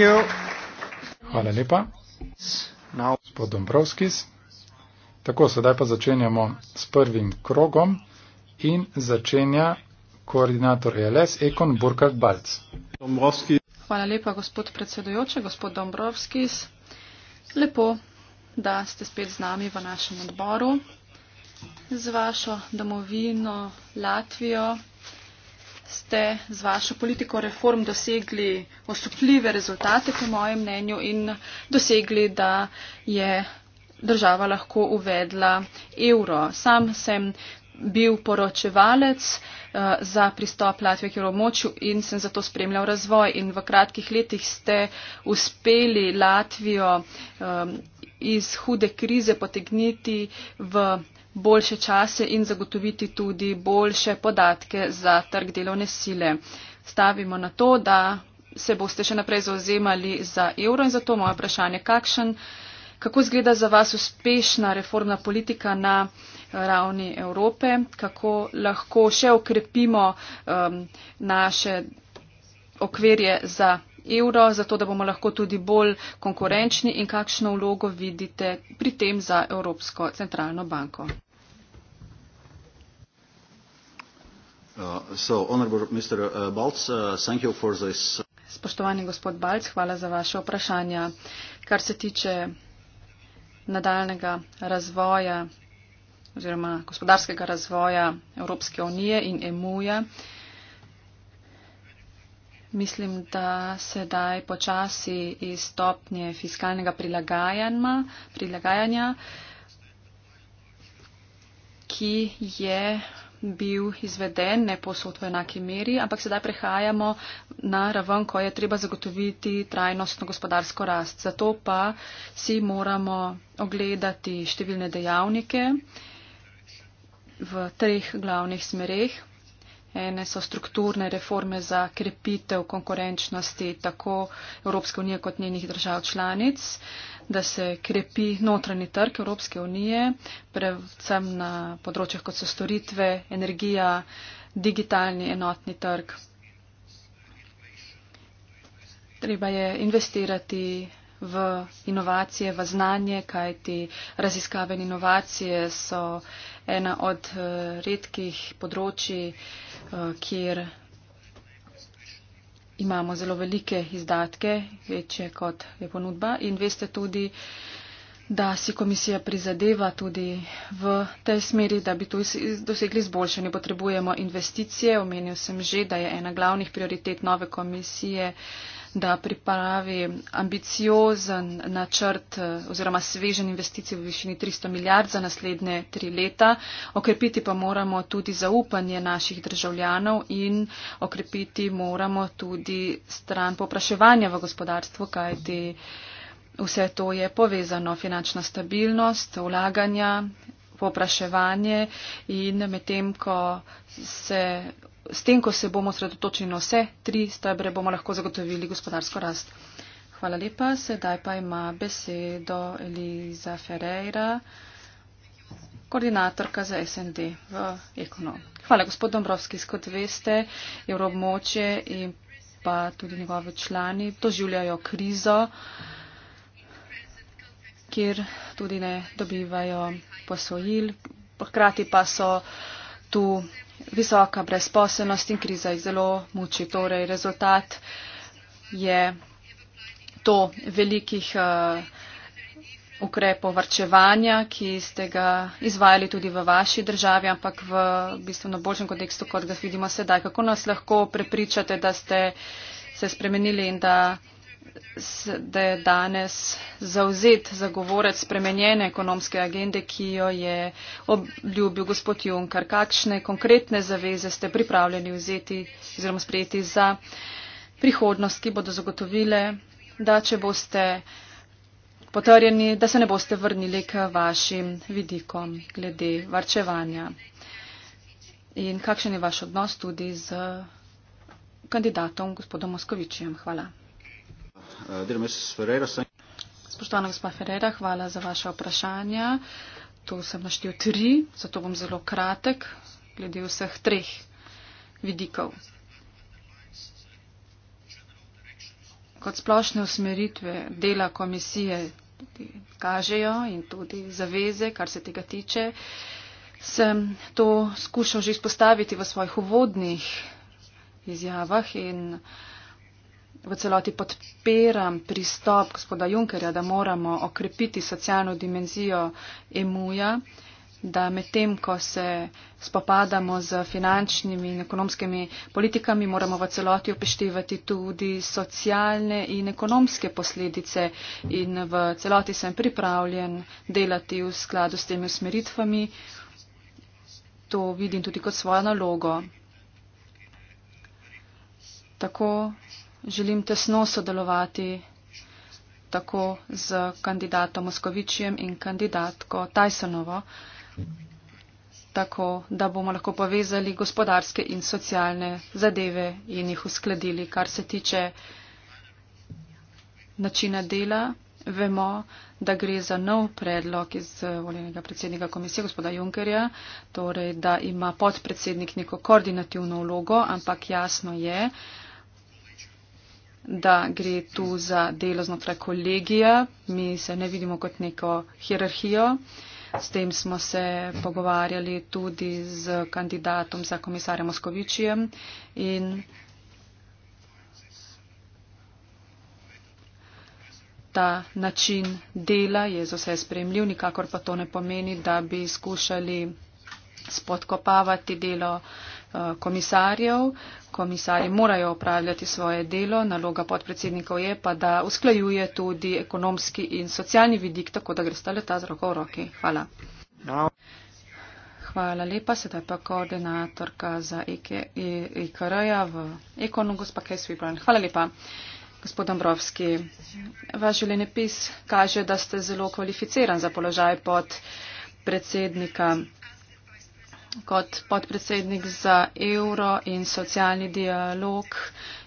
you. Hvala lepa. Gospod Dombrovskis. Tako, sedaj pa začenjamo s prvim krogom in začenja koordinator ELS Ekon Burkhard Balc. Hvala lepa, gospod predsedujoče, gospod Dombrovskis. Lepo, da ste spet z nami v našem odboru. Z vašo domovino Latvijo ste z vašo politiko reform dosegli osupljive rezultate, po mojem mnenju, in dosegli, da je država lahko uvedla evro. Sam sem bil poročevalec eh, za pristop Latvije k evromočju in sem zato spremljal razvoj in v kratkih letih ste uspeli Latvijo eh, iz hude krize potegniti v boljše čase in zagotoviti tudi boljše podatke za trg delovne sile. Stavimo na to, da se boste še naprej zauzemali za evro in zato moje vprašanje, kakšen, kako izgleda za vas uspešna reformna politika na eh, ravni Evrope, kako lahko še okrepimo um, naše okvirje za evro, zato da bomo lahko tudi bolj konkurenčni in kakšno vlogo vidite pri tem za Evropsko centralno banko? Uh, uh, uh, Spoštovani gospod Balc, hvala za vaše vprašanje. Kar se tiče nadaljnega razvoja oziroma gospodarskega razvoja Evropske unije in EMU-ja, uh, Mislim, da sedaj počasi iz stopnje fiskalnega prilagajanja, ki je bil izveden ne posod v enaki meri, ampak sedaj prehajamo na raven, ko je treba zagotoviti trajnostno gospodarsko rast. Zato pa si moramo ogledati številne dejavnike v treh glavnih smereh, Ene so strukturne reforme za krepitev konkurenčnosti tako Evropske unije kot njenih držav članic, da se krepi notranji trg Evropske unije, predvsem na področjih kot so storitve, energija, digitalni enotni trg. Treba je investirati v inovacije, v znanje, kajti raziskave in inovacije so ena od eh, redkih področji, Eh, kjer imamo zelo velike izdatke, večje kot je ponudba. In veste tudi, da si komisija prizadeva tudi v tej smeri, da bi tu dosegli zboljšanje. Potrebujemo investicije. Omenil sem že, da je ena glavnih prioritet nove komisije da pripravi ambiciozen načrt eh, oziroma svežen investicij v višini 300 milijard za naslednje tri leta. Okrepiti pa moramo tudi zaupanje naših državljanov in okrepiti moramo tudi stran popraševanja v gospodarstvu, kajti vse to je povezano. Finančna stabilnost, vlaganja, popraševanje in medtem, ko se s tem, ko se bomo sredotočili na vse tri stebre, bomo lahko zagotovili gospodarsko rast. Hvala lepa. Sedaj pa ima besedo Eliza Ferreira, koordinatorka za SND v Ekonom. Hvala, gospod Dombrovski. Kot veste, evroobmoče in pa tudi njegove člani doživljajo krizo, kjer tudi ne dobivajo posojil. Hkrati pa so tu visoka brezposelnost in kriza jih zelo muči. Torej, rezultat je to velikih eh, ukrepov varčevanja, ki ste ga izvajali tudi v vaši državi, ampak v bistveno boljšem kontekstu, kot ga vidimo sedaj. Kako nas lahko prepričate, da ste se spremenili in da da je danes zauzet zagovorec spremenjene ekonomske agende, ki jo je obljubil gospod Juncker. Kakšne konkretne zaveze ste pripravljeni vzeti oziroma sprejeti za prihodnost, ki bodo zagotovile, da če boste potrjeni, da se ne boste vrnili k vašim vidikom glede varčevanja. In kakšen je vaš odnos tudi z kandidatom gospodom Moskovičijem? Hvala. Spoštovana gospa Ferreira, hvala za vaše vprašanja. Tu sem naštel tri, zato bom zelo kratek glede vseh treh vidikov. Kot splošne usmeritve dela komisije kažejo in tudi zaveze, kar se tega tiče, sem to skušal že izpostaviti v svojih uvodnih izjavah in uh, v celoti podpiram pristop gospoda Junkerja, da moramo okrepiti socialno dimenzijo emuja, da medtem, ko se spopadamo z finančnimi in ekonomskimi politikami, moramo v celoti upeštevati tudi socialne in ekonomske posledice in v celoti sem pripravljen delati v skladu s temi usmeritvami. To vidim tudi kot svojo nalogo. Tako želim tesno sodelovati tako z kandidatom Moskovičjem in kandidatko Tajsonovo, tako da bomo lahko povezali gospodarske in socialne zadeve in jih uskladili. Kar se tiče načina dela, vemo, da gre za nov predlog iz eh, voljenega predsednika komisije, gospoda Junkerja, torej da ima podpredsednik neko koordinativno vlogo, ampak jasno je, da gre tu za delo znotraj kolegija. Mi se ne vidimo kot neko hierarhijo. S tem smo se pogovarjali tudi z kandidatom za komisarja Moskovičijem in ta način dela je za vse spremljiv, nikakor pa to ne pomeni, da bi skušali spodkopavati delo Eh, komisarjev. Komisarji morajo opravljati svoje delo, naloga podpredsednikov je pa, da usklajuje tudi ekonomski in socialni vidik, tako da gre stale ta z roko v roki. Hvala. Hvala lepa. Sedaj pa koordinatorka za IKR-ja e e, e v Ekonu, gospa Kaj Svibran. Hvala lepa. Gospod Dombrovski, vaš življenjepis kaže, da ste zelo kvalificiran za položaj pod predsednika kot podpredsednik za euro in socialni dialog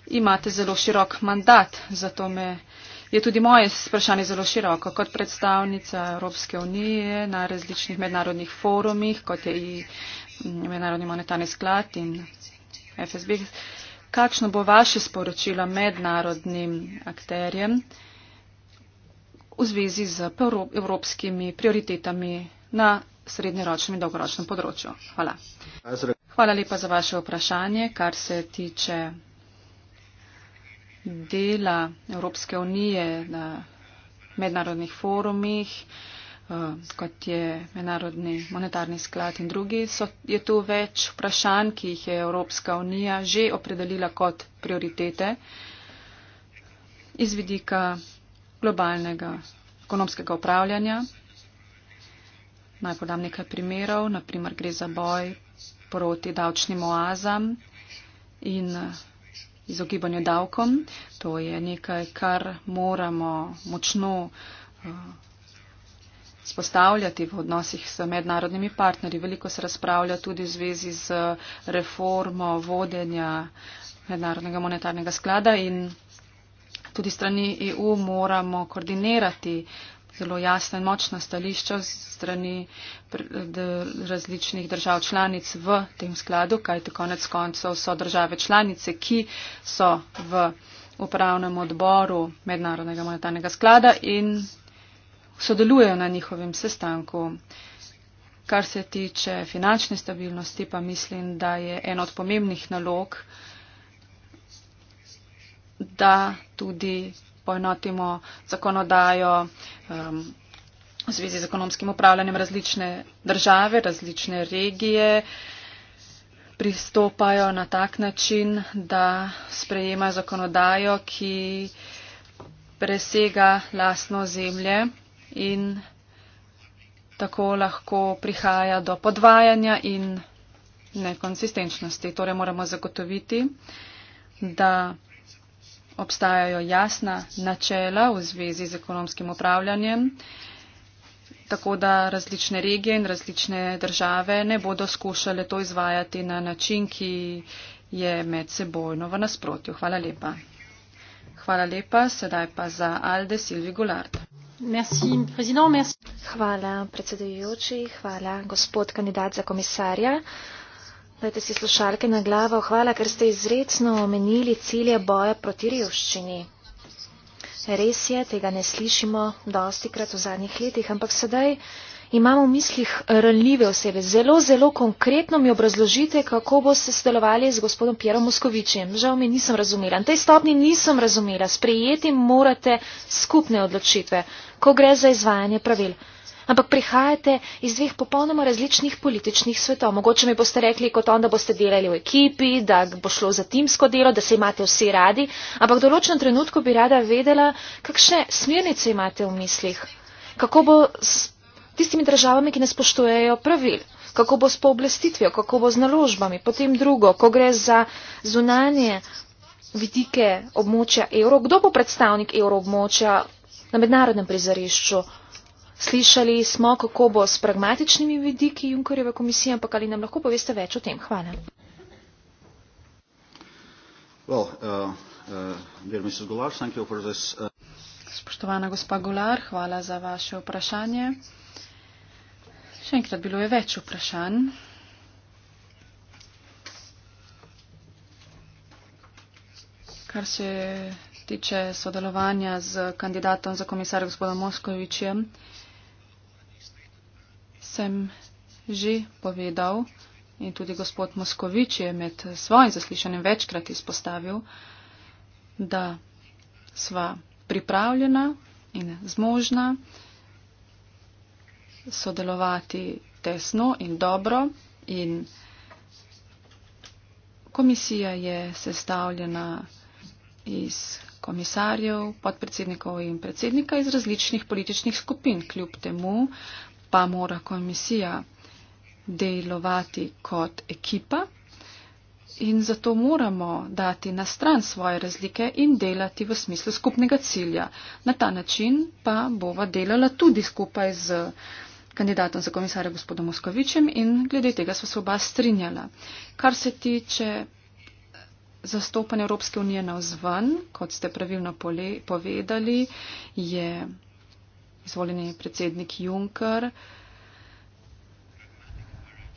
imate zelo širok mandat, zato me je tudi moje vprašanje zelo široko. Kot predstavnica Evropske unije na različnih mednarodnih forumih, kot je i Mednarodni monetarni sklad in FSB, kakšno bo vaše sporočilo mednarodnim akterjem v zvezi z evropskimi prioritetami na srednjeročnem in dolgoročnem področju. Hvala. Hvala lepa za vaše vprašanje, kar se tiče dela Evropske unije na mednarodnih forumih eh, kot je Mednarodni monetarni sklad in drugi, so, je tu več vprašanj, ki jih je Evropska unija že opredelila kot prioritete iz vidika globalnega ekonomskega upravljanja. Naj podam nekaj primerov, naprimer gre za boj proti davčnim oazam in izogibanju davkom. To je nekaj, kar moramo močno eh, spostavljati v odnosih s mednarodnimi partnerji. Veliko se razpravlja tudi v zvezi z reformo vodenja mednarodnega monetarnega sklada in tudi strani EU moramo koordinirati uh, zelo jasna in močna stališča strani različnih držav članic v tem skladu, kajte konec koncev so države članice, ki so v upravnem odboru Mednarodnega monetarnega sklada in sodelujejo na njihovem sestanku. Kar se tiče finančne stabilnosti, pa mislim, da je en od pomembnih nalog, da tudi poenotimo zakonodajo um, v zvezi z ekonomskim upravljanjem različne države, različne regije pristopajo na tak način, da sprejema zakonodajo, ki presega lastno zemlje in tako lahko prihaja do podvajanja in nekonsistenčnosti. Torej moramo zagotoviti, da obstajajo jasna načela v zvezi z ekonomskim upravljanjem, tako da različne regije in različne države ne bodo skušale to izvajati na način, ki je med sebojno v nasprotju. Hvala lepa. Hvala lepa, sedaj pa za Alde Silvi Goulart. Hvala predsedujoči, hvala gospod kandidat za komisarja. Pojte si slušalke na glavo. Hvala, ker ste izredno omenili cilje boja proti revščini. Res je, tega ne slišimo dosti krat v zadnjih letih, ampak sedaj imamo v mislih ranljive osebe. Zelo, zelo konkretno mi obrazložite, kako boste sodelovali z gospodom Pierom Moskovičem. Žal mi nisem razumela. Na tej stopni nisem razumela. Sprejeti morate skupne odločitve, ko gre za izvajanje pravil. Ampak prihajate iz dveh popolnoma različnih političnih svetov. Mogoče mi boste rekli kot on, da boste delali v ekipi, da bo šlo za timsko delo, da se imate vsi radi, ampak v določenem trenutku bi rada vedela, kakšne smernice imate v mislih. Kako bo s tistimi državami, ki ne spoštujejo pravil, kako bo s pooblastitvijo, kako bo z naložbami, potem drugo, ko gre za zunanje vidike območja evro, kdo bo predstavnik evroobmočja na mednarodnem prizorišču slišali smo, kako bo s pragmatičnimi vidiki Junkerjeve komisije, ampak ali nam lahko poveste več o tem? Hvala. Well, uh, uh, uh Spoštovana gospa Gular, hvala za vaše vprašanje. Še enkrat bilo je več vprašanj. Kar se tiče sodelovanja z kandidatom za komisar gospodom Moskovičem, sem že povedal in tudi gospod Moskovič je med svojim zaslišanjem večkrat izpostavil, da sva pripravljena in zmožna sodelovati tesno in dobro in komisija je sestavljena iz komisarjev, podpredsednikov in predsednika iz različnih političnih skupin. Kljub temu pa mora komisija delovati kot ekipa in zato moramo dati na stran svoje razlike in delati v smislu skupnega cilja. Na ta način pa bova delala tudi skupaj z kandidatom za komisarja gospodom Moskovičem in glede tega so se oba strinjala. Kar se tiče zastopanja Evropske unije na vzven, kot ste pravilno povedali, je izvoljeni predsednik Juncker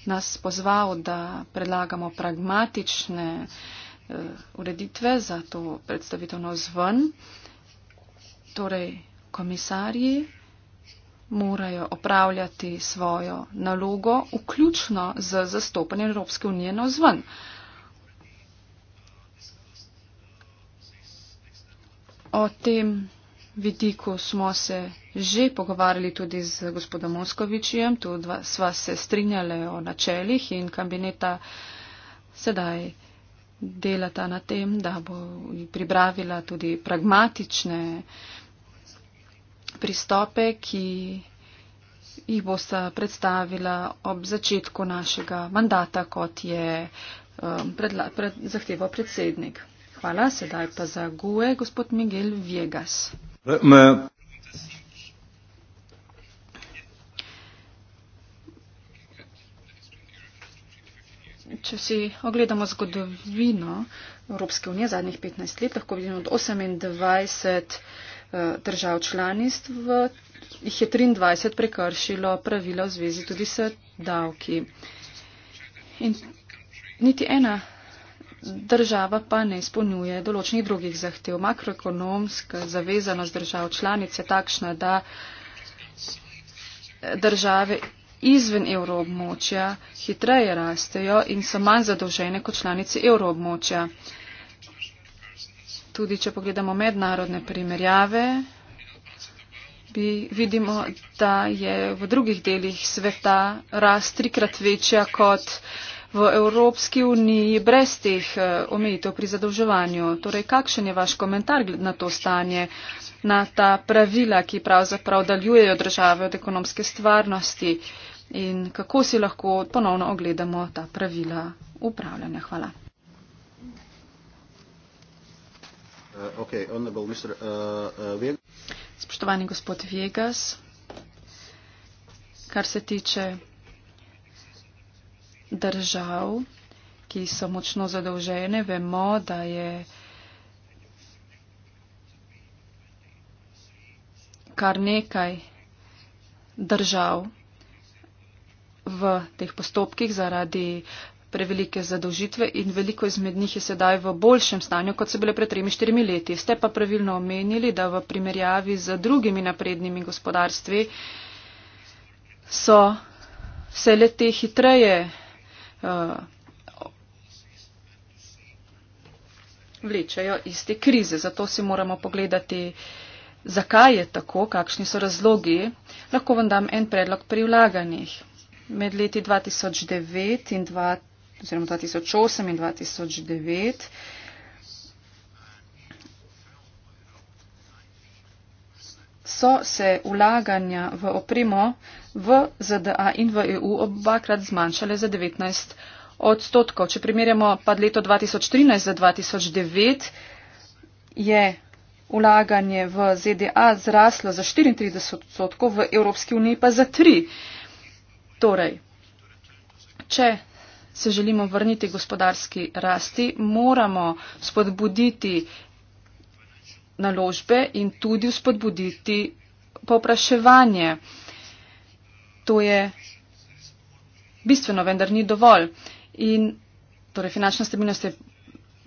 nas pozval, da predlagamo pragmatične eh, ureditve za to predstavitev na vzven. Torej, komisarji morajo opravljati svojo nalogo, vključno z zastopanjem Evropske unije na vzven. O tem vidiku smo se že pogovarjali tudi z gospodom Moskovičijem, tu sva se strinjali o načeljih in kabineta sedaj delata na tem, da bo pripravila tudi pragmatične pristope, ki jih bosta predstavila ob začetku našega mandata, kot je um, predla, pred, zahteval predsednik. Hvala, sedaj pa za guje, gospod Miguel Viegas me... Če si ogledamo zgodovino Evropske unije zadnjih 15 let, lahko vidimo, da 28 eh, držav članistv jih je 23 prekršilo pravila v zvezi tudi s davki. In niti ena država pa ne izpolnjuje določenih drugih zahtev. Makroekonomska zavezanost držav članic je takšna, da države izven evroobmočja hitreje rastejo in so manj zadolžene kot članice evroobmočja. Tudi če pogledamo mednarodne primerjave, bi vidimo, da je v drugih delih sveta rast trikrat večja kot v Evropski uniji brez teh eh, omejitev pri zadolževanju. Torej, kakšen je vaš komentar na to stanje, na ta pravila, ki pravzaprav daljujejo države od ekonomske stvarnosti in kako si lahko ponovno ogledamo ta pravila upravljanja? Hvala. Uh, uh, uh, Spoštovani gospod Viegas, kar se tiče držav, ki so močno zadolžene, vemo, da je kar nekaj držav v teh postopkih zaradi prevelike zadolžitve in veliko izmed njih je sedaj v boljšem stanju, kot so bile pred 3-4 leti. Ste pa pravilno omenili, da v primerjavi z drugimi naprednimi gospodarstvi so se le te hitreje uh, vlečejo iz te krize. Zato si moramo pogledati, zakaj je tako, kakšni so razlogi. Lahko vam dam en predlog pri vlaganjih. Med leti 2009 in 2008 in 2009 so se vlaganja v opremo v ZDA in v EU obakrat zmanjšale za 19 odstotkov. Če primerjamo pa leto 2013 za 2009, je vlaganje v ZDA zraslo za 34 odstotkov, v Evropski uniji pa za 3. Torej, če se želimo vrniti gospodarski rasti, moramo spodbuditi naložbe in tudi vzpodbuditi popraševanje. To je bistveno, vendar ni dovolj. In torej finančna stabilnost je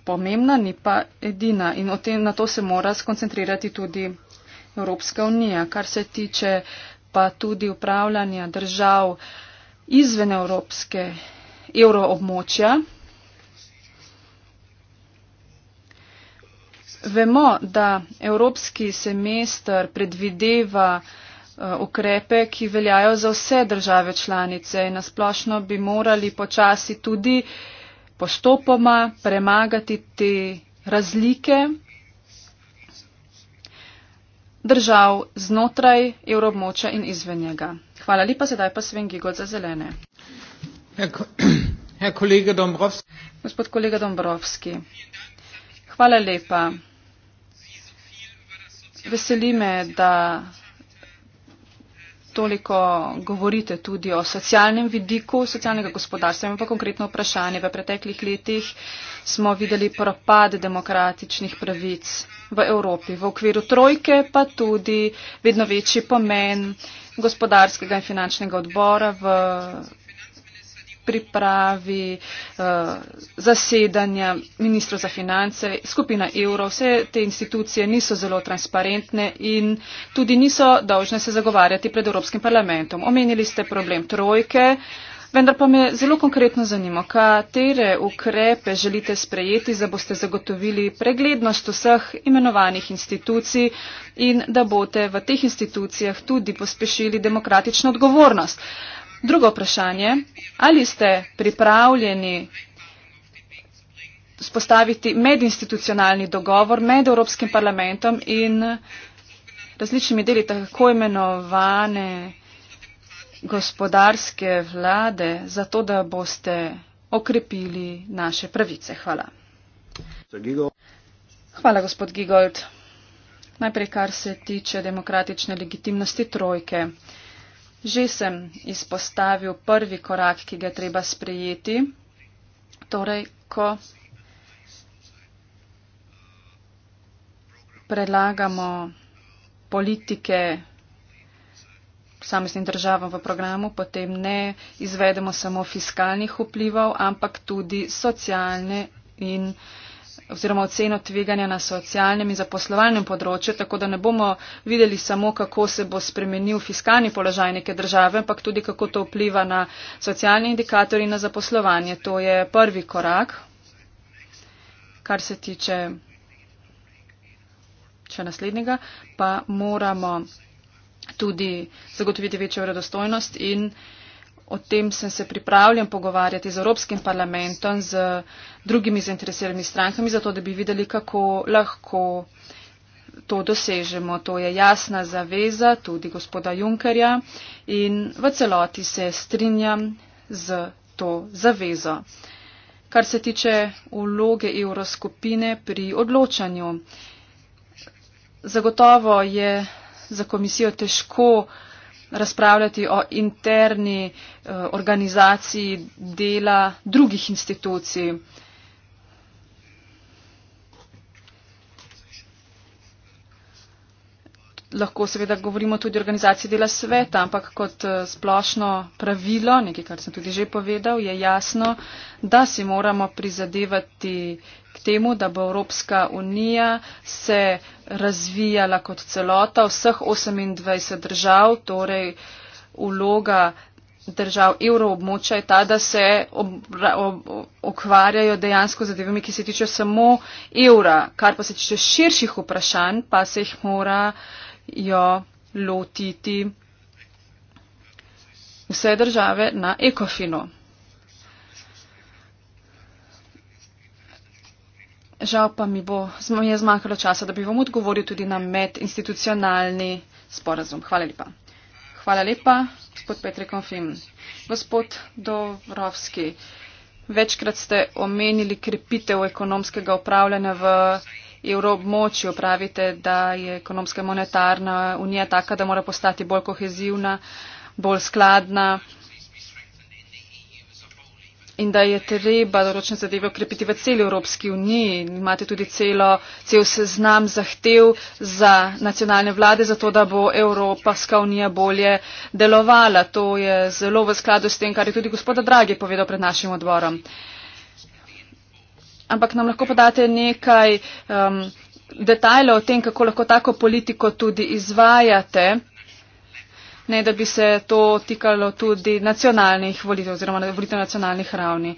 pomembna, ni pa edina. In tem, na to se mora skoncentrirati tudi Evropska unija. Kar se tiče pa tudi upravljanja držav izven Evropske evroobmočja, Vemo, da evropski semester predvideva eh, ukrepe, ki veljajo za vse države članice in nasplošno bi morali počasi tudi postopoma premagati te razlike držav znotraj evromoča in izven njega. Hvala lepa, sedaj pa Sven Gigot za zelene. Herr, herr kolega Gospod kolega Dombrovski, hvala lepa. Veseli me, da toliko govorite tudi o socialnem vidiku socialnega gospodarstva. In pa konkretno vprašanje. V preteklih letih smo videli propad demokratičnih pravic v Evropi. V okviru trojke pa tudi vedno večji pomen gospodarskega in finančnega odbora v pripravi uh, zasedanja ministrov za finance, skupina evrov, vse te institucije niso zelo transparentne in tudi niso dolžne se zagovarjati pred Evropskim parlamentom. Omenili ste problem trojke, vendar pa me zelo konkretno zanima, katere ukrepe želite sprejeti, da boste zagotovili preglednost vseh imenovanih institucij in da boste v teh institucijah tudi pospešili demokratično odgovornost. Uh, Drugo vprašanje, ali ste pripravljeni spostaviti medinstitucionalni dogovor med Evropskim parlamentom in različnimi deli tako imenovane gospodarske vlade, zato da boste okrepili naše pravice. Hvala. Hvala, gospod Gigold. Najprej, kar se tiče demokratične legitimnosti trojke. Že sem izpostavil prvi korak, ki ga treba sprejeti. Torej, ko predlagamo politike samostnim državam v programu, potem ne izvedemo samo fiskalnih vplivov, ampak tudi socialne in uh, oziroma oceno tveganja na socialnem in zaposlovalnem področju, tako da ne bomo videli samo, kako se bo spremenil fiskalni položaj neke države, ampak tudi, kako to vpliva na socialni indikator in na zaposlovanje. To je prvi korak, kar se tiče še naslednjega, pa moramo tudi zagotoviti večjo vredostojnost in uh, O tem sem se pripravljen pogovarjati z Evropskim parlamentom, z drugimi zainteresiranimi strankami, zato da bi videli, kako lahko to dosežemo. To je jasna zaveza tudi gospoda Junkerja in v celoti se strinjam z to zavezo. Kar se tiče vloge evroskupine pri odločanju, zagotovo je za komisijo težko razpravljati o interni eh, organizaciji dela drugih institucij. Eh, lahko seveda govorimo tudi o organizaciji dela sveta, ampak kot eh, splošno pravilo, nekaj, kar sem tudi že povedal, je jasno, da si moramo prizadevati k temu, da bo Evropska unija se razvijala kot celota vseh 28 držav, torej uloga držav evroobmoča je ta, da se okvarjajo dejansko zadevami, ki se tiče samo evra, kar pa se tiče širših vprašanj, pa se jih mora uh, jo lotiti vse države na ekofino. Žal pa mi bo, mi je zmanjkalo časa, da bi vam odgovoril tudi na medinstitucionalni sporazum. Hvala lepa. Hvala lepa, gospod Petri Konfim. Gospod Dovrovski, večkrat ste omenili krepitev ekonomskega upravljanja v evroobmočju. Pravite, da je ekonomska monetarna unija taka, da mora postati bolj kohezivna, bolj skladna in da je treba določene zadeve okrepiti v celi Evropski uniji. Imate tudi celo, cel seznam zahtev za nacionalne vlade, zato da bo Evropska unija bolje delovala. To je zelo v skladu s tem, kar je tudi gospoda Dragi povedal pred našim odborom ampak nam lahko podate nekaj um, detajlov o tem, kako lahko tako politiko tudi izvajate, ne da bi se to tikalo tudi nacionalnih volitev oziroma volitev nacionalnih ravni.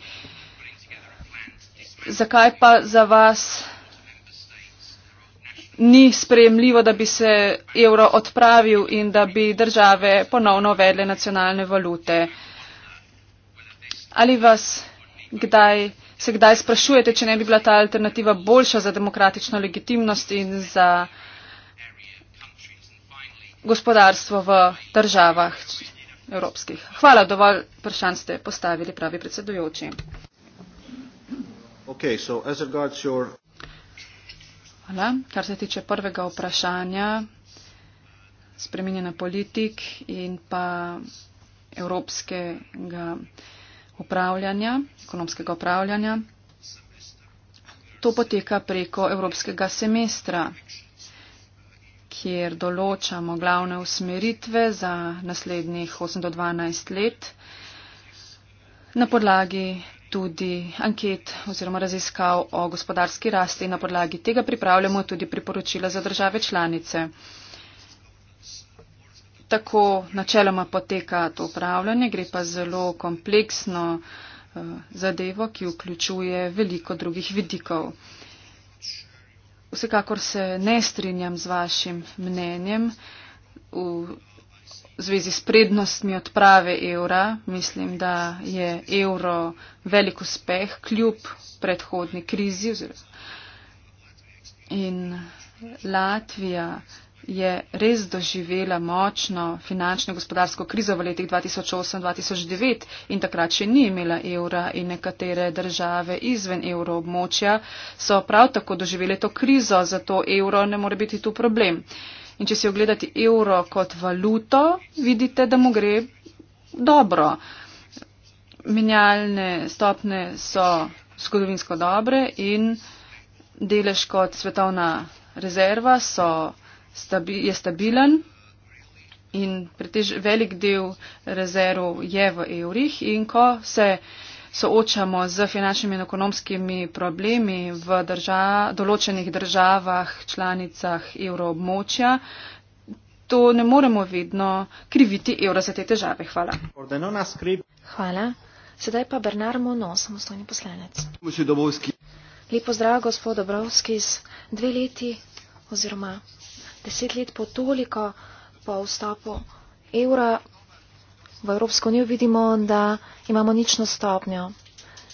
Zakaj pa za vas ni sprejemljivo, da bi se evro odpravil in da bi države ponovno vedle nacionalne valute? Ali vas kdaj se kdaj sprašujete, če ne bi bila ta alternativa boljša za demokratično legitimnost in za gospodarstvo v državah evropskih. Hvala, dovolj vprašanj ste postavili, pravi predsedujoči. Okay, so as your... Hvala. Kar se tiče prvega vprašanja, spreminjena politik in pa evropskega upravljanja, ekonomskega upravljanja. To poteka preko evropskega semestra, kjer določamo glavne usmeritve za naslednjih 8 do 12 let na podlagi tudi anket oziroma raziskav o gospodarski rasti in na podlagi tega pripravljamo tudi priporočila za države članice tako načeloma poteka to upravljanje, gre pa zelo kompleksno eh, zadevo, ki vključuje veliko drugih vidikov. Vsekakor se ne strinjam z vašim mnenjem v zvezi s prednostmi odprave evra. Mislim, da je evro velik uspeh kljub predhodni krizi. In Latvija je res doživela močno finančno gospodarsko krizo v letih 2008-2009 in takrat še ni imela evra in nekatere države izven evroobmočja so prav tako doživele to krizo, zato evro ne more biti tu problem. In če si ogledate evro kot valuto, vidite, da mu gre dobro. Menjalne stopne so zgodovinsko dobre in delež kot svetovna rezerva so stabi, je stabilen in pretež, velik del rezerv je v evrih in ko se soočamo z finančnimi in ekonomskimi problemi v drža, določenih državah, članicah evroobmočja, to ne moremo vedno kriviti evro za te težave. Hvala. Hvala. Sedaj pa Bernard Mono, samostojni poslanec. Lepo zdrav, gospod Dobrovski, z dve leti oziroma deset let po toliko po vstopu evra v Evropsko unijo vidimo, da imamo nično stopnjo.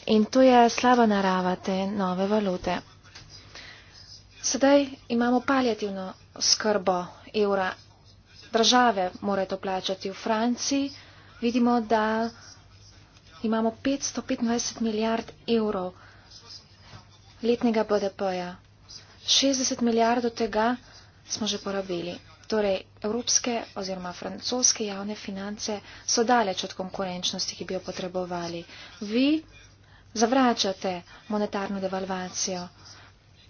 In to je slaba narava te nove valute. Sedaj imamo paljativno skrbo evra. Države morajo to plačati. V Franciji vidimo, da imamo 525 milijard evrov letnega BDP-ja. 60 milijard od tega smo že porabili. Torej, evropske oziroma francoske javne finance so daleč od konkurenčnosti, ki bi jo potrebovali. Vi zavračate monetarno devalvacijo.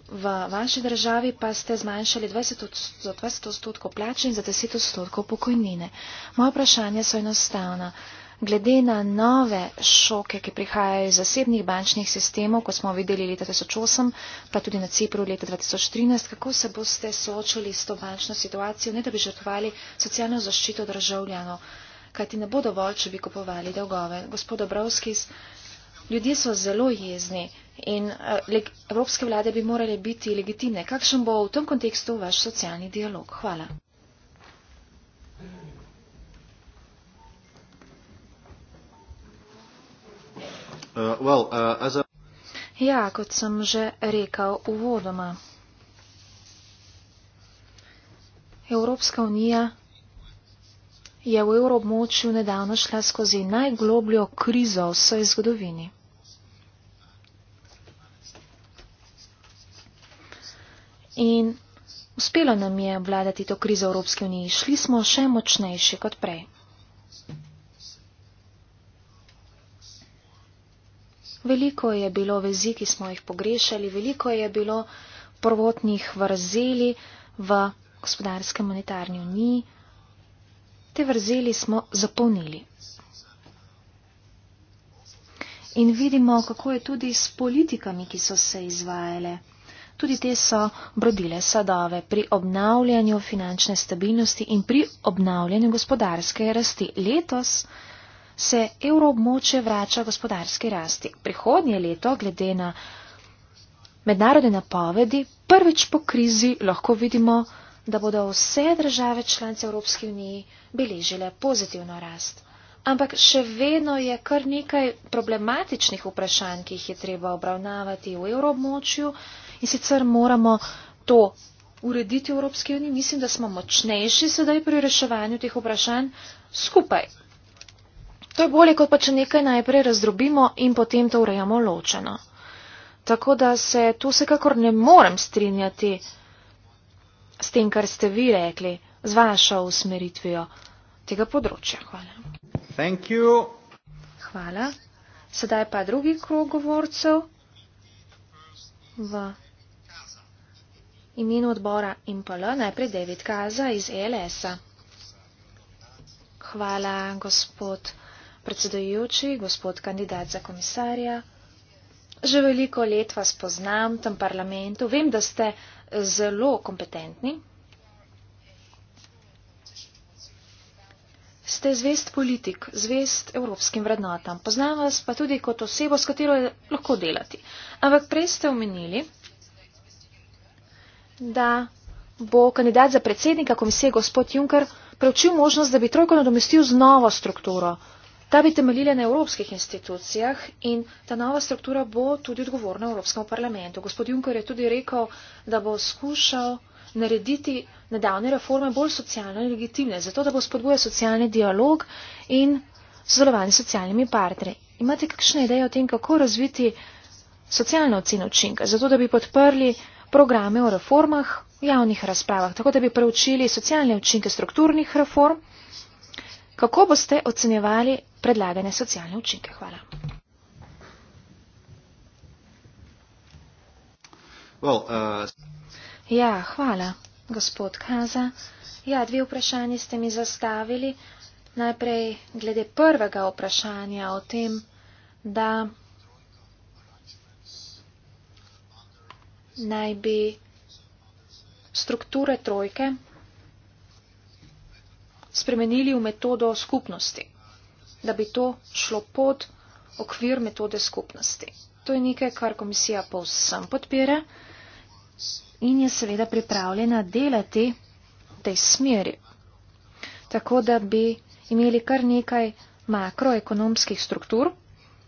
V vaši državi pa ste zmanjšali 20 za 20 odstotkov plač in za 10 odstotkov pokojnine. Moje vprašanje so enostavna glede na nove šoke, ki prihajajo iz zasebnih bančnih sistemov, kot smo videli leta 2008, pa tudi na Cipru leta 2013, kako se boste soočili s to bančno situacijo, ne da bi žrtvali socialno zaščito državljanov, kajti ne bo dovolj, če bi kupovali dolgove. Gospod Obrovskis, ljudje so zelo jezni in eh, evropske vlade bi morale biti legitimne. Kakšen bo v tem kontekstu vaš socialni dialog? Hvala. Uh, well, uh, as a... Ja, kot sem že rekel uvodoma, Evropska unija je v evroobmočju nedavno šla skozi najglobljo krizo v vsej zgodovini. In uspelo nam je obvladati to krizo Evropske unije. Šli smo še močnejši kot prej. veliko je bilo vezi, ki smo jih pogrešali, veliko je bilo prvotnih vrzeli v gospodarske monetarni uniji. Te vrzeli smo zapolnili. In vidimo, kako je tudi s politikami, ki so se izvajale. Tudi te so brodile sadove pri obnavljanju finančne stabilnosti in pri obnavljanju gospodarske rasti. Letos se evroobmoče vrača gospodarski rasti. Prihodnje leto, glede na mednarodne napovedi, prvič po krizi lahko vidimo, da bodo vse države članice Evropske unije beležile pozitivno rast. Ampak še vedno je kar nekaj problematičnih vprašanj, ki jih je treba obravnavati v evroobmočju in sicer moramo to urediti v Evropski uniji. Mislim, da smo močnejši sedaj pri reševanju teh vprašanj skupaj, To je bolje, kot pa če nekaj najprej razdrobimo in potem to urejamo ločeno. Tako da se tu vsekakor ne morem strinjati s tem, kar ste vi rekli, z vašo usmeritvijo tega področja. Hvala. Hvala. Sedaj pa drugi krog govorcev v imenu odbora MPL, najprej David Kaza iz e LS-a. Hvala, gospod predsedujoči, gospod kandidat za komisarja. Že veliko let vas poznam v tem parlamentu. Vem, da ste zelo kompetentni. Ste zvest politik, zvest evropskim vrednotam. Poznam vas pa tudi kot osebo, s katero je lahko delati. Ampak prej ste omenili, da bo kandidat za predsednika komisije gospod Juncker preučil možnost, da bi trojko nadomestil z novo strukturo. Ta bi temeljila na evropskih institucijah in ta nova struktura bo tudi odgovorna v Evropskem parlamentu. Gospod Juncker je tudi rekel, da bo skušal narediti nedavne reforme bolj socialno legitimne, zato da bo spodbujal socialni dialog in sodelovanje s socialnimi partnerji. Imate kakšne ideje o tem, kako razviti socialno oceno učinka, zato da bi podprli programe o reformah v javnih razpravah, tako da bi preučili socialne učinke strukturnih reform? Kako boste ocenjevali predlagane socialne učinke. Hvala. Well, uh... Ja, hvala, gospod Kaza. Ja, dve vprašanje ste mi zastavili. Najprej glede prvega vprašanja o tem, da naj bi strukture trojke spremenili v metodo skupnosti da bi to šlo pod okvir metode skupnosti. To je nekaj, kar komisija povsem podpira in je seveda pripravljena delati v tej smeri. Tako da bi imeli kar nekaj makroekonomskih struktur,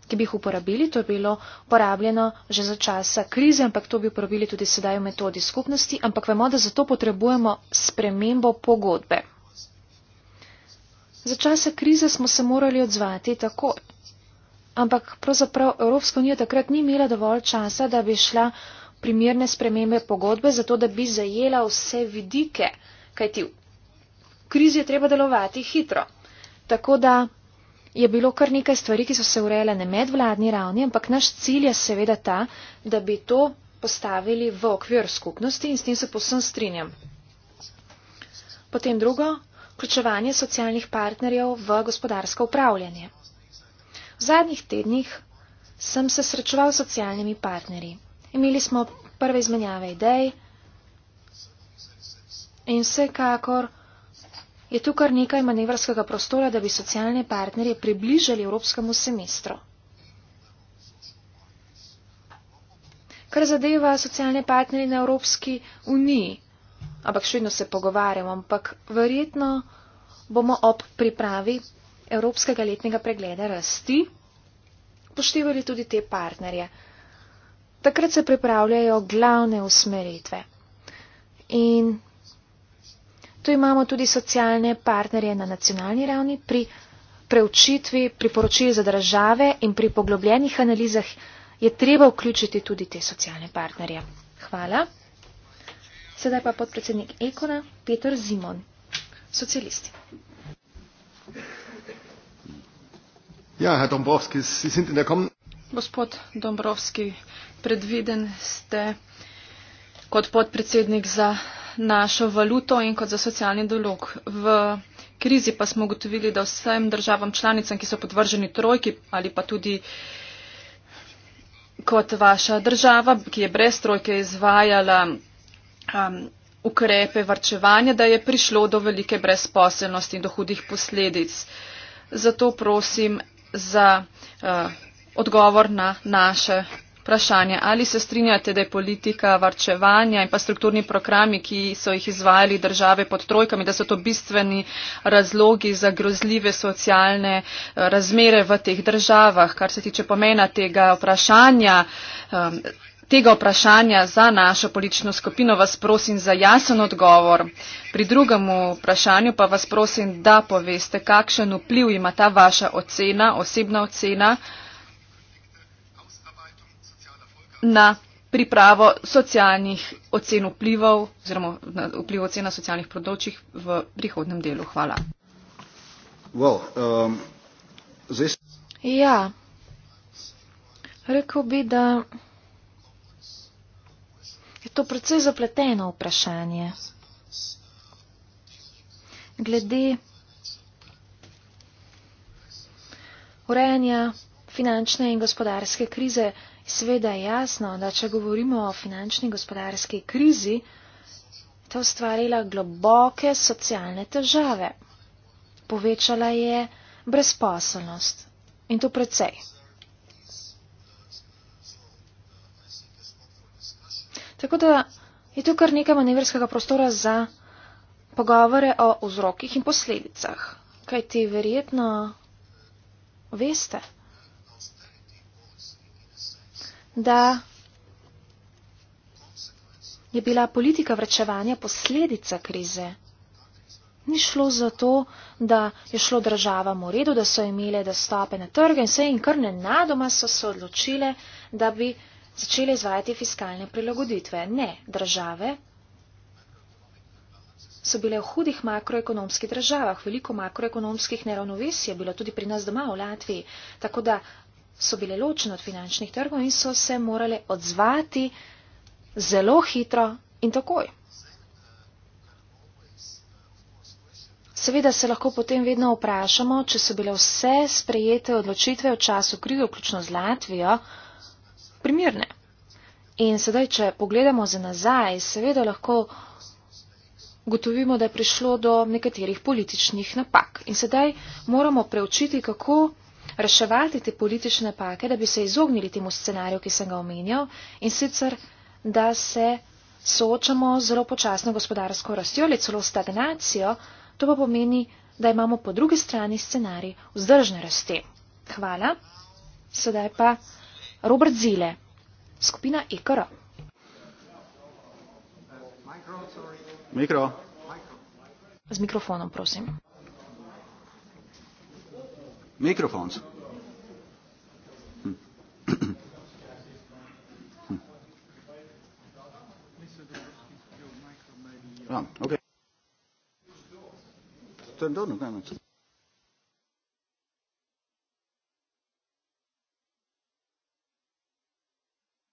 ki bi jih uporabili. To je bilo uporabljeno že za časa krize, ampak to bi uporabili tudi sedaj v metodi skupnosti. Ampak vemo, da zato potrebujemo spremembo pogodbe. Za časa krize smo se morali odzvati tako. Ampak pravzaprav Evropska unija takrat ni imela dovolj časa, da bi šla primerne spremembe pogodbe, zato da bi zajela vse vidike, kajti v krizi je treba delovati hitro. Tako da je bilo kar nekaj stvari, ki so se urejale na medvladni ravni, ampak naš cilj je seveda ta, da bi to postavili v okvir skupnosti in s tem se posem strinjam. Potem drugo, vključevanje socialnih partnerjev v gospodarsko upravljanje. V zadnjih tednih sem se srečeval s socialnimi partnerji. Imeli smo prve izmenjave idej in vsekakor je tu kar nekaj manevrskega prostora, da bi socialne partnerje približali evropskemu semestru. Kar zadeva socialne partnerje na Evropski uniji, ampak še vedno se pogovarjamo, ampak verjetno bomo ob pripravi Evropskega letnega pregleda rasti poštevali tudi te partnerje. Takrat se pripravljajo glavne usmeritve. In tu imamo tudi socialne partnerje na nacionalni ravni pri preučitvi priporočil za države in pri poglobljenih analizah je treba vključiti tudi te socialne partnerje. Hvala. Sedaj pa podpredsednik Ekona, Peter Zimon, socialisti. Ja, herr Dombrovski, Sie sind in der Kommen. Gospod Dombrovski, predviden ste kot podpredsednik za našo valuto in kot za socialni dolog. V krizi pa smo ugotovili, da vsem državam članicam, ki so podvrženi trojki ali pa tudi kot vaša država, ki je brez trojke izvajala um, ukrepe varčevanja, da je prišlo do velike brezposelnosti in do hudih posledic. Zato prosim za uh, odgovor na naše vprašanje. Ali se strinjate, da je politika varčevanja in pa strukturni programi, ki so jih izvajali države pod trojkami, da so to bistveni razlogi za grozljive socialne uh, razmere v teh državah? Kar se tiče pomena tega vprašanja. Um, tega vprašanja za našo politično skupino vas prosim za jasen odgovor. Pri drugem vprašanju pa vas prosim, da poveste, kakšen vpliv ima ta vaša ocena, osebna ocena na pripravo socialnih ocen vplivov oziroma na vpliv ocena socialnih področjih v prihodnem delu. Hvala. Well, um, this... Ja, rekel bi, da je to precej zapleteno vprašanje. Glede urejanja finančne in gospodarske krize, sveda je jasno, da če govorimo o finančni in gospodarski krizi, je to ustvarila globoke socialne težave. Povečala je brezposelnost in to precej. Tako da je to kar nekaj manevrskega prostora za pogovore o vzrokih in posledicah, kaj ti verjetno veste, da je bila politika vrečevanja posledica krize. Ni šlo za to, da je šlo državam v redu, da so imele dostope na trge in se jim kar nenadoma so se odločile, da bi začele izvajati fiskalne prilagoditve. Ne, države so bile v hudih makroekonomskih državah, veliko makroekonomskih neravnovesij je bilo tudi pri nas doma v Latviji, tako da so bile ločene od finančnih trgov in so se morale odzvati zelo hitro in takoj. Seveda se lahko potem vedno vprašamo, če so bile vse sprejete odločitve v času krize, vključno z Latvijo, primirne. In sedaj, če pogledamo za nazaj, seveda lahko gotovimo, da je prišlo do nekaterih političnih napak. In sedaj moramo preučiti, kako reševati te politične napake, da bi se izognili temu scenariju, ki sem ga omenjal, in sicer, da se soočamo z zelo počasno gospodarsko rastjo ali celo stagnacijo, to pa pomeni, da imamo po drugi strani scenarij vzdržne rasti. Hvala. Sedaj pa. Robert Zile, skupina EKR. Mikro. Z mikrofonom, prosim. Mikrofon. Hm. Hm. Ja, okay. 等等，我看看。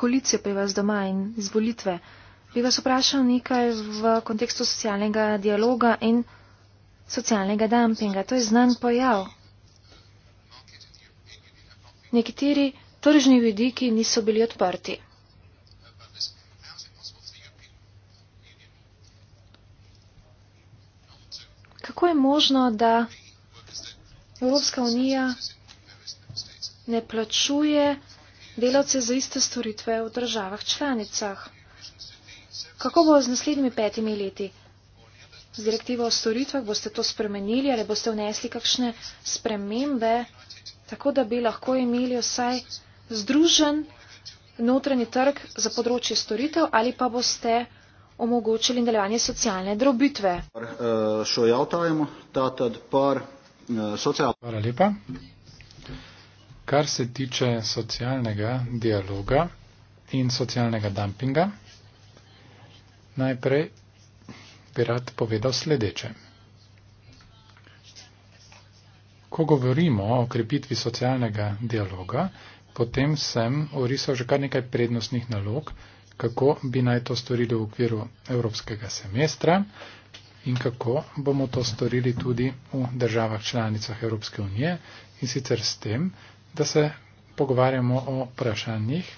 koalicijo pri vas doma in izvolitve. Bi vas vprašal nekaj v kontekstu socialnega dialoga in socialnega dumpinga. To je znan pojav. Nekateri tržni vidiki niso bili odprti. Kako je možno, da Evropska unija ne plačuje delavce za iste storitve v državah članicah. Kako bo z naslednjimi petimi leti? Z direktivo o storitvah boste to spremenili ali boste vnesli kakšne spremembe, tako da bi lahko imeli vsaj združen notranji trg za področje storitev ali pa boste omogočili nadaljevanje socialne drobitve. Hvala lepa kar se tiče socialnega dialoga in socialnega dumpinga, najprej bi rad povedal sledeče. Ko govorimo o krepitvi socialnega dialoga, potem sem orisal že kar nekaj prednostnih nalog, kako bi naj to storili v okviru evropskega semestra in kako bomo to storili tudi v državah članicah Evropske unije in sicer s tem, da se pogovarjamo o vprašanjih,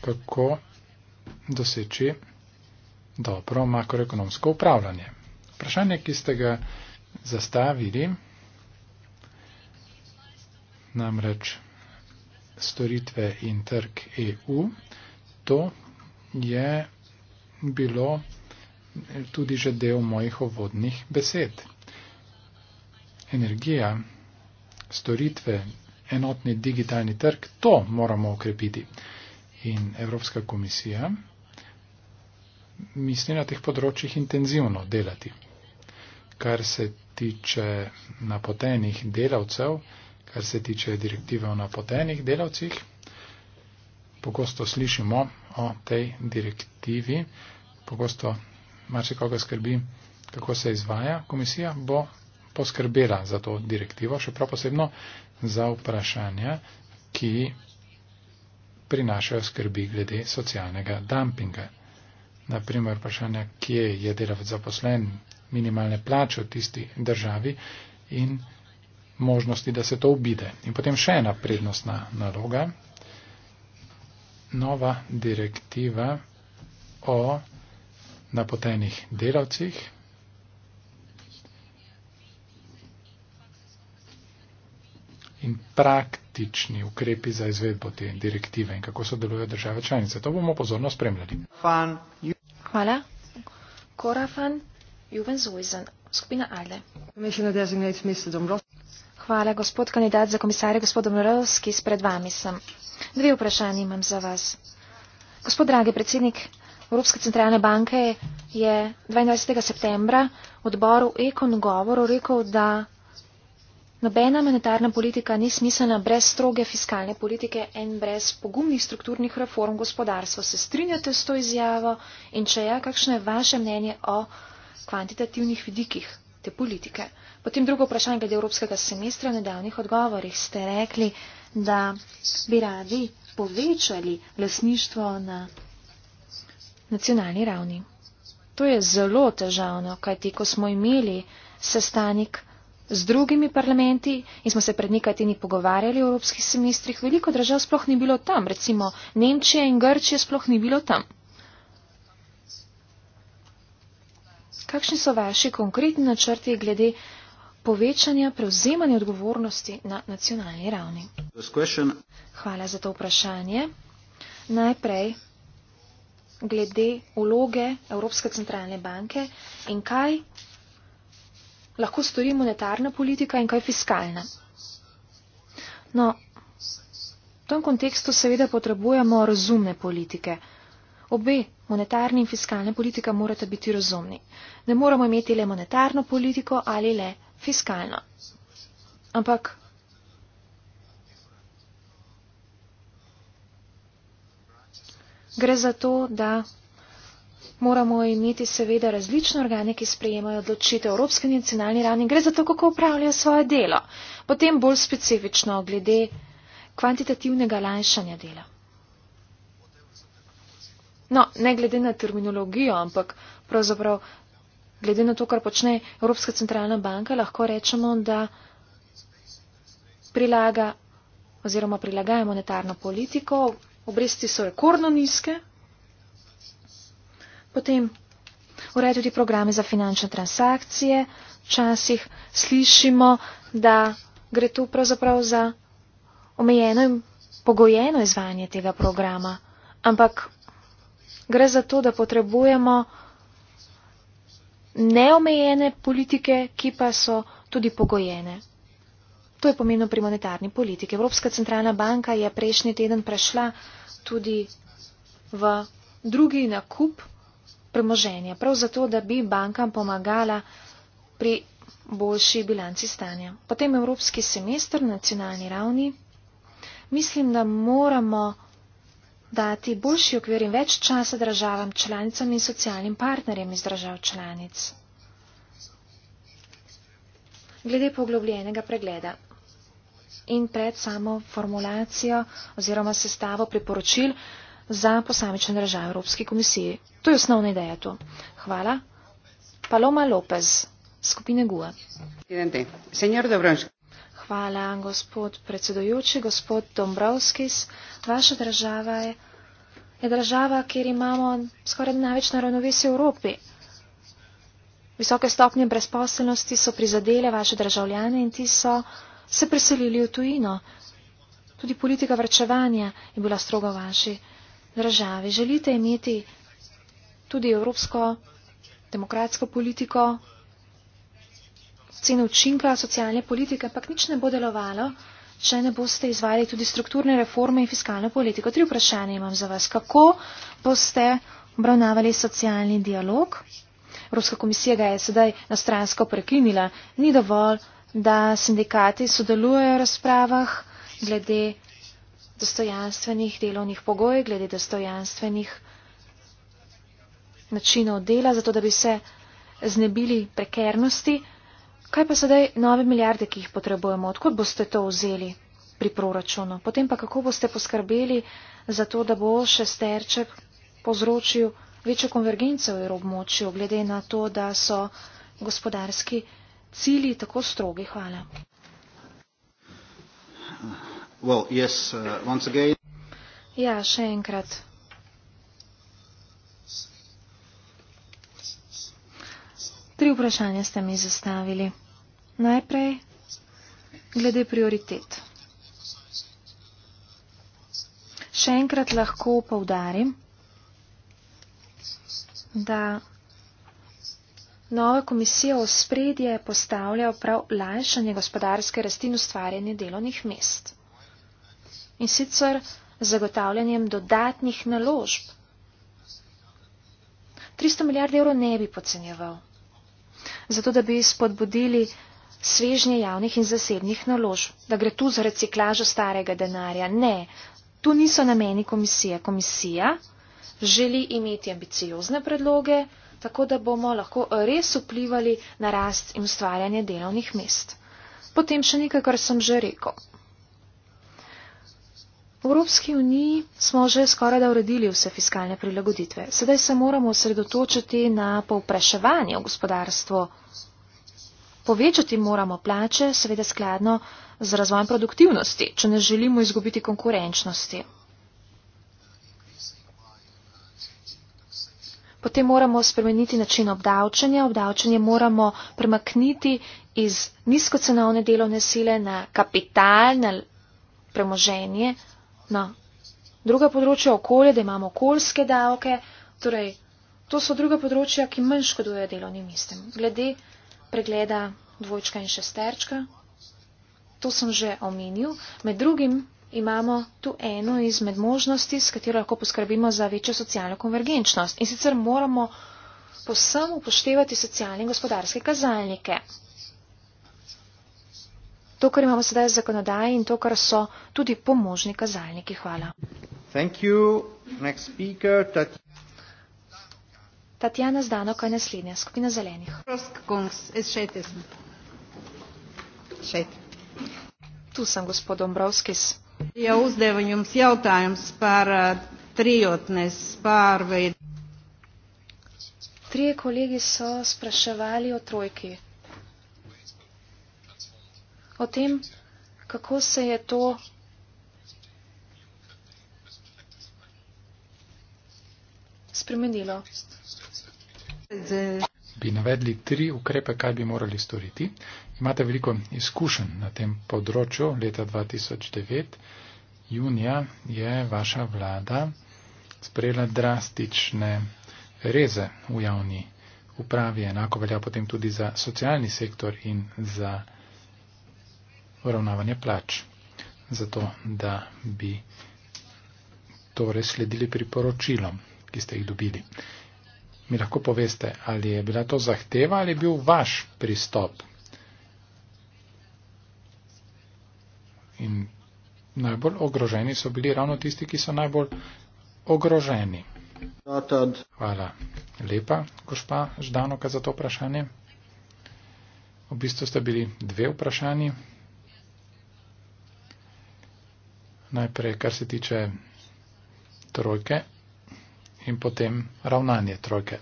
kako doseči dobro makroekonomsko upravljanje. Vprašanje, ki ste ga zastavili, namreč storitve in trg EU, to je bilo tudi že del mojih ovodnih besed. Energija, storitve, enotni digitalni trg, to moramo okrepiti. In Evropska komisija misli na teh področjih intenzivno delati. Kar se tiče napotenih delavcev, kar se tiče direktive o napotenih delavcih, pogosto slišimo o tej direktivi, pogosto marsikoga skrbi, kako se izvaja komisija, bo poskrbela za to direktivo, še prav posebno za vprašanja, ki prinašajo skrbi glede socialnega dumpinga. Naprimer, vprašanja, kje je delavec zaposlen, minimalne plače v tisti državi in možnosti, da se to obide. In potem še ena prednostna naloga. Nova direktiva o napotenih delavcih, in praktični ukrepi za izvedbo te direktive in kako sodelujo države članice. To bomo pozorno spremljali. Hvala. Kora van Juven Zuizen, skupina Alde. Hvala, gospod kandidat za komisarje, gospod Domorovski, spred vami sem. Dve vprašanje imam za vas. Gospod dragi predsednik Evropske centralne banke je 22. septembra odboru Ekon govoru rekel, da Nobena monetarna politika ni smiselna brez stroge fiskalne politike in brez pogumnih strukturnih reform gospodarstva. Se strinjate s to izjavo in če ja, kakšno je vaše mnenje o kvantitativnih vidikih te politike? Potem drugo vprašanje glede Evropskega semestra. V nedavnih odgovorih ste rekli, da bi radi povečali lasništvo na nacionalni ravni. To je zelo težavno, kajti ko smo imeli sestanek z drugimi parlamenti in smo se pred nekaj tedni pogovarjali o evropskih semestrih, veliko držav sploh ni bilo tam, recimo Nemčije in Grčije sploh ni bilo tam. Kakšni so vaši konkretni načrti glede povečanja prevzemanja odgovornosti na nacionalni ravni? Hvala za to vprašanje. Najprej glede uloge Evropske centralne banke in kaj lahko stori monetarna politika in kaj fiskalna. No, v tem kontekstu seveda potrebujemo razumne politike. Obe monetarni in fiskalne politika morata biti razumni. Ne moramo imeti le monetarno politiko ali le fiskalno. Ampak gre za to, da moramo imeti seveda različne organe, ki sprejemajo odločitev v Evropski nacionalni ravni. Gre za to, kako upravljajo svoje delo. Potem bolj specifično glede kvantitativnega lanjšanja dela. No, ne glede na terminologijo, ampak pravzaprav glede na to, kar počne Evropska centralna banka, lahko rečemo, da prilaga oziroma prilagaja monetarno politiko. Obresti so rekordno nizke. Potem ureja tudi programe za finančne transakcije. Včasih slišimo, da gre tu pravzaprav za omejeno in pogojeno izvajanje tega programa. Ampak gre za to, da potrebujemo neomejene politike, ki pa so tudi pogojene. To je pomembno pri monetarni politiki. Evropska centralna banka je prejšnji teden prešla tudi v drugi nakup premoženja, prav zato, da bi bankam pomagala pri boljši bilanci stanja. Potem evropski semester na nacionalni ravni. Mislim, da moramo dati boljši okvir in več časa državam, članicam in socialnim partnerjem iz držav članic. Glede poglobljenega pregleda in pred samo formulacijo oziroma sestavo priporočil za posamične države Evropske komisije. To je osnovna ideja tu. Hvala. Paloma Lopez, skupine GUE. Hvala, gospod predsedojoči, gospod Dombrovskis. Vaša država je, je država, kjer imamo skoraj največ naravnovesi v Evropi. Visoke stopnje brezposelnosti so prizadele vaše državljane in ti so se preselili v tujino. Tudi politika vrčevanja je bila strogo vaši državi. Želite imeti tudi evropsko demokratsko politiko, ceno učinka socialne politike, ampak nič ne bo delovalo, če ne boste izvajali tudi strukturne reforme in fiskalno politiko. Tri vprašanje imam za vas. Kako boste obravnavali socialni dialog? Evropska komisija ga je sedaj nastransko prekinila. Ni dovolj, da sindikati sodelujejo v razpravah glede dostojanstvenih delovnih pogojev, glede dostojanstvenih načinov dela, zato da bi se znebili prekernosti. Kaj pa sedaj nove milijarde, ki jih potrebujemo? Odkud boste to vzeli pri proračunu? Potem pa kako boste poskrbeli za to, da bo še sterček povzročil večjo konvergenco v območju, glede na to, da so gospodarski cilji tako strogi? Hvala. Well, yes, uh, once again. Ja, še enkrat. Tri vprašanja ste mi zastavili. Najprej glede prioritet. Še enkrat lahko povdarim, da nova komisija v spredje postavlja prav lajšanje gospodarske rasti in ustvarjanje delovnih mest in sicer zagotavljanjem dodatnih naložb. 300 milijard evrov ne bi pocenjeval, zato da bi spodbudili svežnje javnih in zasebnih naložb, da gre tu za reciklažo starega denarja. Ne, tu niso nameni komisije. Komisija želi imeti ambiciozne predloge, tako da bomo lahko res vplivali na rast in ustvarjanje delovnih mest. Potem še nekaj, kar sem že rekel. V Evropski uniji smo že skoraj da uredili vse fiskalne prilagoditve. Sedaj se moramo osredotočiti na povpraševanje v gospodarstvo. Povečati moramo plače, seveda skladno z razvojem produktivnosti, če ne želimo izgubiti konkurenčnosti. Potem moramo spremeniti način obdavčanja. Obdavčanje moramo premakniti iz nizkocenovne delovne sile na kapital, na premoženje na druga področja okolje, da imamo okoljske davke. Torej, to so druga področja, ki manj škodujejo delovnim mestem. Glede pregleda dvojčka in šesterčka, to sem že omenil. Med drugim imamo tu eno izmed možnosti, s katero lahko poskrbimo za večjo socialno konvergenčnost. In sicer moramo posem upoštevati socialne in gospodarske kazalnike to, kar imamo sedaj v zakonodaji in to, kar so tudi pomožni kazalniki. Hvala. Tatjana Zdanoka je naslednja, skupina zelenih. Tu sem, gospod Dombrovskis. Ja, uzdevanjem si javtajem spara eh, triotne sparve. Trije kolegi so spraševali o trojki o tem, kako se je to spremenilo. Bi navedli tri ukrepe, kaj bi morali storiti. Imate veliko izkušenj na tem področju. Leta 2009, junija, je vaša vlada sprejela drastične reze v javni upravi. Enako velja potem tudi za socialni sektor in za uravnavanje plač, zato da bi torej sledili priporočilom, ki ste jih dobili. Mi lahko poveste, ali je bila to zahteva ali je bil vaš pristop. In najbolj ogroženi so bili ravno tisti, ki so najbolj ogroženi. Hvala lepa, gospa Ždanoka, za to vprašanje. V bistvu sta bili dve vprašanje. najprej kar se tiče trojke in potem ravnanje trojke.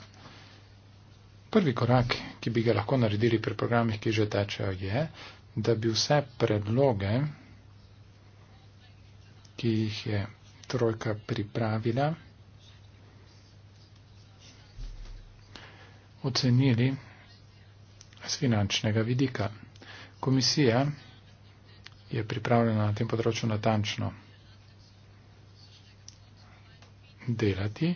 Prvi korak, ki bi ga lahko naredili pri programih, ki že tečejo, je, da bi vse predloge, ki jih je trojka pripravila, ocenili z finančnega vidika. Komisija je pripravljena na tem področju natančno delati.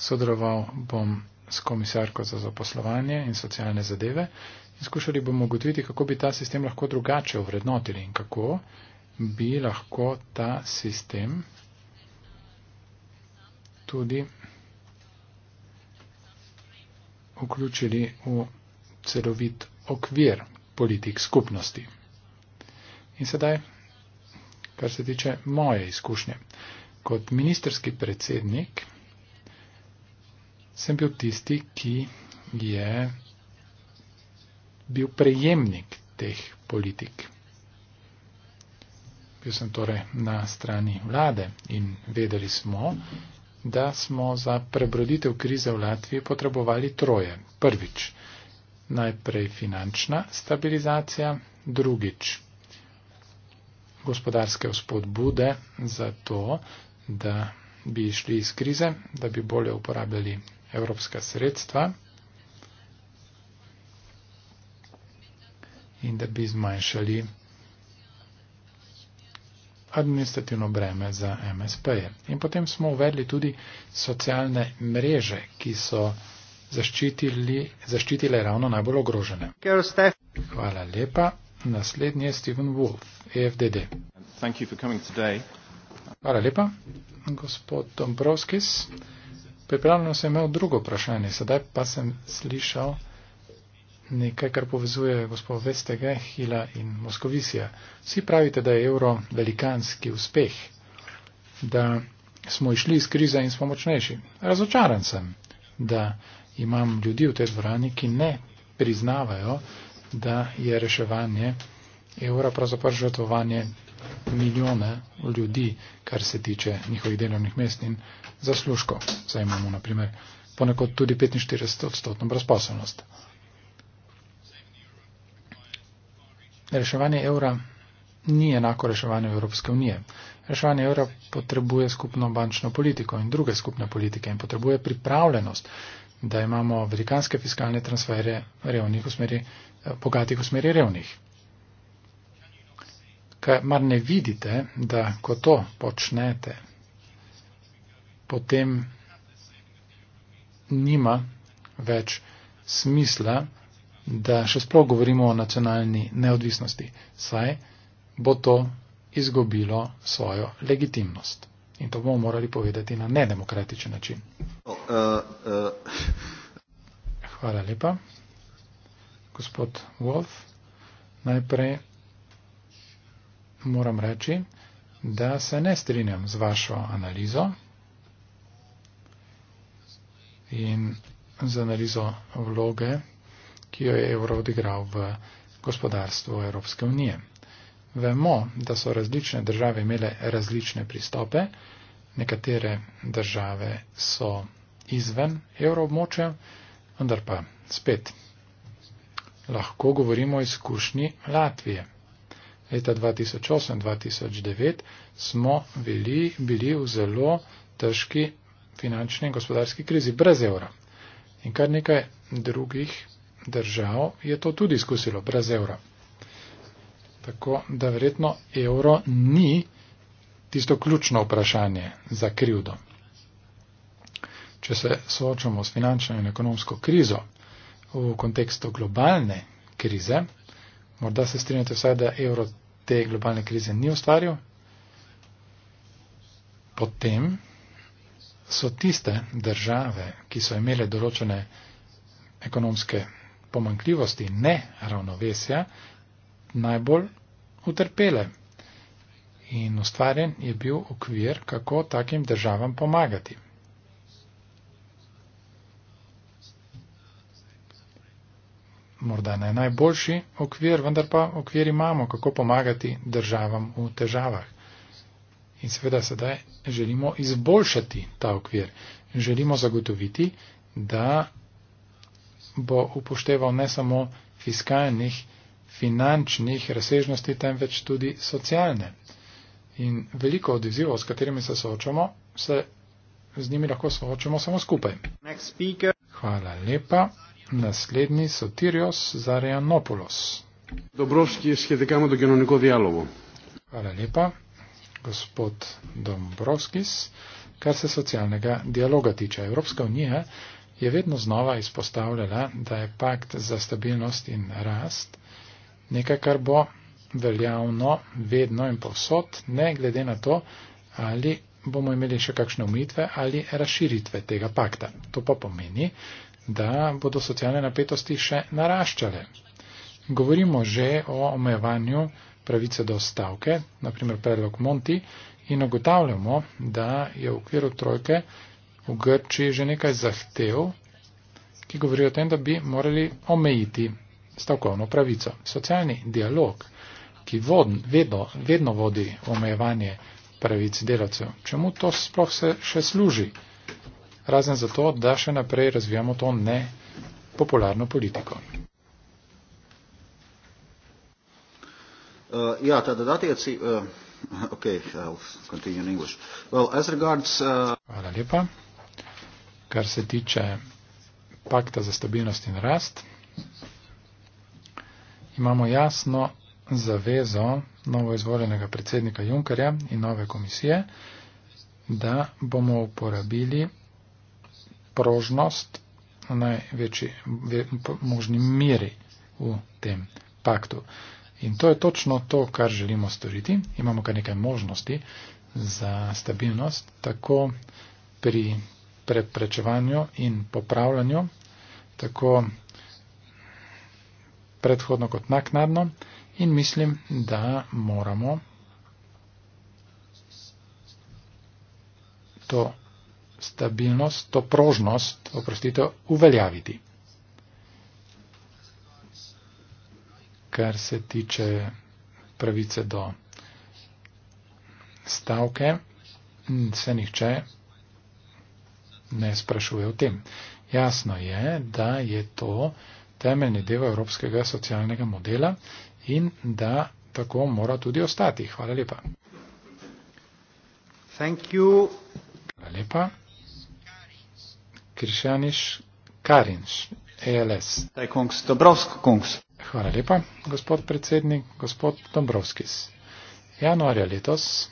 Sodeloval bom s komisarko za zaposlovanje in socialne zadeve in skušali bomo ugotoviti, kako bi ta sistem lahko drugače ovrednotili in kako bi lahko ta sistem tudi vključili v celovit okvir politik skupnosti. In sedaj, kar se tiče moje izkušnje. Kot ministerski predsednik sem bil tisti, ki je bil prejemnik teh politik. Bil sem torej na strani vlade in vedeli smo, da smo za prebroditev krize v Latviji potrebovali troje. Prvič, najprej finančna stabilizacija, drugič, gospodarske spodbude za to, da bi išli iz krize, da bi bolje uporabljali evropska sredstva in da bi zmanjšali administrativno breme za MSP-je. In potem smo uvedli tudi socialne mreže, ki so zaščitile ravno najbolj ogrožene. Hvala lepa. Naslednji je Steven Wolf, EFDD. Hvala lepa, gospod Dombrovskis. Pripravljeno sem imel drugo vprašanje, sedaj pa sem slišal nekaj, kar povezuje gospod Vestega, Hila in Moskovisija. Vsi pravite, da je evro velikanski uspeh, da smo išli iz krize in smo močnejši. Razočaran sem, da imam ljudi v tej dvorani, ki ne priznavajo, da je reševanje evra pravzaprav žrtvovanje milijone ljudi, kar se tiče njihovih delovnih mest in zaslužkov. Zdaj imamo naprimer ponekod tudi 45 odstotno brezposobnost. Reševanje evra ni enako reševanju Evropske unije. Reševanje evra potrebuje skupno bančno politiko in druge skupne politike in potrebuje pripravljenost da imamo velikanske fiskalne transfere revnih v smeri, eh, bogatih v smeri revnih. Kaj mar ne vidite, da ko to počnete, potem nima več smisla, da še sploh govorimo o nacionalni neodvisnosti, saj bo to izgubilo svojo legitimnost. In to bomo morali povedati na nedemokratičen način. Oh uh, Hvala lepa. Gospod Wolf, najprej moram reči, da se ne strinjam z vašo analizo in z analizo vloge, ki jo je evro odigral v gospodarstvu Evropske unije. Vemo, da so različne države imele različne pristope, nekatere države so izven evroobmočja, vendar pa spet lahko govorimo o izkušnji Latvije. Leta 2008-2009 smo bili, bili v zelo težki finančni in gospodarski krizi brez evra. In kar nekaj drugih držav je to tudi izkusilo brez evra. Tako da verjetno evro ni tisto ključno vprašanje za krivdo če se soočamo s finančno in ekonomsko krizo v kontekstu globalne krize, morda se strinjate vsaj, da evro te globalne krize ni ustvaril, potem so tiste države, ki so imele določene ekonomske pomankljivosti, ne ravnovesja, najbolj utrpele. In ustvarjen je bil okvir, kako takim državam pomagati. morda ne najboljši okvir, vendar pa okvir imamo, kako pomagati državam v težavah. In seveda sedaj želimo izboljšati ta okvir. Želimo zagotoviti, da bo upošteval ne samo fiskalnih, finančnih razsežnosti, temveč tudi socialne. In veliko odzivov, s katerimi se soočamo, se z njimi lahko soočamo samo skupaj. Hvala lepa naslednji Sotirios Zarianopoulos. Dobrovski je sjedega do genovnega dialogu. Hvala lepa, gospod Dombrovskis. Kar se socialnega dialoga tiče, Evropska unija je vedno znova izpostavljala, da je pakt za stabilnost in rast nekaj, kar bo veljavno vedno in povsod, ne glede na to, ali bomo imeli še kakšne umitve ali razširitve tega pakta. To pa pomeni, da bodo socialne napetosti še naraščale. Govorimo že o omejevanju pravice do stavke, naprimer predlog Monti, in ogotavljamo, da je v okviru trojke v Grči že nekaj zahtev, ki govorijo o tem, da bi morali omejiti stavkovno pravico. Socialni dialog, ki vod, vedno, vedno vodi omejevanje pravic delavcev, čemu to sploh se še služi? razen zato, da še naprej razvijamo to nepopularno politiko. Uh, ja, ta dodatek je si. Uh, ok, I'll continue in English. Well, as regards. Uh... Hvala lepa. Kar se tiče pakta za stabilnost in rast, imamo jasno zavezo novo izvoljenega predsednika Junkerja in nove komisije, da bomo uporabili prožnost v največji možni meri v tem paktu. In to je točno to, kar želimo storiti. Imamo kar nekaj možnosti za stabilnost, tako pri preprečevanju in popravljanju, tako predhodno kot naknadno. In mislim, da moramo to stabilnost, to prožnost, oprostite, uveljaviti. Kar se tiče pravice do stavke, se nihče ne sprašuje o tem. Jasno je, da je to temeljni del evropskega socialnega modela in da tako mora tudi ostati. Hvala lepa. Thank you. Hvala lepa. Krišaniš Karinš, ELS. Kungs, Dobrovsk, kungs. Hvala lepa, gospod predsednik, gospod Dombrovskis. Januarja letos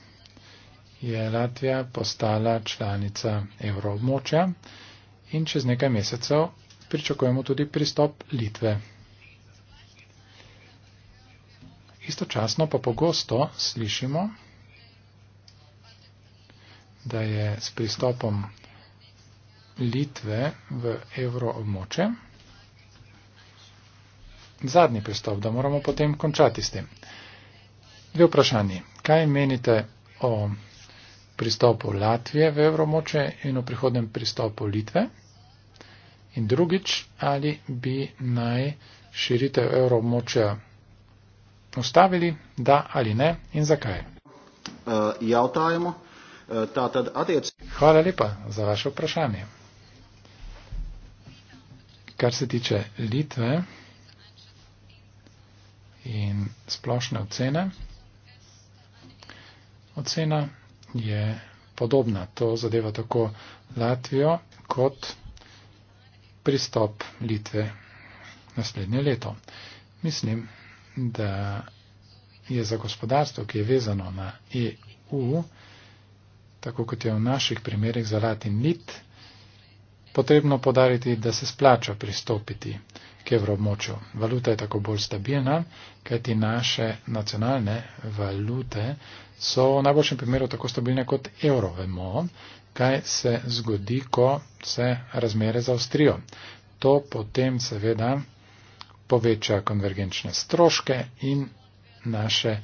je Latvija postala članica evroobmočja in čez nekaj mesecev pričakujemo tudi pristop Litve. Istočasno pa pogosto slišimo, da je s pristopom Litve v evroobmoče. Zadnji pristop, da moramo potem končati s tem. Dve vprašanji. Kaj menite o pristopu Latvije v evroobmoče in o prihodnem pristopu Litve? In drugič, ali bi naj širitev evroobmoče ustavili, da ali ne in zakaj? Uh, ja, Hvala lepa za vaše vprašanje kar se tiče Litve in splošne ocene, ocena je podobna. To zadeva tako Latvijo kot pristop Litve naslednje leto. Mislim, da je za gospodarstvo, ki je vezano na EU, tako kot je v naših primerih za Latin Lit, potrebno podariti, da se splača pristopiti k evromočju. Valuta je tako bolj stabilna, kajti naše nacionalne valute so v najboljšem primeru tako stabilne kot evro. Vemo, kaj se zgodi, ko se razmere zaostrijo. To potem seveda poveča konvergenčne stroške in naše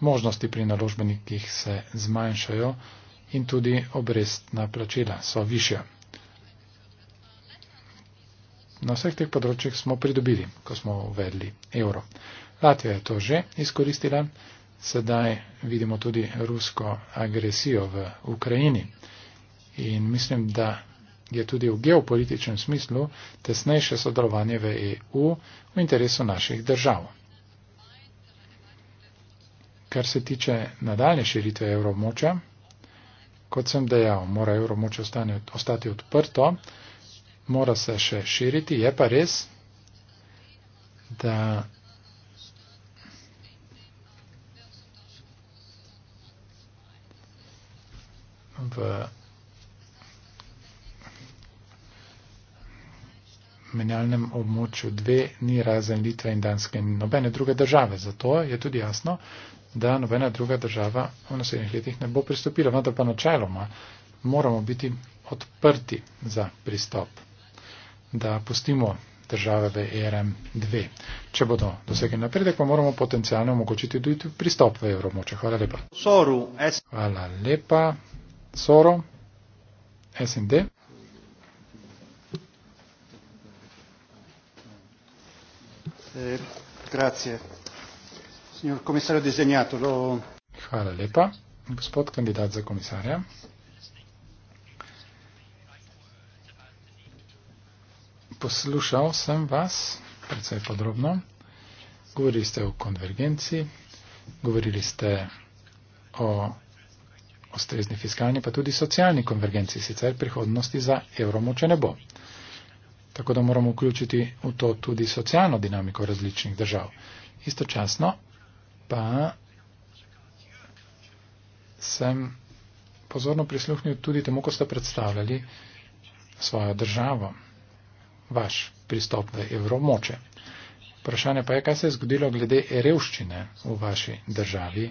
možnosti pri naložbenikih se zmanjšajo in tudi obrestna plačila so višja. Na vseh teh področjih smo pridobili, ko smo uvedli evro. Latvija je to že izkoristila, sedaj vidimo tudi rusko agresijo v Ukrajini. In mislim, da je tudi v geopolitičnem smislu tesnejše sodelovanje v EU v interesu naših držav. Kar se tiče nadaljne širitve evromoča, kot sem dejal, mora evromoč ostati odprto, mora se še širiti, je pa res, da v menjalnem območju dve ni razen Litve in Danske in nobene druge države. Zato je tudi jasno, da nobena druga država v naslednjih letih ne bo pristopila, vendar pa načeloma moramo biti odprti za pristop da pustimo države v ERM2. Če bodo dosegli napredek, pa moramo potencijalno omogočiti tudi pristop v evromoče. Hvala lepa. Soru, es... Hvala lepa. Soro, SND. Eh, Hvala lepa, gospod kandidat za komisarja. poslušal sem vas precej podrobno. Govorili ste o konvergenci, govorili ste o ostrezni fiskalni, pa tudi socialni konvergenci, sicer prihodnosti za evromoče ne bo. Tako da moramo vključiti v to tudi socialno dinamiko različnih držav. Istočasno pa sem pozorno prisluhnil tudi temu, ko ste predstavljali svojo državo vaš pristop v evromoče. Vprašanje pa je, kaj se je zgodilo glede revščine v vaši državi.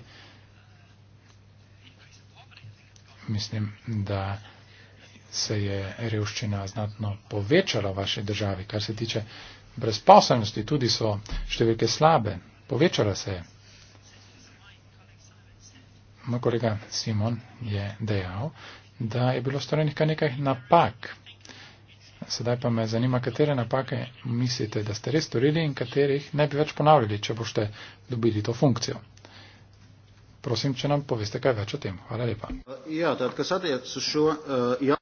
Mislim, da se je revščina znatno povečala v vaši državi. Kar se tiče brezposobnosti, tudi so številke slabe. Povečala se je. Moj kolega Simon je dejal, da je bilo storjenih kar nekaj napak sedaj pa me zanima, katere napake mislite, da ste res storili in katerih ne bi več ponavljali, če boste dobili to funkcijo. Prosim, če nam poveste kaj več o tem. Hvala lepa. Ja, eh, ja.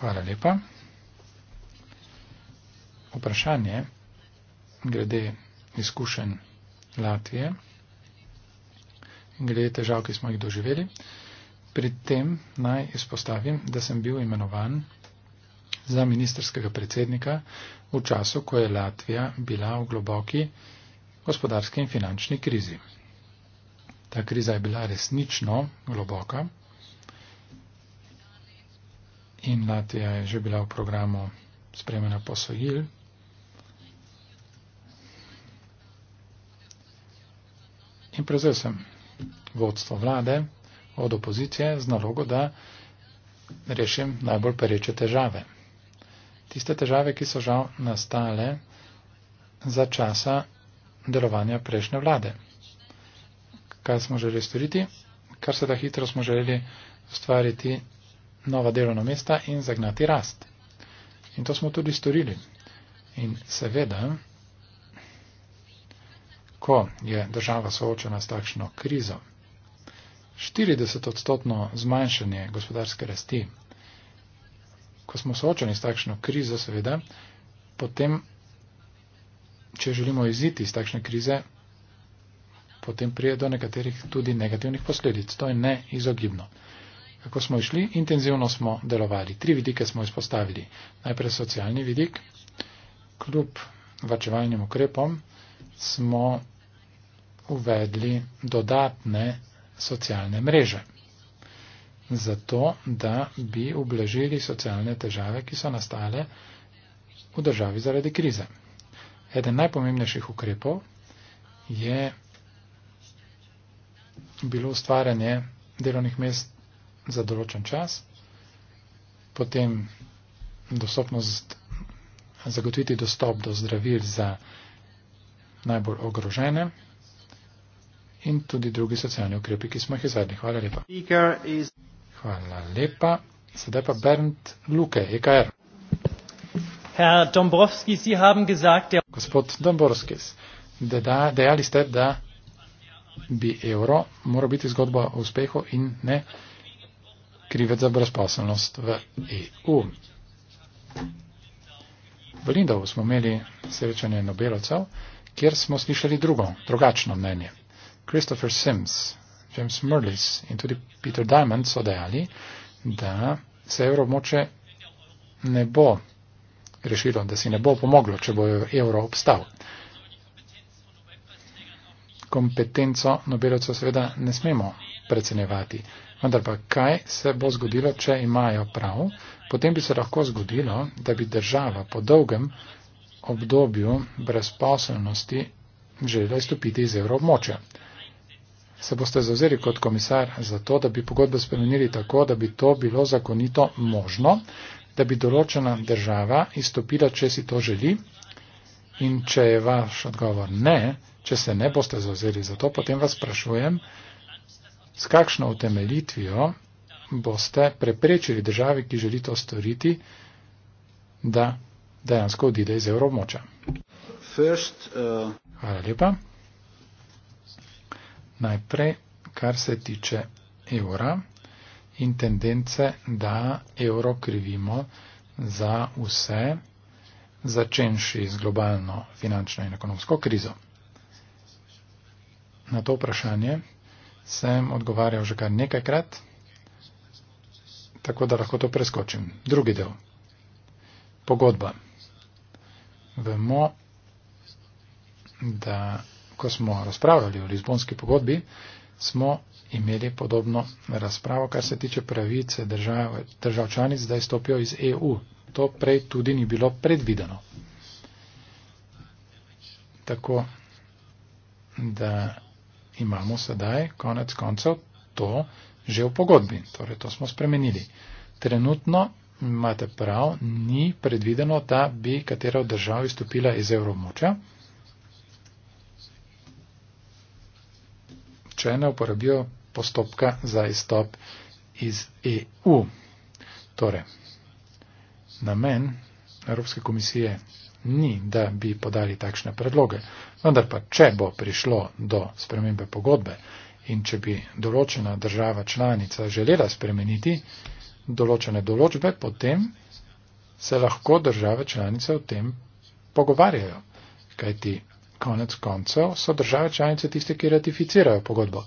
Hvala lepa. Vprašanje glede izkušenj Latvije in glede težav, ki smo jih doživeli. Pri tem naj izpostavim, da sem bil imenovan za ministerskega predsednika v času, ko je Latvija bila v globoki gospodarski in finančni krizi. Ta kriza je bila resnično globoka in Latvija je že bila v programu spremena posojil. In prevzel sem vodstvo vlade od opozicije z nalogo, da rešim najbolj pereče težave tiste težave, ki so žal nastale za časa delovanja prejšnje vlade. Kaj smo želeli storiti? Kar se da hitro smo želeli ustvariti nova delovna mesta in zagnati rast. In to smo tudi storili. In seveda, ko je država soočena s takšno krizo, 40 odstotno zmanjšanje gospodarske rasti, ko smo soočeni s takšno krizo, seveda, potem, če želimo iziti iz takšne krize, potem prije do nekaterih tudi negativnih posledic. To je neizogibno. Kako smo išli? Intenzivno smo delovali. Tri vidike smo izpostavili. Najprej socialni vidik. Kljub vrčevalnim ukrepom smo uvedli dodatne socialne mreže zato, da bi ublažili socialne težave, ki so nastale v državi zaradi krize. Eden najpomembnejših ukrepov je bilo ustvarjanje delovnih mest za določen čas, potem dostopnost, zagotoviti dostop do zdravil za najbolj ogrožene in tudi drugi socialni ukrepi, ki smo jih izvedli. Hvala lepa. Hvala lepa. Sedaj pa Bernd Luke, EKR. Herr Dombrovski, Sie haben gesagt, der Gospod Domborskis, de da, dejali ste, da bi evro moral biti zgodba o uspehu in ne krivet za brezposelnost v EU. V Lindovu smo imeli srečanje Nobelovcev, kjer smo slišali drugo, drugačno mnenje. Christopher Sims, James Merlis in tudi Peter Diamond so dejali, da se evro moče ne bo rešilo, da si ne bo pomoglo, če bo evro obstal. Kompetenco nobelovcev seveda ne smemo precenevati. Vendar pa kaj se bo zgodilo, če imajo prav? Potem bi se lahko zgodilo, da bi država po dolgem obdobju brezposelnosti želela izstopiti iz evroobmočja se boste zavzeli kot komisar za to, da bi pogodbe spremenili tako, da bi to bilo zakonito možno, da bi določena država izstopila, če si to želi. In če je vaš odgovor ne, če se ne boste zavzeli za to, potem vas sprašujem, s kakšno utemelitvijo boste preprečili državi, ki želi to storiti, da dejansko odide iz evromoča. First, uh... Hvala lepa najprej, kar se tiče evra in tendence, da evro krivimo za vse, začenši z globalno finančno in ekonomsko krizo. Na to vprašanje sem odgovarjal že kar nekajkrat, tako da lahko to preskočim. Drugi del. Pogodba. Vemo, da ko smo razpravljali o Lizbonski pogodbi, smo imeli podobno razpravo, kar se tiče pravice držav, držav članic, da izstopijo iz EU. To prej tudi ni bilo predvideno. Tako da imamo sedaj konec koncev to že v pogodbi. Torej, to smo spremenili. Trenutno, imate prav, ni predvideno, da bi katera od držav izstopila iz evromoča. nihče ne uporabijo postopka za izstop iz EU. Torej, namen Evropske komisije ni, da bi podali takšne predloge, vendar pa, če bo prišlo do spremembe pogodbe in če bi določena država članica želela spremeniti določene določbe, potem se lahko države članice o tem pogovarjajo. Kajti konec koncev so države članice tiste, ki ratificirajo pogodbo.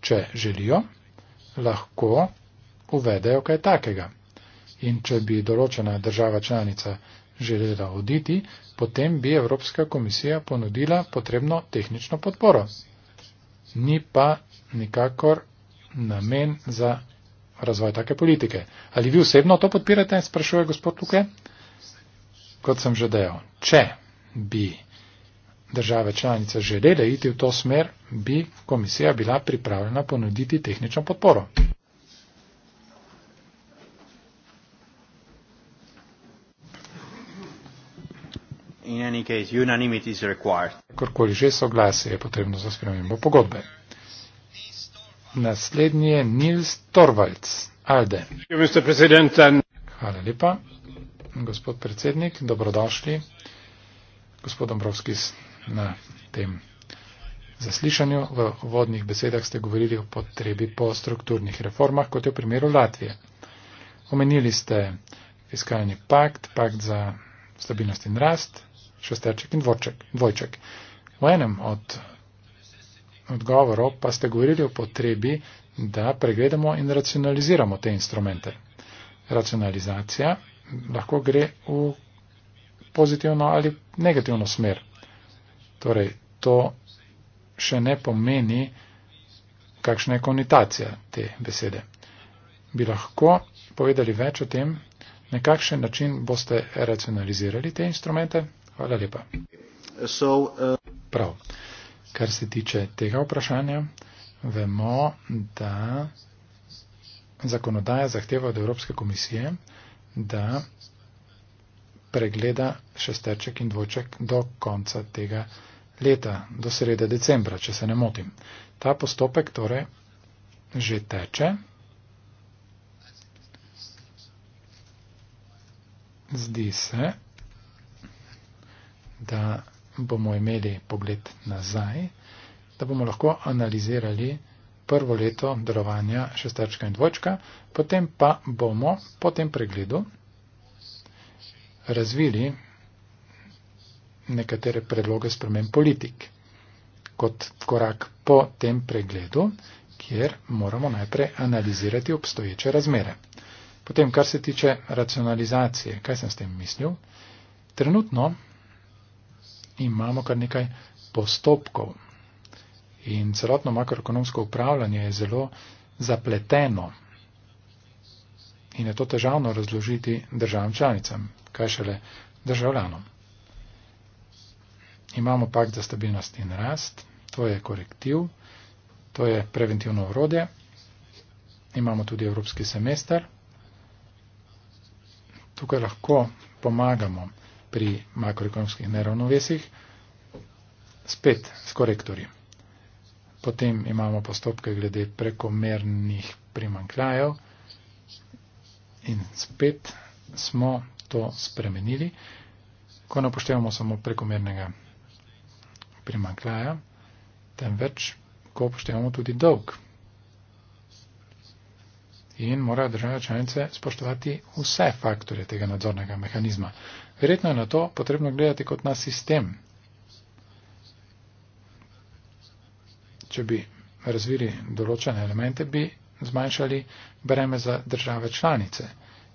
Če želijo, lahko uvedejo kaj takega. In če bi določena država članica želela oditi, potem bi Evropska komisija ponudila potrebno tehnično podporo. Ni pa nikakor namen za razvoj take politike. Ali vi osebno to podpirate, sprašuje gospod tukaj? Kot sem že dejal, če bi države članice želele iti v to smer, bi komisija bila pripravljena ponuditi tehnično podporo. Korkoli že soglasje je potrebno za spremembo pogodbe. Naslednji je Nils Torvalds, Alde. Hvala lepa, gospod predsednik, dobrodošli. Gospod Dombrovskis, na tem zaslišanju. V vodnih besedah ste govorili o potrebi po strukturnih reformah, kot je v primeru Latvije. Omenili ste fiskalni pakt, pakt za stabilnost in rast, šesterček in dvorček, dvojček. V enem od odgovorov pa ste govorili o potrebi, da pregledamo in racionaliziramo te instrumente. Racionalizacija lahko gre v pozitivno ali negativno smer. Torej, to še ne pomeni, kakšna je konitacija te besede. Bi lahko povedali več o tem, na kakšen način boste racionalizirali te instrumente? Hvala lepa. Eh, Prav. Kar se tiče tega vprašanja, vemo, da zakonodaja zahteva od Evropske komisije, da pregleda šesterček in dvoček do konca tega leta do srede decembra, če se ne motim. Ta postopek torej že teče. Zdi se, da bomo imeli pogled nazaj, da bomo lahko analizirali prvo leto delovanja šestačka in dvočka, potem pa bomo po tem pregledu razvili nekatere predloge spremen politik. Kot korak po tem pregledu, kjer moramo najprej analizirati obstoječe razmere. Potem, kar se tiče racionalizacije, kaj sem s tem mislil? Trenutno imamo kar nekaj postopkov in celotno makroekonomsko upravljanje je zelo zapleteno in je to težavno razložiti državam članicam, kaj šele državljanom imamo pak za stabilnost in rast, to je korektiv, to je preventivno urode, imamo tudi evropski semester. Tukaj lahko pomagamo pri makroekonomskih neravnovesih, spet s korektorji. Potem imamo postopke glede prekomernih primankljajev in spet smo to spremenili, ko napoštevamo samo prekomernega primankljaja, temveč ko upoštevamo tudi dolg. In morajo države članice spoštovati vse faktore tega nadzornega mehanizma. Verjetno je na to potrebno gledati kot na sistem. Če bi razvili določene elemente, bi zmanjšali breme za države članice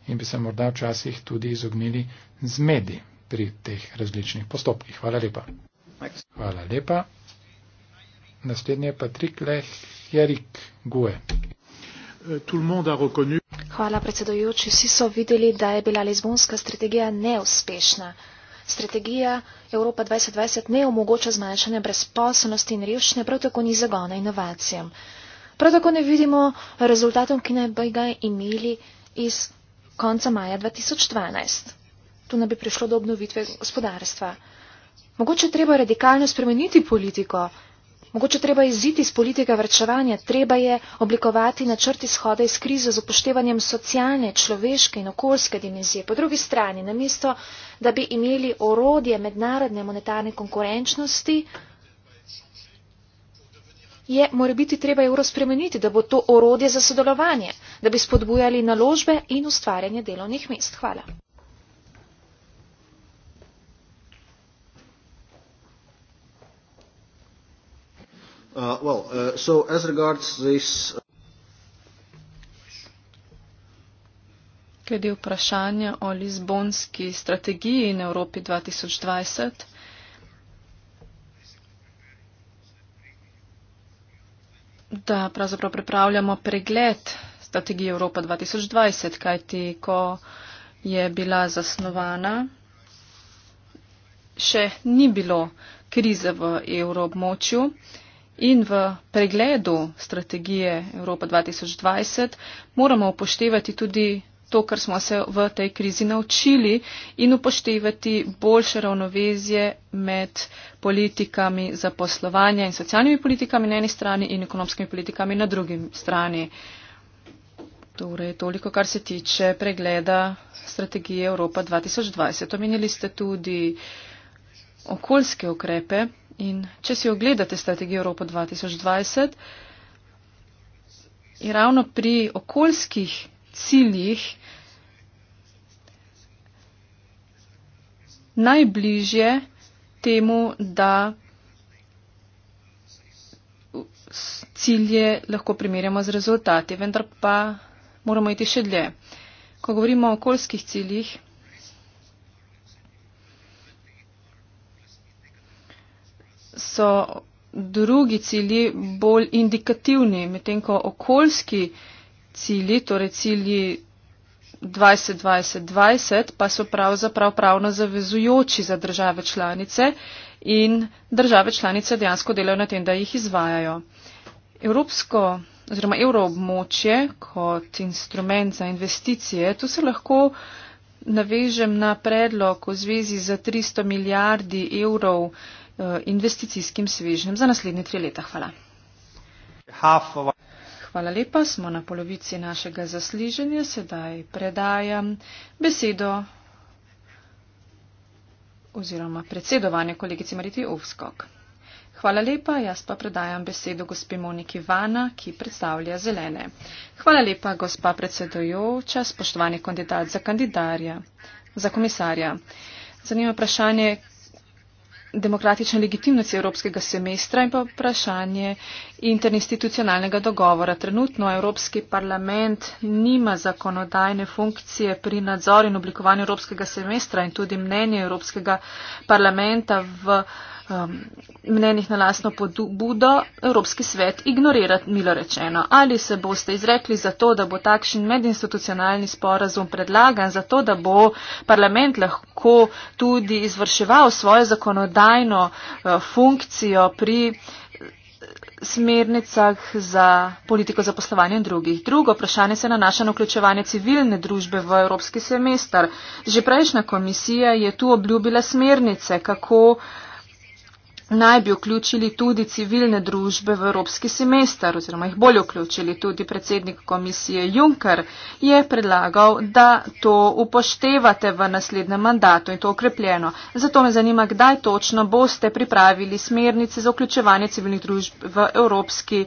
in bi se morda včasih tudi izognili zmedi pri teh različnih postopkih. Hvala lepa. Hvala lepa. Naslednji je Patrik Leh Jarik Gue. Hvala predsedojoči. Vsi so videli, da je bila lizbonska strategija neuspešna. Strategija Evropa 2020 ne omogoča zmanjšanje brezposobnosti in revščine, prav tako ni zagona inovacijam. Prav tako ne vidimo rezultatov, ki naj bi ga imeli iz konca maja 2012. Tu ne bi prišlo do obnovitve gospodarstva. Mogoče treba radikalno spremeniti politiko, mogoče treba iziti iz politika vrčevanja, treba je oblikovati načrt izhoda iz krize z upoštevanjem socialne, človeške in okoljske dimenzije. Po drugi strani, namesto, da bi imeli orodje mednarodne monetarne konkurenčnosti, je mora biti treba evro spremeniti, da bo to orodje za sodelovanje, da bi spodbujali naložbe in ustvarjanje delovnih mest. Hvala. Uh, well, uh, so as regards this. Uh, Glede vprašanja o Lizbonski strategiji in Evropi 2020. Da pravzaprav pripravljamo pregled strategije Evropa 2020, kajti ko je bila zasnovana, še ni bilo krize v evroobmočju. Uh, In v pregledu strategije Evropa 2020 moramo upoštevati tudi to, kar smo se v tej krizi naučili in upoštevati boljše ravnovezje med politikami za poslovanje in socialnimi politikami na eni strani in ekonomskimi politikami na drugi strani. Torej, toliko, kar se tiče pregleda strategije Evropa 2020. Omenili ste tudi okoljske ukrepe. In če si ogledate strategijo Evropa 2020, je ravno pri okoljskih ciljih najbližje temu, da cilje lahko primerjamo z rezultati, vendar pa moramo iti še dlje. Ko govorimo o okoljskih ciljih, so drugi cilji bolj indikativni, medtem ko okoljski cilji, torej cilji 2020-2020, pa so pravzaprav pravno zavezujoči za države članice in države članice dejansko delajo na tem, da jih izvajajo. Evropsko oziroma evroobmočje kot instrument za investicije, tu se lahko navežem na predlog v zvezi za 300 milijardi evrov Eh, investicijskim svežnjem za naslednje tri leta. Hvala. Hvala lepa, smo na polovici našega zasliženja, sedaj predajam besedo oziroma predsedovanje kolegici Mariti Ovskog. Hvala lepa, jaz pa predajam besedo gospe Moniki Vana, ki predstavlja zelene. Hvala lepa, gospa predsedojoča, spoštovani kandidat za kandidarja, za komisarja. Zanima vprašanje, demokratične legitimnosti evropskega semestra in pa vprašanje interinstitucionalnega dogovora. Trenutno Evropski parlament nima zakonodajne funkcije pri nadzoru in oblikovanju evropskega semestra in tudi mnenje Evropskega parlamenta v um, mnenjih na lastno pobudo Evropski svet ignorira, milo rečeno. Ali se boste izrekli za to, da bo takšen medinstitucionalni sporazum predlagan, za to, da bo parlament lahko tudi izvrševal svojo zakonodajno uh, funkcijo pri uh, smernicah za politiko zaposlovanja in drugih. Drugo vprašanje se nanaša na vključevanje civilne družbe v evropski semester. Že prejšnja komisija je tu obljubila smernice, kako uh, naj bi vključili tudi civilne družbe v evropski semester oziroma jih bolje vključili. Tudi predsednik komisije Juncker je predlagal, da to upoštevate v naslednjem mandatu in to okrepljeno. Zato me zanima, kdaj točno boste pripravili smernice za vključevanje civilnih družb v evropski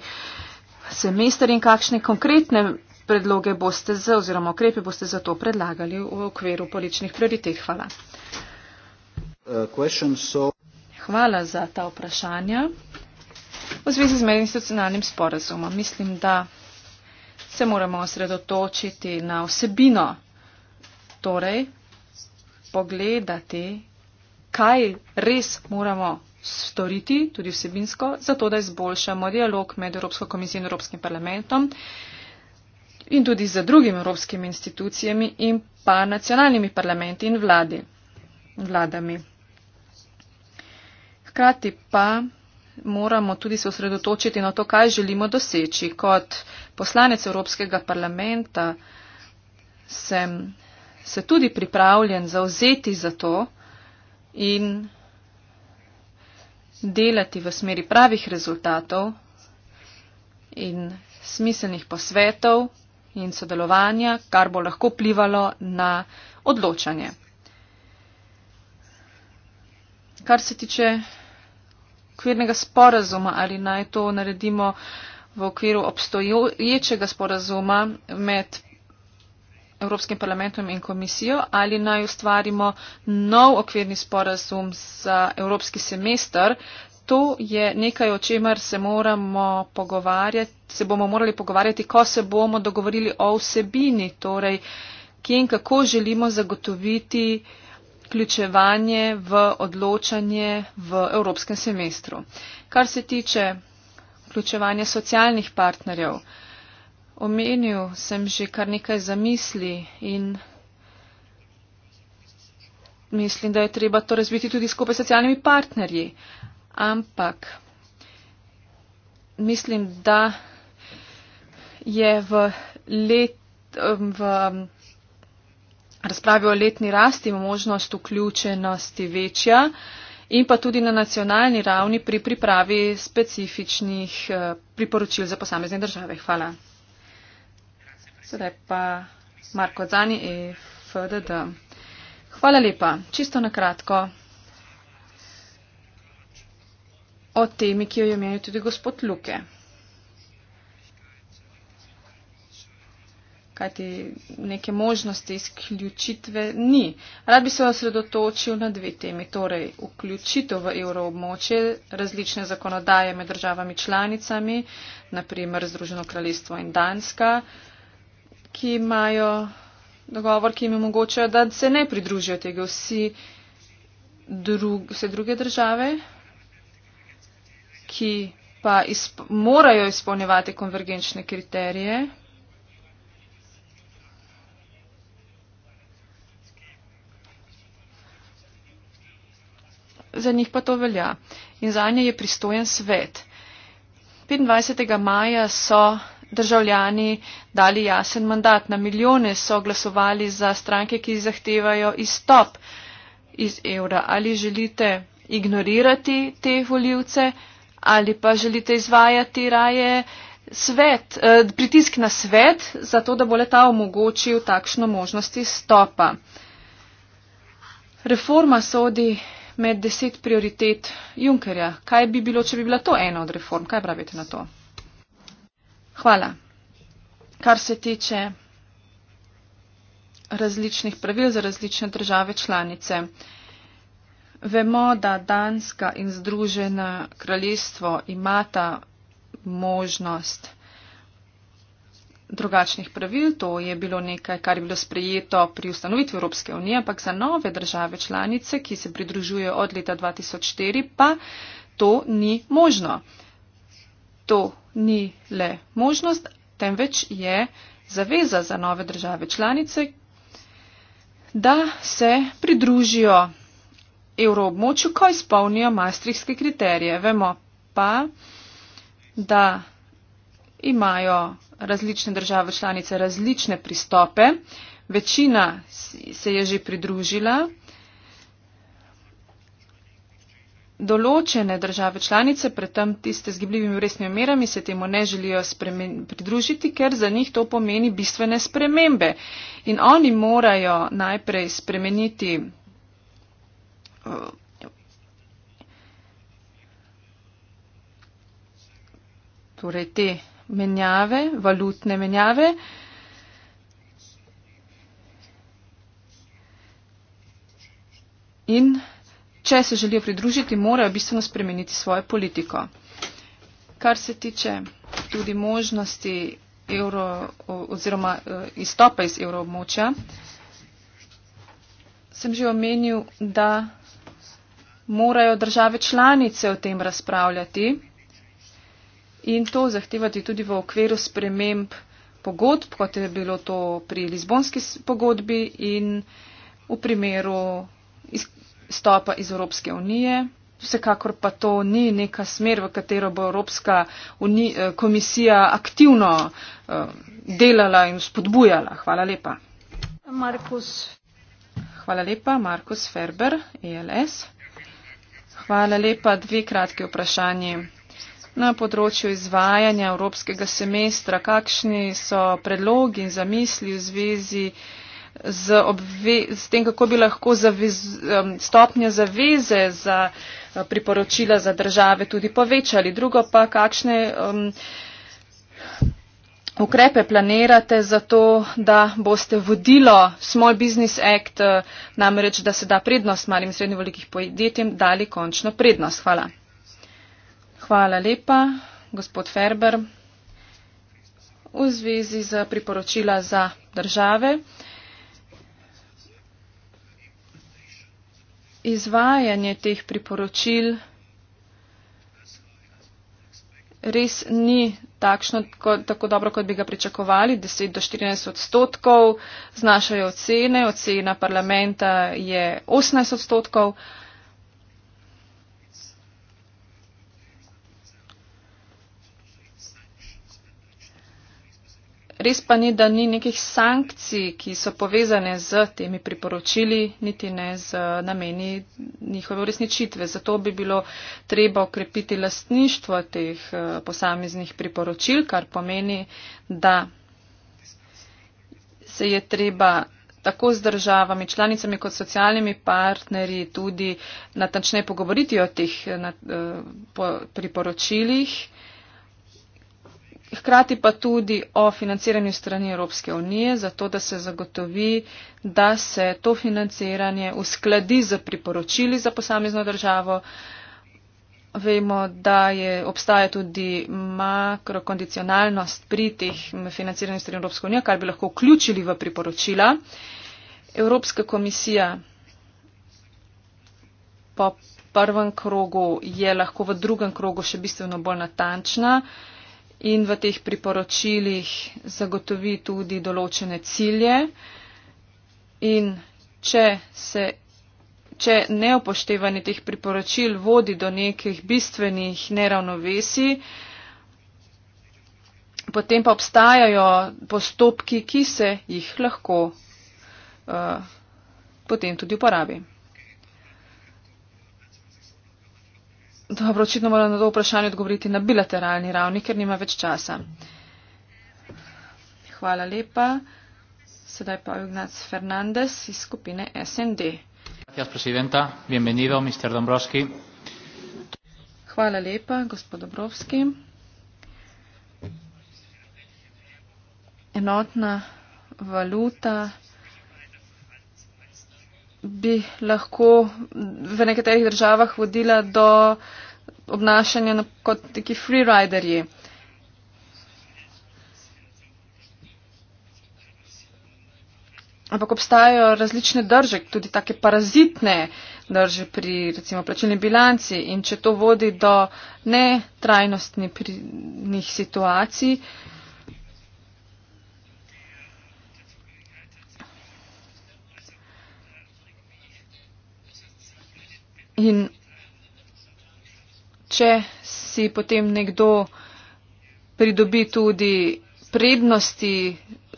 semester in kakšne konkretne predloge boste za oziroma okrepe boste za to predlagali v okviru političnih prioritet. Hvala. Uh, hvala za ta vprašanja. V zvezi z medinstitucionalnim sporazumom mislim, da se moramo osredotočiti na vsebino, torej pogledati, kaj res moramo storiti, tudi vsebinsko, zato da izboljšamo dialog med Evropsko komisijo in Evropskim parlamentom in tudi z drugimi evropskimi institucijami in pa nacionalnimi parlamenti in vladi, vladami. Hkrati pa moramo tudi se osredotočiti na to, kaj želimo doseči. Kot poslanec Evropskega parlamenta sem se tudi pripravljen zauzeti za to in delati v smeri pravih rezultatov in smiselnih posvetov in sodelovanja, kar bo lahko plivalo na odločanje kar se tiče okvirnega sporazuma, ali naj to naredimo v okviru obstoječega sporazuma med Evropskim parlamentom in komisijo, ali naj ustvarimo nov okvirni sporazum za evropski semester. To je nekaj, o čemer se, se bomo morali pogovarjati, ko se bomo dogovorili o vsebini, torej kje in kako želimo zagotoviti vključevanje v odločanje v evropskem semestru. Kar se tiče vključevanja socialnih partnerjev, omenil sem že kar nekaj zamisli in mislim, da je treba to razviti tudi skupaj s socialnimi partnerji. Ampak mislim, da je v letu. V razpravi o letni rasti možnost vključenosti večja in pa tudi na nacionalni ravni pri pripravi specifičnih eh, priporočil za posamezne države. Hvala. Sedaj pa Marko Zani, FDD. Hvala lepa. Čisto na kratko o temi, ki jo je omenil tudi gospod Luke. kajti neke možnosti izključitve ni. Rad bi se osredotočil na dve temi, torej vključitev v evroobmočje različne zakonodaje med državami članicami, naprimer Združeno kraljestvo in Danska, ki imajo dogovor, ki jim omogočajo, da se ne pridružijo tega vsi drug, vse druge države, ki pa izp morajo izpolnjevati konvergenčne kriterije. za njih pa to velja. In za nje je pristojen svet. 25. maja so državljani dali jasen mandat. Na milijone so glasovali za stranke, ki zahtevajo izstop iz evra. Ali želite ignorirati te voljivce ali pa želite izvajati raje svet, eh, pritisk na svet, zato da bo le ta omogočil takšno možnost izstopa. Reforma sodi med deset prioritet Junkerja. Kaj bi bilo, če bi bila to ena od reform? Kaj pravite na to? Hvala. Kar se tiče različnih pravil za različne države članice. Vemo, da Danska in Združena kraljestvo imata možnost drugačnih pravil. To je bilo nekaj, kar je bilo sprejeto pri ustanovitvi Evropske unije, ampak za nove države članice, ki se pridružujejo od leta 2004, pa to ni možno. To ni le možnost, temveč je zaveza za nove države članice, da se pridružijo evroobmočju, ko izpolnijo maastrihtske kriterije. Vemo pa, da imajo različne države članice različne pristope. Večina se je že pridružila. Določene države članice, predtem tiste z gibljivimi vresnimi merami, se temu ne želijo spremen, pridružiti, ker za njih to pomeni bistvene spremembe. In oni morajo najprej spremeniti eh, torej te menjave, valutne menjave. In če se želijo pridružiti, morajo bistveno spremeniti svojo politiko. Kar se tiče tudi možnosti evro, oziroma e, izstopa iz evroobmočja, sem že omenil, da morajo države članice o tem razpravljati in to zahtevati tudi v okviru sprememb pogodb, kot je bilo to pri Lizbonski pogodbi in v primeru izstopa iz Evropske unije. Vsekakor pa to ni neka smer, v katero bo Evropska eh, komisija aktivno eh, delala in spodbujala. Hvala lepa. Markus. Hvala lepa, Markus Ferber, ELS. Hvala lepa, dve kratke vprašanje na področju izvajanja evropskega semestra, kakšni so predlogi in zamisli v zvezi z, obve, z tem, kako bi lahko zaviz, stopnjo zaveze za eh, priporočila za države tudi povečali. Drugo pa, kakšne um, ukrepe planirate za to, da boste vodilo Small Business Act, eh, namreč da se da prednost malim in srednjim velikih podjetjem, dali končno prednost. Hvala. Hvala lepa, gospod Ferber. V zvezi z priporočila za države, izvajanje teh priporočil res ni takšno, tako dobro, kot bi ga pričakovali. 10 do 14 odstotkov znašajo ocene, ocena parlamenta je 18 odstotkov. Res pa ni, da ni nekih sankcij, ki so povezane z temi priporočili, niti ne z eh, nameni njihove uresničitve. Zato bi bilo treba okrepiti lastništvo teh eh, posameznih priporočil, kar pomeni, da se je treba tako z državami, članicami kot socialnimi partnerji tudi natančne pogovoriti o teh eh, priporočilih hkrati pa tudi o financiranju strani Evropske unije, zato da se zagotovi, da se to financiranje uskladi z priporočili za posamezno državo. Vemo, da je, obstaja tudi makrokondicionalnost pri teh financiranju strani Evropske unije, kar bi lahko vključili v priporočila. Evropska komisija po prvem krogu je lahko v drugem krogu še bistveno bolj natančna in v teh priporočilih zagotovi tudi določene cilje. In če, se, če neopoštevanje teh priporočil vodi do nekih bistvenih neravnovesij, potem pa obstajajo postopki, ki se jih lahko uh, potem tudi uporabi. Dobro, očitno moram na to vprašanje odgovoriti na bilateralni ravni, ker nima več časa. Hvala lepa. Sedaj pa Ignac Fernandez iz skupine SND. Hvala lepa, gospod Dobrovski. Enotna valuta bi lahko v nekaterih državah vodila do obnašanja kot neki freeriderji. Ampak obstajajo različne drže, tudi take parazitne drže pri recimo plačilni bilanci in če to vodi do netrajnostnih situacij, uh, In če si potem nekdo pridobi tudi prednosti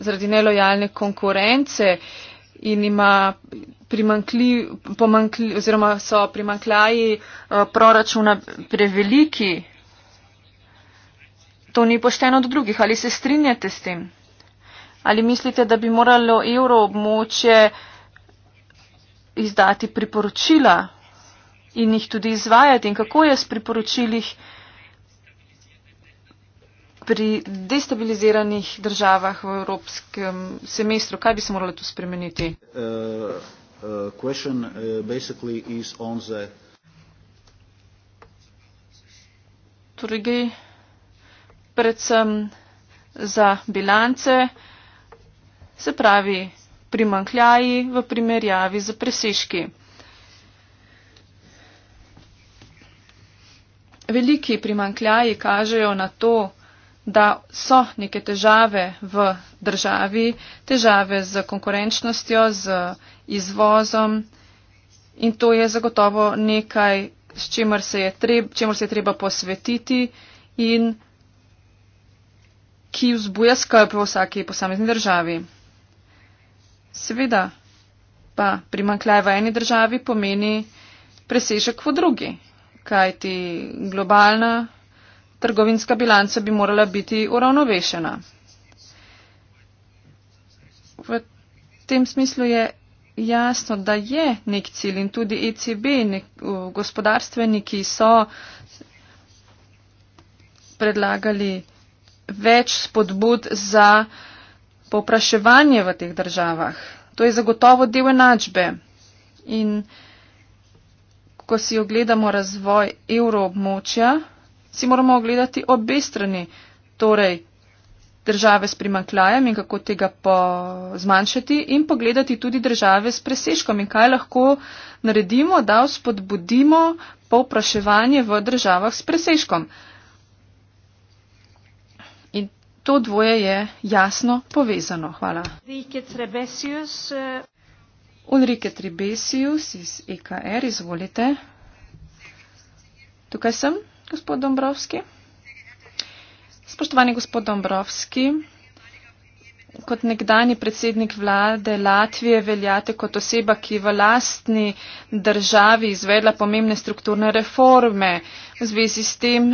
zaradi nelojalne konkurence in ima primankli, pomankli, oziroma so primankljaji eh, proračuna preveliki, to ni pošteno do drugih. Ali se strinjate s tem? Ali mislite, da bi moralo evroobmočje izdati priporočila in jih tudi izvajati in kako je s priporočilih pri destabiliziranih državah v evropskem semestru, kaj bi se morali tu spremeniti? Uh, uh, uh Torej, predvsem za bilance, se pravi primankljaji v primerjavi z preseški. veliki primankljaji kažejo na to, da so neke težave v državi, težave z konkurenčnostjo, z izvozom in to je zagotovo nekaj, s čemer se je, treb, čemer se je treba posvetiti in ki vzbuja skrb v vsaki posamezni državi. Seveda pa primankljaj v eni državi pomeni presežek v drugi kajti globalna trgovinska bilanca bi morala biti uravnovešena. V tem smislu je jasno, da je nek cilj in tudi ECB, nek, uh, gospodarstveniki so predlagali več spodbud za popraševanje v teh državah. To je zagotovo del enačbe. In ko si ogledamo razvoj evroobmočja, si moramo ogledati obe strani, torej države s primankljajem in kako tega zmanjšati in pogledati tudi države s preseškom in kaj lahko naredimo, da spodbudimo povpraševanje v državah s preseškom. To dvoje je jasno povezano. Hvala. Ulrike Tribesius iz EKR, izvolite. Tukaj sem, gospod Dombrovski. Spoštovani gospod Dombrovski, kot nekdani predsednik vlade Latvije veljate kot oseba, ki je v lastni državi izvedla pomembne strukturne reforme. V zvezi s tem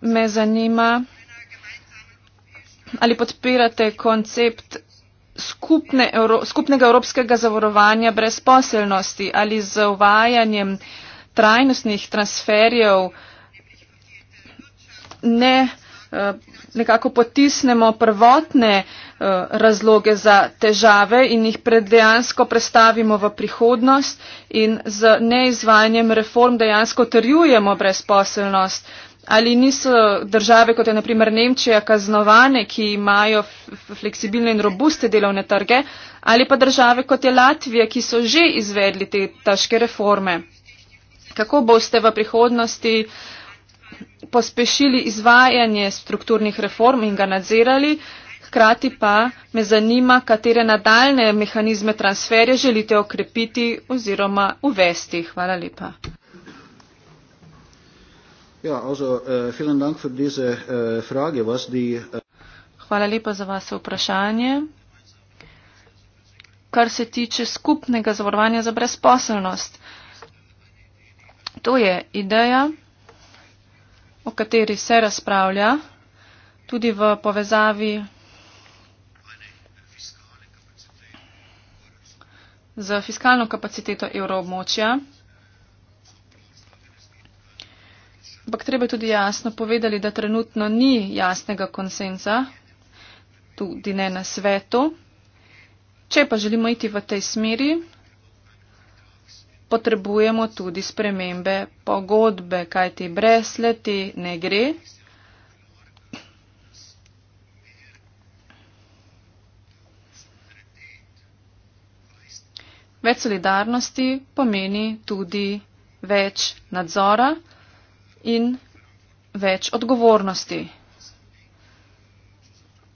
me zanima, ali podpirate koncept skupne Evro, skupnega evropskega zavarovanja brezposelnosti ali z uvajanjem trajnostnih transferjev ne eh, nekako potisnemo prvotne eh, razloge za težave in jih pred dejansko prestavimo v prihodnost in z neizvajanjem reform dejansko trjujemo brezposelnost ali niso države, kot je naprimer Nemčija, kaznovane, ki imajo fleksibilne in robuste delovne trge, ali pa države, kot je Latvija, ki so že izvedli te težke reforme. Kako boste v prihodnosti pospešili izvajanje strukturnih reform in ga nadzirali? Hkrati pa me zanima, katere nadaljne mehanizme transferja želite okrepiti oziroma uvesti. Hvala lepa. Ja, also, uh, Dank für diese, uh, Frage, was die, uh... Hvala lepa za vaše vprašanje. Kar se tiče skupnega zavarovanja za brezposelnost, to je ideja, o kateri se razpravlja tudi v povezavi z fiskalno kapaciteto evroobmočja. Ampak treba je tudi jasno povedali, da trenutno ni jasnega konsenza, tudi ne na svetu. Če pa želimo iti v tej smeri, potrebujemo tudi spremembe pogodbe, kaj ti brez leti ne gre. Več solidarnosti pomeni tudi več nadzora in več odgovornosti.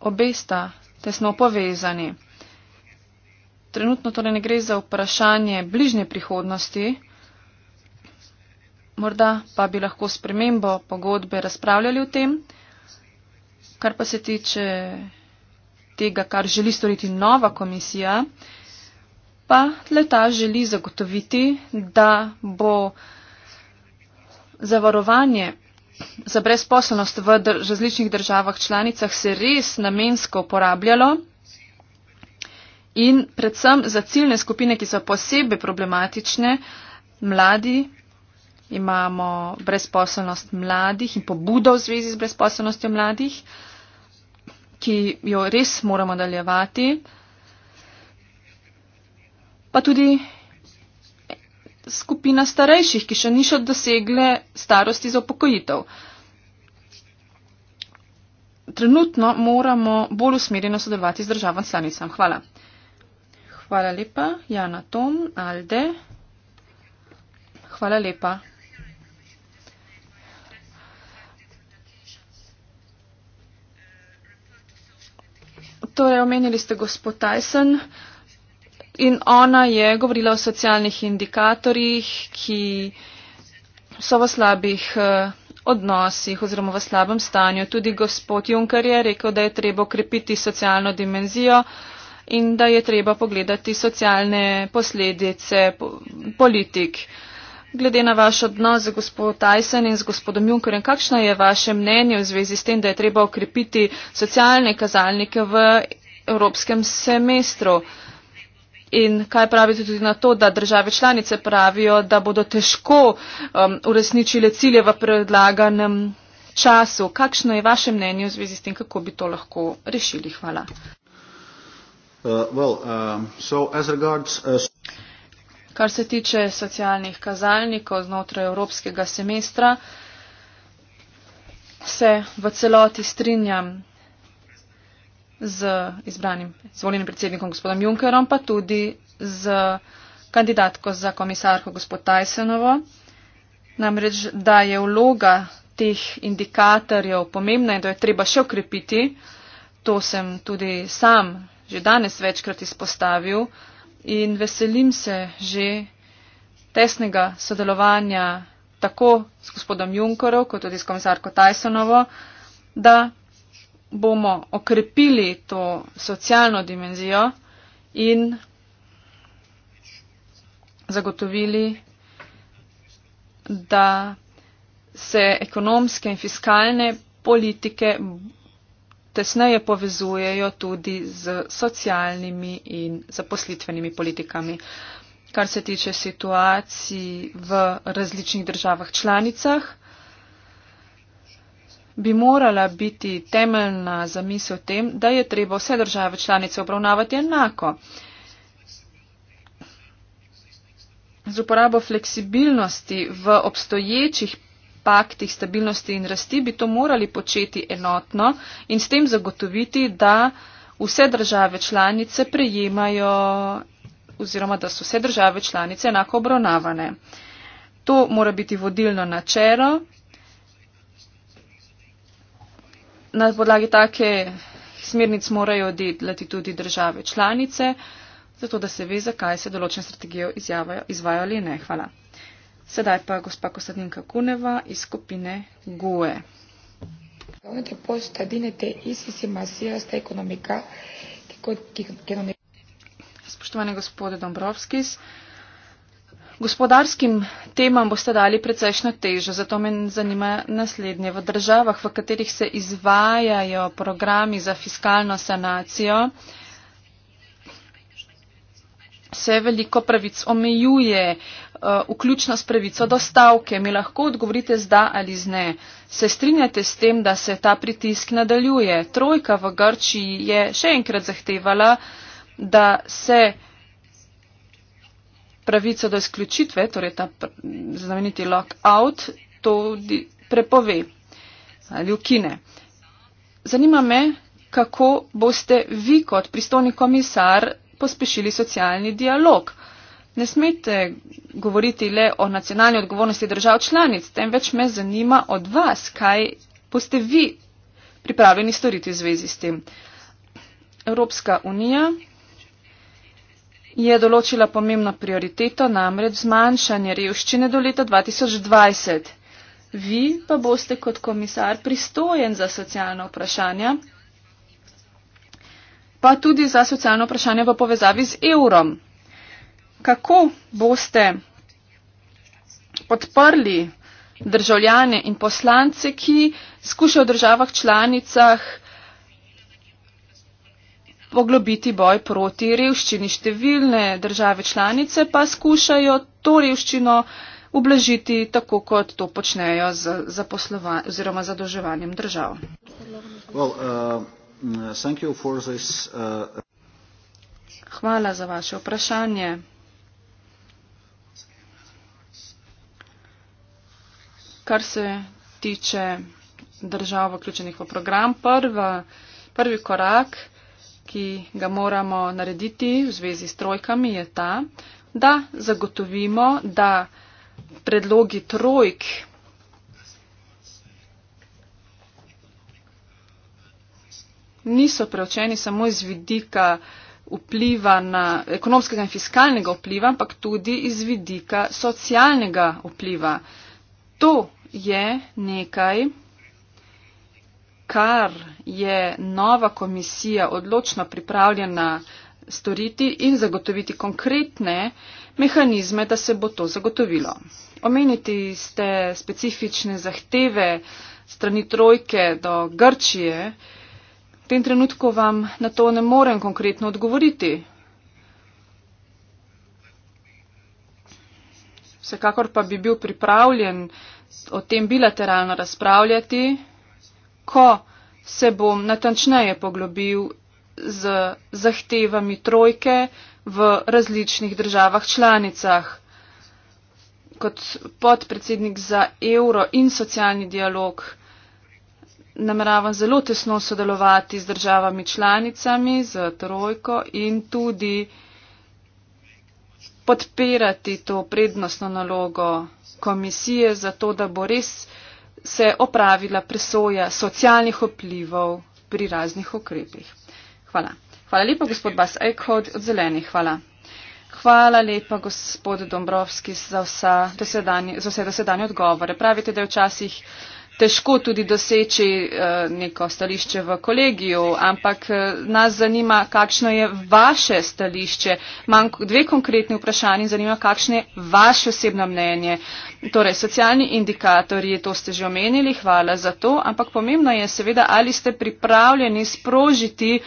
Obe sta tesno povezani. Trenutno torej ne gre za vprašanje bližnje prihodnosti, morda pa bi lahko spremembo pogodbe razpravljali o tem, kar pa se tiče tega, kar želi storiti nova komisija, pa leta želi zagotoviti, da bo zavarovanje za brezposelnost v različnih državah članicah se res namensko uporabljalo in predvsem za ciljne skupine, ki so posebej problematične, mladi, imamo brezposelnost mladih in pobudo v zvezi z brezposelnostjo mladih, ki jo res moramo daljevati, pa tudi skupina starejših, ki še niso dosegle starosti za upokojitev. Trenutno moramo bolj usmerjeno sodelovati z državam članicam. Hvala. Hvala lepa, Jana Tom, Alde. Hvala lepa. Torej, omenili ste gospod Tyson. Uh, In ona je govorila o socialnih indikatorjih, ki so v slabih eh, odnosih oziroma v slabem stanju. Tudi gospod Juncker je rekel, da je treba okrepiti socialno dimenzijo in da je treba pogledati socialne posledice politik. Glede na vaš odnos z gospodom Tyson in z gospodom Junckerjem, kakšno je vaše mnenje v zvezi s tem, da je treba okrepiti socialne kazalnike v evropskem semestru? In kaj pravite tudi na to, da države članice pravijo, da bodo težko um, uresničile cilje v predlaganem času? Kakšno je vaše mnenje v zvezi s tem, kako bi to lahko rešili? Hvala. Uh, well, um, so regards, uh, kar se tiče socialnih kazalnikov znotraj evropskega semestra, se v celoti strinjam z izbranim izvoljenim predsednikom gospodom Junkerom, pa tudi z kandidatko za komisarko gospod Tysonovo. Namreč, da je vloga teh indikatorjev pomembna in da jo treba še okrepiti, to sem tudi sam že danes večkrat izpostavil in veselim se že tesnega sodelovanja tako s gospodom Junkerom, kot tudi s komisarko Tysonovo, da bomo okrepili to socialno dimenzijo in zagotovili, da se ekonomske in fiskalne politike tesneje povezujejo tudi z socialnimi in zaposlitvenimi politikami. Kar se tiče situacij v različnih državah članicah, bi morala biti temeljna zamisel tem, da je treba vse države članice obravnavati enako. Z uporabo fleksibilnosti v obstoječih paktih stabilnosti in rasti bi to morali početi enotno in s tem zagotoviti, da vse države članice prejemajo oziroma da so vse države članice enako obravnavane. To mora biti vodilno načelo na podlagi take smernic morajo delati tudi države članice, zato da se ve, zakaj se določene strategije izvajo ali ne. Hvala. Sedaj pa gospa Kostadinka Kuneva iz skupine GUE. Spoštovani gospode Dombrovskis, Gospodarskim temam boste dali precejšno težo, zato me zanima naslednje. V državah, v katerih se izvajajo programi za fiskalno sanacijo, se veliko pravic omejuje, eh, vključno s pravico do stavke. Mi lahko odgovorite z da ali z ne. Se strinjate s tem, da se ta pritisk nadaljuje? Trojka v Grčiji je še enkrat zahtevala, da se pravico do izključitve, torej ta znameniti lockout, to prepove ali ukine. Zanima me, kako boste vi kot pristovni komisar pospešili socialni dialog. Ne smete govoriti le o nacionalni odgovornosti držav članic, temveč me zanima od vas, kaj boste vi pripravljeni storiti v zvezi s tem. Evropska unija je določila pomembno prioriteto, namreč zmanjšanje revščine do leta 2020. Vi pa boste kot komisar pristojen za socialna vprašanja, pa tudi za socialna vprašanja v povezavi z evrom. Kako boste podprli državljane in poslance, ki skušajo v državah članicah poglobiti boj proti revščini. Številne države članice pa skušajo to revščino ublažiti tako, kot to počnejo z zaposlovanjem oziroma zadolževanjem držav. Well, uh, this, uh... Hvala za vaše vprašanje. Kar se tiče držav vključenih v program, prva, prvi korak ki ga moramo narediti v zvezi s trojkami, je ta, da zagotovimo, da predlogi trojk niso preočeni samo iz vidika vpliva na ekonomskega in fiskalnega vpliva, ampak tudi iz vidika socialnega vpliva. To je nekaj, kar je nova komisija odločno pripravljena storiti in zagotoviti konkretne mehanizme, da se bo to zagotovilo. Omeniti ste specifične zahteve strani trojke do Grčije. V tem trenutku vam na to ne morem konkretno odgovoriti. Vsekakor pa bi bil pripravljen o tem bilateralno razpravljati ko se bom natančneje poglobil z zahtevami trojke v različnih državah članicah. Kot podpredsednik za evro in socialni dialog nameravam zelo tesno sodelovati z državami članicami, z trojko in tudi podpirati to prednostno nalogo komisije, zato da bo res se opravila presoja socialnih vplivov pri raznih ukrepih. Hvala. Hvala lepa, gospod Bas Eichhold od Zelenih. Hvala. Hvala lepa, gospod Dombrovski, za, za vse dosedanje odgovore. Pravite, da je včasih težko tudi doseči eh, neko stališče v kolegiju, ampak eh, nas zanima, kakšno je vaše stališče. Imam dve konkretni vprašanji, zanima, kakšno je vaše osebno mnenje. Torej, socialni indikatorji, to ste že omenili, hvala za to, ampak pomembno je seveda, ali ste pripravljeni sprožiti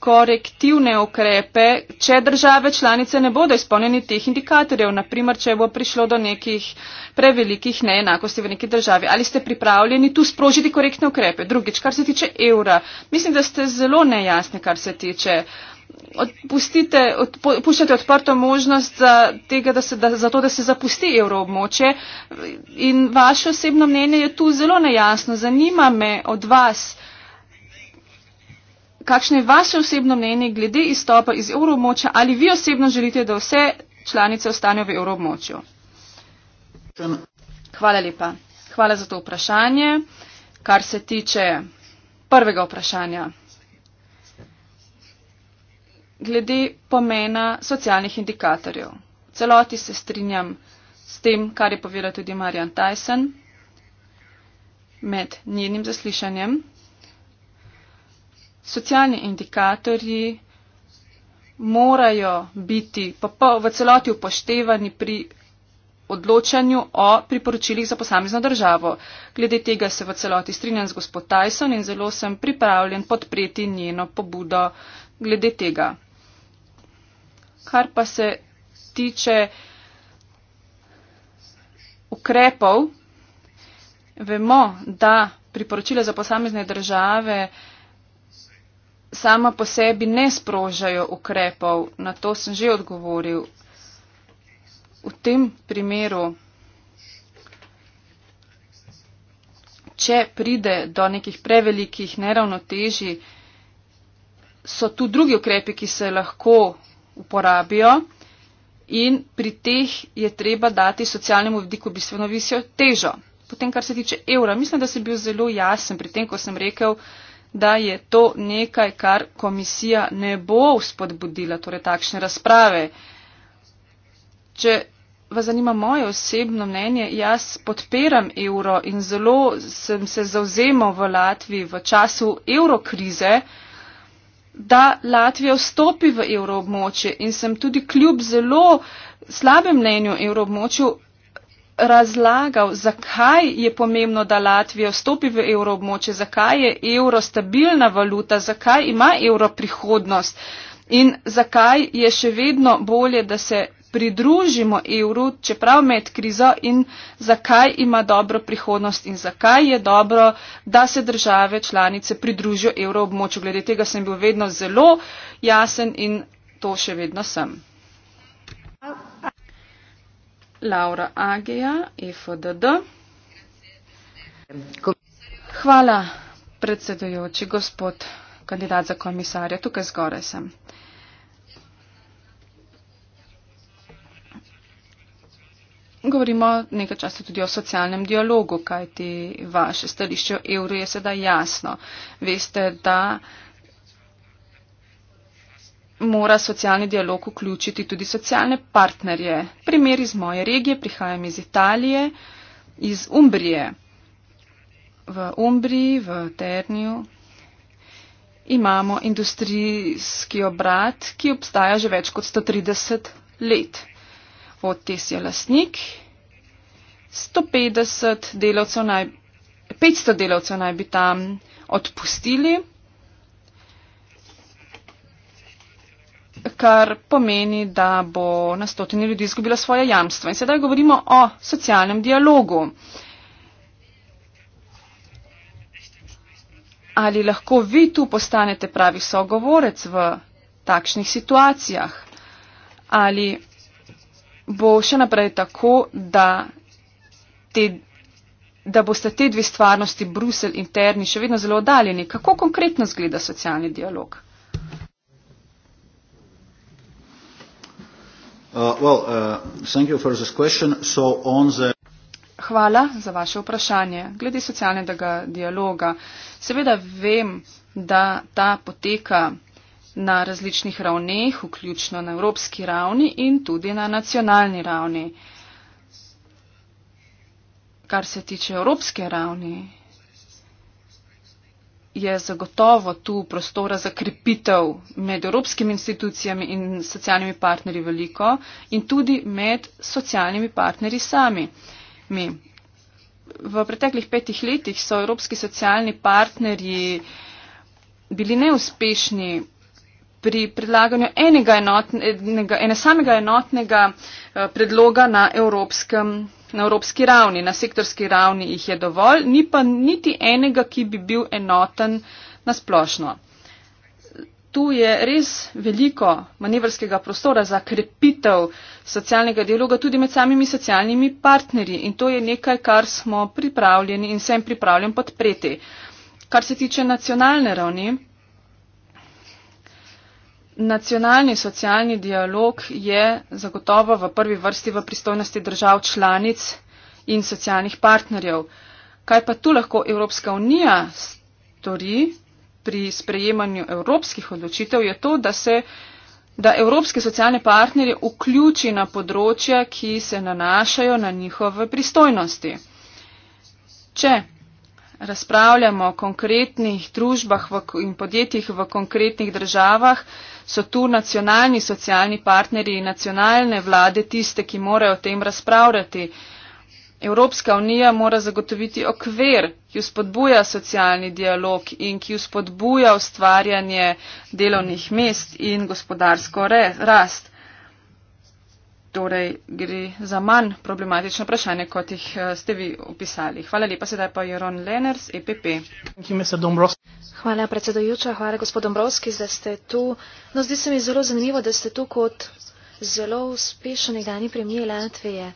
korektivne ukrepe, če države članice ne bodo izpolnjeni teh indikatorjev, naprimer, če bo prišlo do nekih prevelikih neenakosti v neki državi. Ali ste pripravljeni tu sprožiti korektne ukrepe? Drugič, kar se tiče evra, mislim, da ste zelo nejasni, kar se tiče. Odpustite, odpuščate odprto možnost za, tega, da se, da, za to, da se zapusti evroobmoče in vaše osebno mnenje je tu zelo nejasno. Zanima me od vas, kakšno je vaše osebno mnenje glede izstopa iz evroobmoča ali vi osebno želite, da vse članice ostanejo v evroobmočju? Hvala lepa. Hvala za to vprašanje. Kar se tiče prvega vprašanja. Glede pomena socialnih indikatorjev. Celoti se strinjam s tem, kar je povedal tudi Marjan Tyson med njenim zaslišanjem socialni indikatorji morajo biti v celoti upoštevani pri odločanju o priporočilih za posamezno državo. Glede tega se v celoti strinjam z gospod Tyson in zelo sem pripravljen podpreti njeno pobudo glede tega. Kar pa se tiče ukrepov, vemo, da priporočila za posamezne države sama po sebi ne sprožajo ukrepov. Na to sem že odgovoril. V tem primeru, če pride do nekih prevelikih neravnoteži, so tu drugi ukrepi, ki se lahko uporabijo in pri teh je treba dati socialnemu vidiku bistveno višjo težo. Potem, kar se tiče evra, mislim, da sem bil zelo jasen pri tem, ko sem rekel, da je to nekaj, kar komisija ne bo vzpodbudila, torej takšne razprave. Če vas zanima moje osebno mnenje, jaz podpiram evro in zelo sem se zauzemal v Latviji v času evrokrize, da Latvija vstopi v evroobmoče in sem tudi kljub zelo slabem mnenju evroobmoču razlagal, zakaj je pomembno, da Latvija vstopi v evroobmoče, zakaj je evro stabilna valuta, zakaj ima evro prihodnost in zakaj je še vedno bolje, da se pridružimo evru, čeprav med krizo in zakaj ima dobro prihodnost in zakaj je dobro, da se države članice pridružijo evroobmoču. Glede tega sem bil vedno zelo jasen in to še vedno sem. Laura Agija, IFDD. Hvala, predsedujoči gospod kandidat za komisarja. Tukaj zgore sem. Govorimo nekaj časa tudi o socialnem dialogu, kajti vaše stališče o evru je sedaj jasno. Veste, da mora socialni dialog vključiti tudi socialne partnerje. Primer iz moje regije, prihajam iz Italije, iz Umbrije. V Umbriji, v Terniju imamo industrijski obrat, ki obstaja že več kot 130 let. Otis je lasnik, 150 delavcev naj, 500 delavcev naj bi tam odpustili. kar pomeni, da bo na stotine ljudi izgubila svoje jamstvo. In sedaj govorimo o socialnem dialogu. Ali lahko vi tu postanete pravi sogovorec v takšnih situacijah? Ali bo še naprej tako, da, te, da boste te dve stvarnosti, Brusel in Terni, še vedno zelo oddaljeni? Kako konkretno zgleda socialni dialog? Uh, well, uh, so the... Hvala za vaše vprašanje. Glede socialnega dialoga, seveda vem, da ta poteka na različnih ravneh, vključno na evropski ravni in tudi na nacionalni ravni. Kar se tiče evropske ravni, je zagotovo tu prostora za krepitev med evropskimi institucijami in socialnimi partnerji veliko in tudi med socialnimi partnerji sami. Mi. V preteklih petih letih so evropski socialni partnerji bili neuspešni pri predlaganju enega enotnega, ene samega enotnega eh, predloga na evropskem na evropski ravni, na sektorski ravni jih je dovolj, ni pa niti enega, ki bi bil enoten na splošno. Tu je res veliko manevrskega prostora za krepitev socialnega dialoga tudi med samimi socialnimi partnerji in to je nekaj, kar smo pripravljeni in sem pripravljen podpreti. Kar se tiče nacionalne ravni, Nacionalni socialni dialog je zagotovo v prvi vrsti v pristojnosti držav članic in socialnih partnerjev. Kaj pa tu lahko Evropska unija stori pri sprejemanju evropskih odločitev, je to, da se da evropske socialne partnerje vključi na področja, ki se nanašajo na njihove pristojnosti. Če razpravljamo o konkretnih družbah in podjetjih v konkretnih državah, so tu nacionalni socialni partnerji in nacionalne vlade tiste, ki morajo o tem razpravljati. Evropska unija mora zagotoviti okvir, ki vzpodbuja socialni dialog in ki vzpodbuja ustvarjanje delovnih mest in gospodarsko rast torej gre za manj problematično vprašanje, kot jih eh, ste vi opisali. Hvala lepa, sedaj pa Jaron Leners, EPP. Hvala, predsedojuča, hvala, gospod Dombrovski, da ste tu. No, zdi se mi zelo zanimivo, da ste tu kot zelo uspešen nekdani premije Latvije.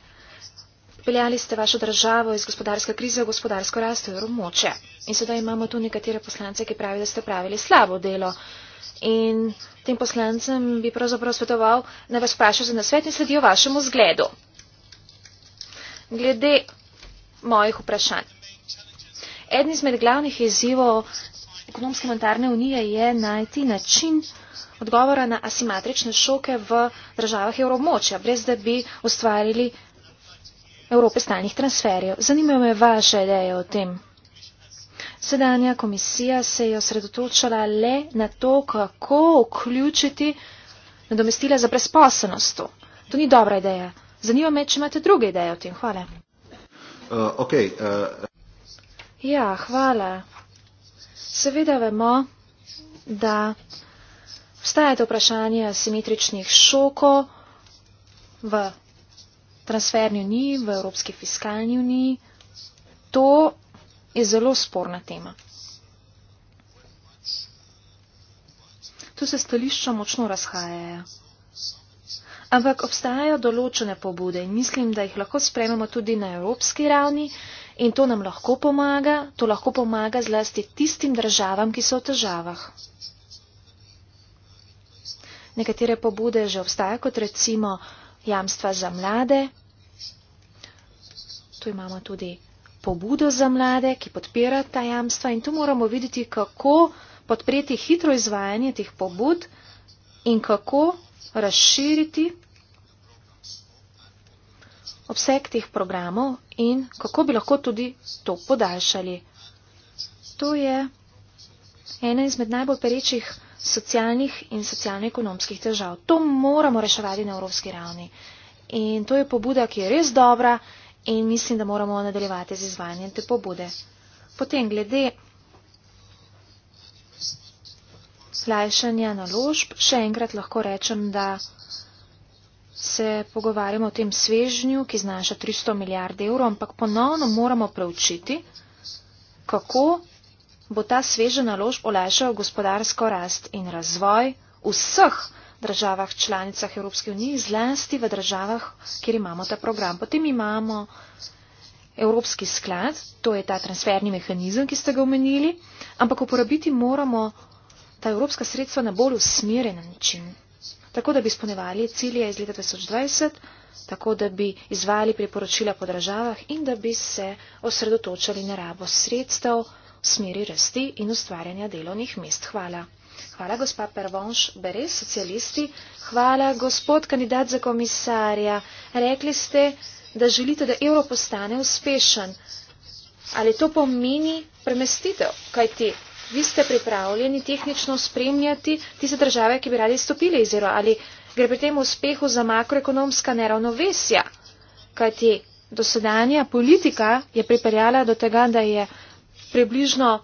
Peljali ste vašo državo iz gospodarske krize v gospodarsko rast v Evropoče. In sedaj imamo tu nekatere poslance, ki pravijo, da ste pravili slabo delo. In tem poslancem bi pravzaprav svetoval, da vas vprašajo za nasvet in sledijo vašemu zgledu. Glede mojih vprašanj. Eden izmed glavnih izzivov ekonomske monetarne unije je najti način odgovora na asimetrične šoke v državah evroobmočja, brez da bi ustvarili Evrope stalnih transferjev. Zanimajo me vaše ideje o tem. Sedanja komisija se je osredotočala le na to, kako vključiti nadomestila za brezposobnost. To ni dobra ideja. Zanima me, če imate druge ideje o tem. Hvala. Uh, okay, uh... Ja, hvala. Seveda vemo, da obstajate vprašanje asimetričnih šokov v transferni uniji, v Evropski fiskalni uniji. To je zelo sporna tema. Tu se stališča močno razhajajo. Ampak obstajajo določene pobude in mislim, da jih lahko sprememo tudi na evropski ravni in to nam lahko pomaga, to lahko pomaga zlasti tistim državam, ki so v težavah. Nekatere pobude že obstajajo, kot recimo jamstva za mlade. Tu imamo tudi pobudo za mlade, ki podpira ta jamstva in tu moramo videti, kako podpreti hitro izvajanje teh pobud in kako razširiti obseg teh programov in kako bi lahko tudi to podaljšali. To je ena izmed najbolj perečih socialnih in socialno-ekonomskih težav. To moramo reševati na evropski ravni. In to je pobuda, ki je res dobra in mislim, da moramo nadaljevati z izvajanjem te pobude. Potem glede slajšanja naložb, še enkrat lahko rečem, da se pogovarjamo o tem svežnju, ki znaša 300 milijard evrov, ampak ponovno moramo preučiti, kako bo ta sveža naložb olajšal gospodarsko rast in razvoj vseh naložb državah članicah Evropske unije, zlasti v državah, kjer imamo ta program. Potem imamo Evropski sklad, to je ta transferni mehanizem, ki ste ga omenili, ampak uporabiti moramo ta evropska sredstva na bolj usmerjen način. Tako, da bi spolnevali cilje iz leta 2020, tako, da bi izvali priporočila po državah in da bi se osredotočali na rabo sredstev v smeri rasti in ustvarjanja delovnih mest. Hvala. Hvala, gospa Pervonš Beres, socialisti. Hvala, gospod kandidat za komisarja. Rekli ste, da želite, da evro postane uspešen. Ali to pomeni premestitev? Kaj ti? Vi ste pripravljeni tehnično spremljati tiste države, ki bi radi stopili iz evra? Ali gre pri tem uspehu za makroekonomska neravnovesja? Kaj ti? Dosedanja politika je pripeljala do tega, da je približno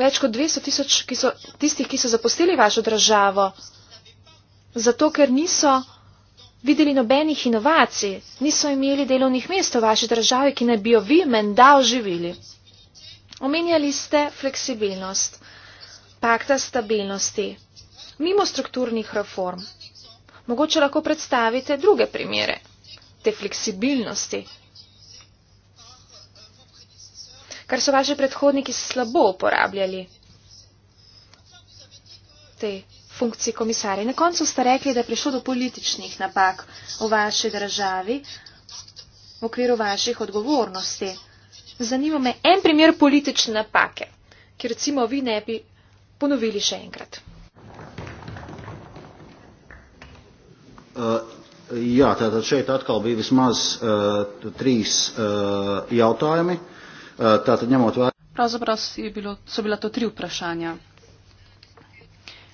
več kot 200 tisoč tistih, ki so zapustili vašo državo, zato ker niso videli nobenih inovacij, niso imeli delovnih mest v vaši državi, ki ne bi jo vi menda oživili. Omenjali ste fleksibilnost, pakta stabilnosti, mimo strukturnih reform. Mogoče lahko predstavite druge primere te fleksibilnosti, kar so vaši predhodniki slabo uporabljali. Te funkcije komisarja. Na koncu ste rekli, da je prišlo do političnih napak v vaši državi v okviru vaših odgovornosti. Zanima me en primer politične napake, ki recimo vi ne bi ponovili še enkrat. Uh, ja, tad šeit atkal bija vismaz uh, trīs uh, jautājumi ta trenjamo otvarjati. Pravzaprav bilo, so bila to tri vprašanja.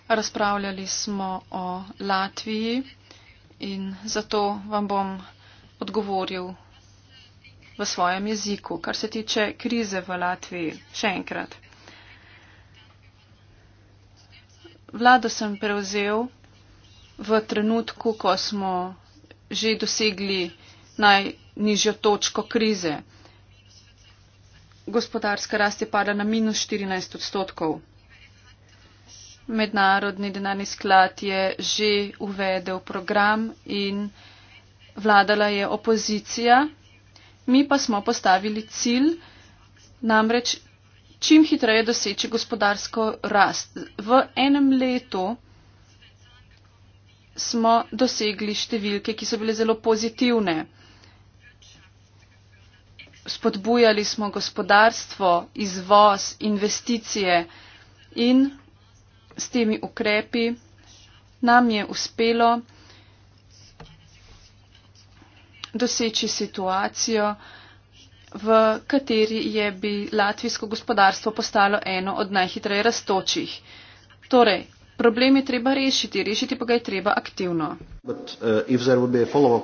Razpravljali smo o Latviji in zato vam bom odgovoril v svojem jeziku, kar se tiče krize v Latviji. Še enkrat. Vlado sem prevzel v trenutku, ko smo že dosegli najnižjo točko krize gospodarska rast je padla na minus 14 odstotkov. Mednarodni denarni sklad je že uvedel program in vladala je opozicija. Mi pa smo postavili cilj, namreč čim hitreje doseči gospodarsko rast. V enem letu smo dosegli številke, ki so bile zelo pozitivne spodbujali smo gospodarstvo, izvoz, investicije in s temi ukrepi nam je uspelo doseči situacijo, v kateri je bi latvijsko gospodarstvo postalo eno od najhitreje rastočih. Torej, problem je treba rešiti, rešiti pa ga je treba aktivno. But, uh,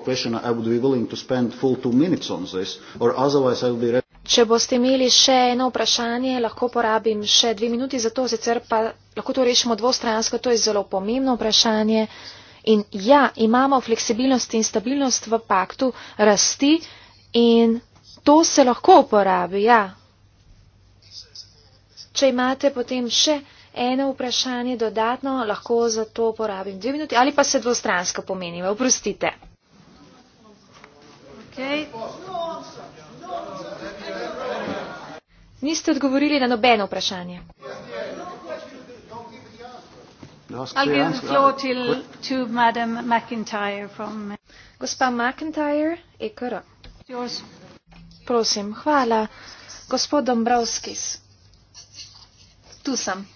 Če boste imeli še eno vprašanje, lahko porabim še dve minuti za to, sicer pa lahko to rešimo dvostransko, to je zelo pomembno vprašanje. In ja, imamo fleksibilnost in stabilnost v paktu rasti in to se lahko uporabi, ja. Če imate potem še eno vprašanje dodatno, lahko za to porabim dve minuti ali pa se dvostransko pomenimo. Oprostite. Okay. Niste odgovorili na nobeno vprašanje. Uh, Gospa McIntyre, EKR. Prosim, hvala. Gospod Dombrovskis. Tu sem.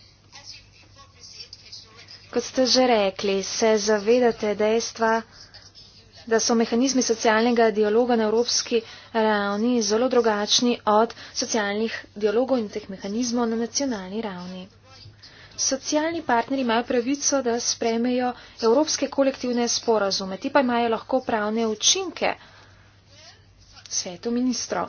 Kot ste že rekli, se zavedate dejstva, da so mehanizmi socialnega dialoga na evropski ravni zelo drugačni od socialnih dialogov in teh mehanizmov na nacionalni ravni. Socialni partneri imajo pravico, da spremejo evropske kolektivne sporazume, ti pa imajo lahko pravne učinke svetu ministro.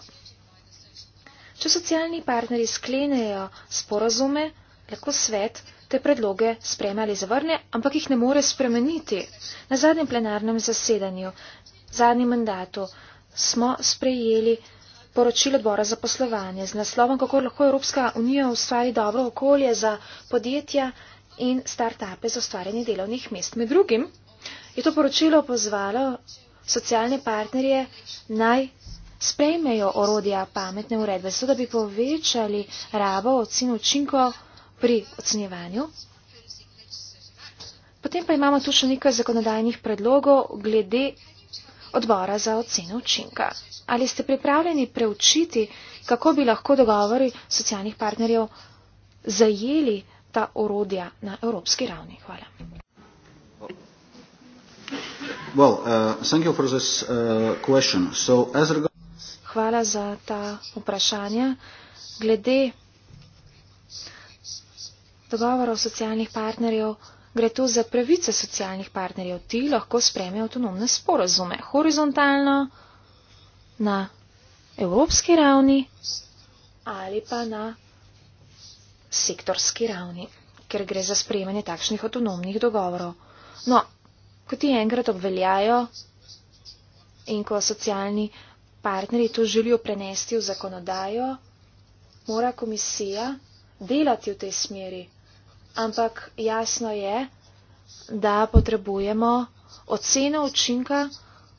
Če socialni partneri sklenejo sporazume, lahko svet te predloge spreme ali zavrne, ampak jih ne more spremeniti. Na zadnjem plenarnem zasedanju, zadnjem mandatu, smo sprejeli poročilo odbora za poslovanje z naslovom, kako lahko Evropska unija ustvari dobro okolje za podjetja in start-upe za ustvarjanje delovnih mest. Med drugim je to poročilo pozvalo socialne partnerje naj sprejmejo orodja pametne uredbe, zato da bi povečali rabo, ocino, učinko pri ocenjevanju. Potem pa imamo tu še nekaj zakonodajnih predlogov glede odbora za oceno učinka. Ali ste pripravljeni preučiti, kako bi lahko dogovori socialnih partnerjev zajeli ta orodja na evropski ravni? Hvala. Well, uh, this, uh, so, regard... Hvala za ta vprašanja. Glede dogovorov socialnih partnerjev, gre to za pravice socialnih partnerjev, ti lahko spremejo avtonomne sporozume horizontalno na evropski ravni ali pa na sektorski ravni, ker gre za spremenje takšnih avtonomnih dogovorov. No, ko ti enkrat obveljajo in ko socialni partnerji to želijo prenesti v zakonodajo, mora komisija delati v tej smeri ampak jasno je, da potrebujemo oceno učinka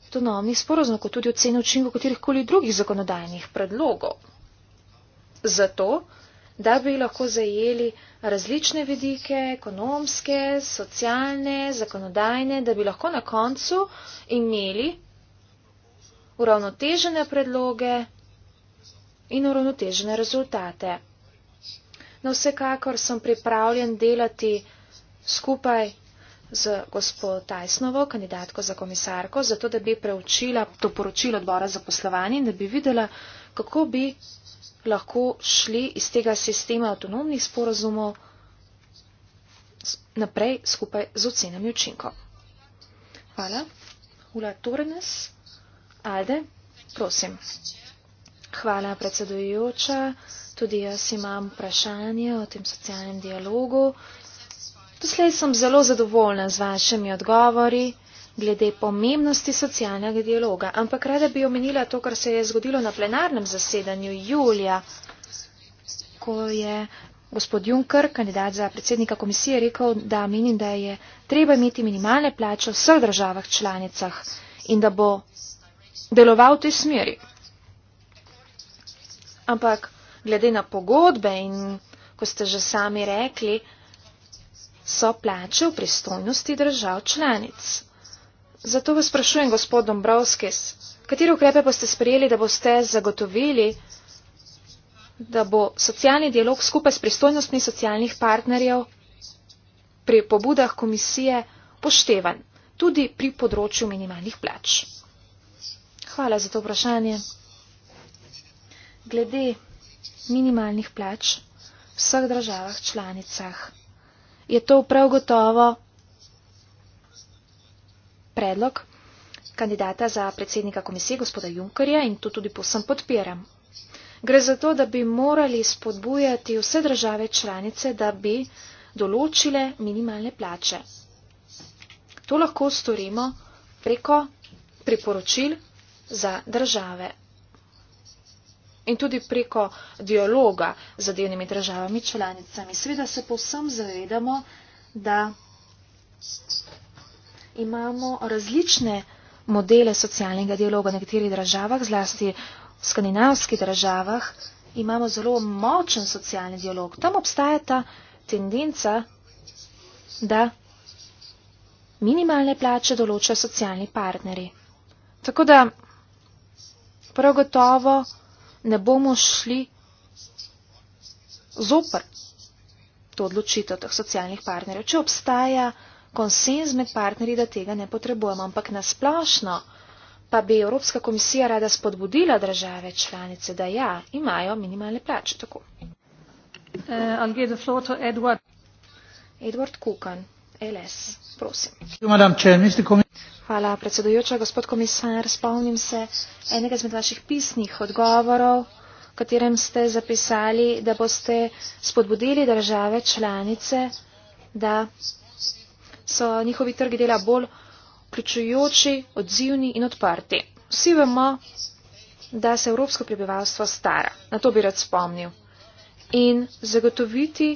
avtonomnih sporozumov, kot tudi oceno učinka katerihkoli drugih zakonodajnih predlogov. Zato, da bi lahko zajeli različne vidike, ekonomske, socialne, zakonodajne, da bi lahko na koncu imeli uravnotežene predloge in uravnotežene rezultate. No, vsekakor sem pripravljen delati skupaj z gospod Tajsnovo, kandidatko za komisarko, zato da bi preučila to poročilo odbora za poslovanje in da bi videla, kako bi lahko šli iz tega sistema avtonomnih sporozumov naprej skupaj z ocenami učinkov. Hvala. Ula Turnes, Alde, prosim. Hvala, predsedujoča. Tudi jaz imam vprašanje o tem socialnem dialogu. Doslej sem zelo zadovoljna z vašimi odgovori glede pomembnosti socialnega dialoga, ampak rada bi omenila to, kar se je zgodilo na plenarnem zasedanju julija, ko je gospod Juncker, kandidat za predsednika komisije, rekel, da menim, da je treba imeti minimalne plače v vseh državah članicah in da bo deloval v tej smeri. Ampak glede na pogodbe in, ko ste že sami rekli, so plače v pristojnosti držav članic. Zato vas sprašujem, gospod Dombrovskis, katere ukrepe boste sprejeli, da boste zagotovili, da bo socialni dialog skupaj s pristojnostmi socialnih partnerjev pri pobudah komisije poštevan, tudi pri področju minimalnih plač. Hvala za to vprašanje. Glede minimalnih plač v vseh državah članicah. Je to prav gotovo predlog kandidata za predsednika komisije gospoda Junkerja in to tudi posem podpiram. Gre za to, da bi morali spodbujati vse države članice, da bi določile minimalne plače. To lahko storimo preko priporočil za države in tudi preko dialoga z zadevnimi državami članicami. Sveda se povsem zavedamo, da imamo različne modele socialnega dialoga v nekaterih državah, zlasti v skandinavskih državah, imamo zelo močen socialni dialog. Tam obstaja ta tendenca, da minimalne plače določajo socialni partneri. Tako da prav gotovo ne bomo šli zoper to odločitev teh socialnih partnerjev, če obstaja konsenz med partnerji, da tega ne potrebujemo. Ampak nasplošno pa bi Evropska komisija rada spodbudila države članice, da ja, imajo minimalne plače. Tako. Uh, the floor to Edward. Edward Kukan, LS, prosim. Madam, če, Hvala, predsedujoča. Gospod komisar, spomnim se enega izmed vaših pisnih odgovorov, v katerem ste zapisali, da boste spodbudili države članice, da so njihovi trgi dela bolj vključujoči, odzivni in odprti. Vsi vemo, da se evropsko prebivalstvo stara. Na to bi rad spomnil. In zagotoviti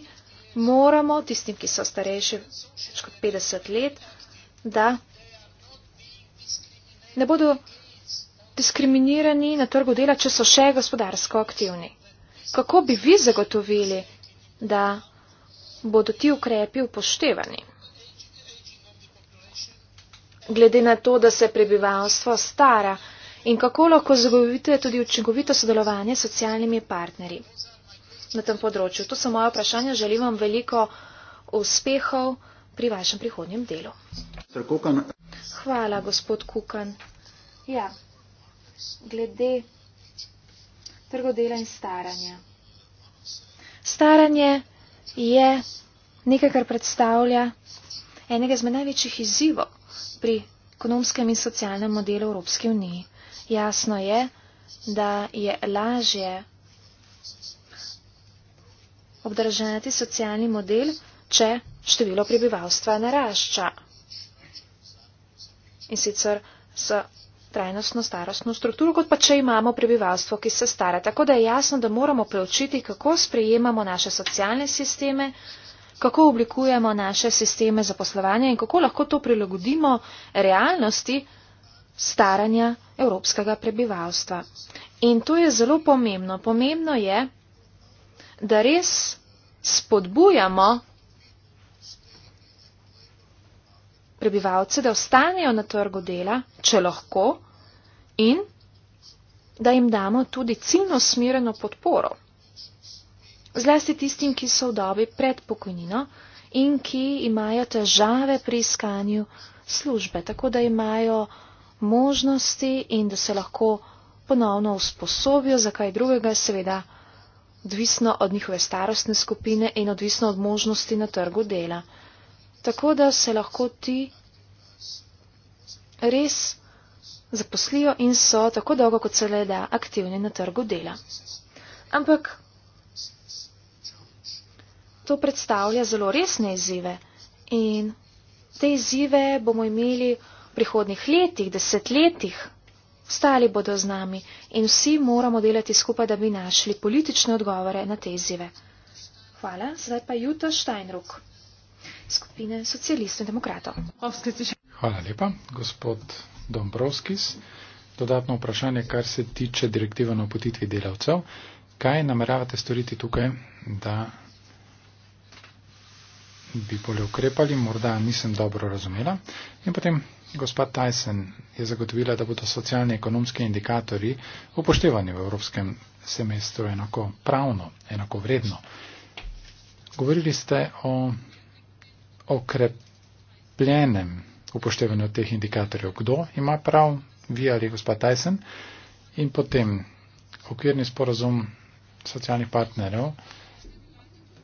moramo tistim, ki so starejši več kot 50 let, da ne bodo diskriminirani na trgu dela, če so še gospodarsko aktivni. Kako bi vi zagotovili, da bodo ti ukrepi upoštevani? Glede na to, da se prebivalstvo stara in kako lahko zagovite tudi učinkovito sodelovanje s socialnimi partnerji na tem področju. To so moje vprašanja. Želim vam veliko uspehov pri vašem prihodnjem delu. Hvala, gospod Kukan. Ja, glede trgodela in staranja. Staranje je nekaj, kar predstavlja enega izmed največjih izzivov pri ekonomskem in socialnem modelu Evropske unije. Jasno je, da je lažje obdržati socialni model, če število prebivalstva narašča. In sicer s trajnostno starostno strukturo, kot pa če imamo prebivalstvo, ki se stara. Tako da je jasno, da moramo preučiti, kako sprejemamo naše socialne sisteme, kako oblikujemo naše sisteme za poslovanje in kako lahko to prilagodimo realnosti staranja evropskega prebivalstva. In to je zelo pomembno. Pomembno je, da res spodbujamo prebivalce, da ostanejo na trgu dela, če lahko, in da jim damo tudi ciljno smireno podporo. Zlasti tistim, ki so v dobi pred pokojnino in ki imajo težave pri iskanju službe, tako da imajo možnosti in da se lahko ponovno usposobijo za kaj drugega, seveda odvisno od njihove starostne skupine in odvisno od možnosti na trgu dela tako da se lahko ti res zaposlijo in so tako dolgo, kot se le da, aktivni na trgu dela. Ampak to predstavlja zelo resne izzive in te izzive bomo imeli v prihodnih letih, desetletjih, stali bodo z nami in vsi moramo delati skupaj, da bi našli politične odgovore na te izzive. Hvala, zdaj pa Juta Steinruck skupine socialistov in demokratov. Hvala lepa, gospod Dombrovskis. Dodatno vprašanje, kar se tiče direktive o napotitvi delavcev. Kaj nameravate storiti tukaj, da bi bolje ukrepali? Morda nisem dobro razumela. In potem gospod Tyson je zagotovila, da bodo socialni in ekonomski indikatori upoštevani v evropskem semestru enako pravno, enako vredno. Govorili ste o okrepljenem upoštevanju teh indikatorjev, kdo ima prav, vi ali gospa Tyson, in potem okvirni sporozum socialnih partnerjev,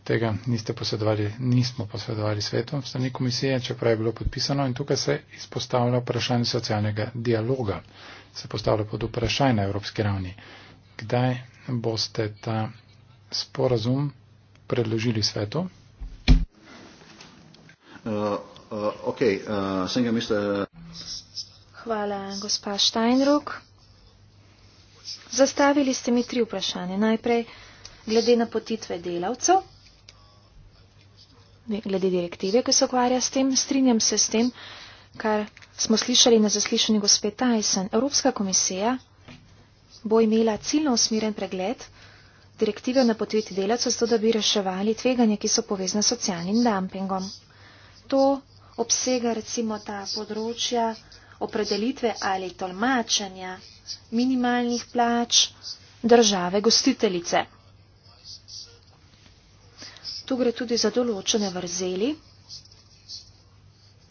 tega niste posedovali, nismo posedovali svetom v strani komisije, čeprav je bilo podpisano in tukaj se izpostavlja vprašanje socialnega dialoga, se postavlja pod vprašanje na evropski ravni. Kdaj boste ta sporozum predložili svetu, Uh, uh, okay, uh, sem ga mislil. Hvala, gospa Steinrock. Zastavili ste mi tri vprašanje. Najprej glede napotitve delavcev, glede direktive, ki se ukvarja s tem. Strinjam se s tem, kar smo slišali na zaslišanju gospe Tyson. Evropska komisija bo imela ciljno usmeren pregled direktive napotiti delavcev, zato da bi reševali tveganja, ki so povezane s socialnim dumpingom to obsega recimo ta področja opredelitve ali tolmačenja minimalnih plač države gostiteljice. Tu gre tudi za določene vrzeli,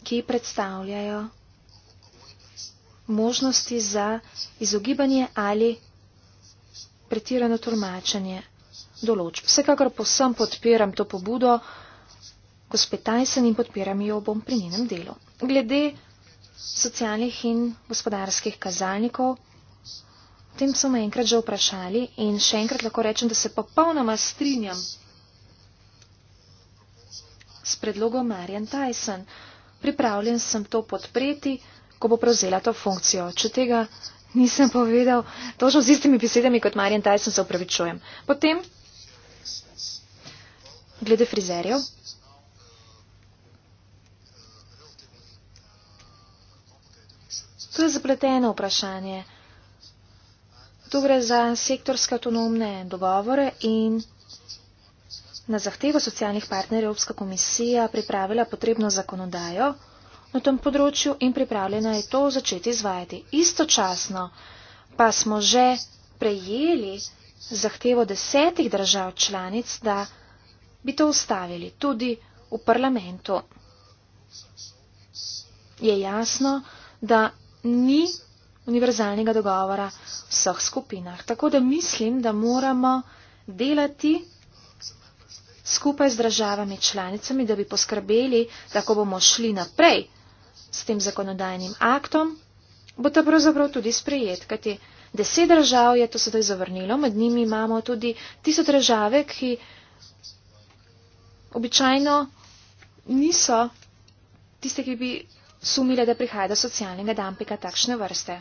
ki predstavljajo možnosti za izogibanje ali pretirano tolmačenje določb. Vsekakor posem podpiram to pobudo, gospe Tyson in podpiram jo bom pri njenem delu. Glede socialnih in gospodarskih kazalnikov, tem so me enkrat že vprašali in še enkrat lahko rečem, da se popolnoma strinjam s predlogom Marian Tyson. Pripravljen sem to podpreti, ko bo prevzela to funkcijo. Če tega nisem povedal, točno z istimi besedami kot Marian Tyson se upravičujem. Potem, glede frizerjev, To je zapleteno vprašanje. Tu gre za sektorske avtonomne dogovore in na zahtevo socialnih partnerjev Evropska komisija pripravila potrebno zakonodajo na tem področju in pripravljena je to začeti izvajati. Istočasno pa smo že prejeli zahtevo desetih držav članic, da bi to ustavili tudi v parlamentu. Je jasno, da ni univerzalnega dogovora v vseh skupinah. Tako da mislim, da moramo delati skupaj z državami članicami, da bi poskrbeli, da ko bomo šli naprej s tem zakonodajnim aktom, bo to pravzaprav tudi sprejet. Kajti deset držav je to sedaj zavrnilo, med njimi imamo tudi tisto države, ki običajno niso tiste, ki bi sumile, da prihaja do socialnega dampika takšne vrste.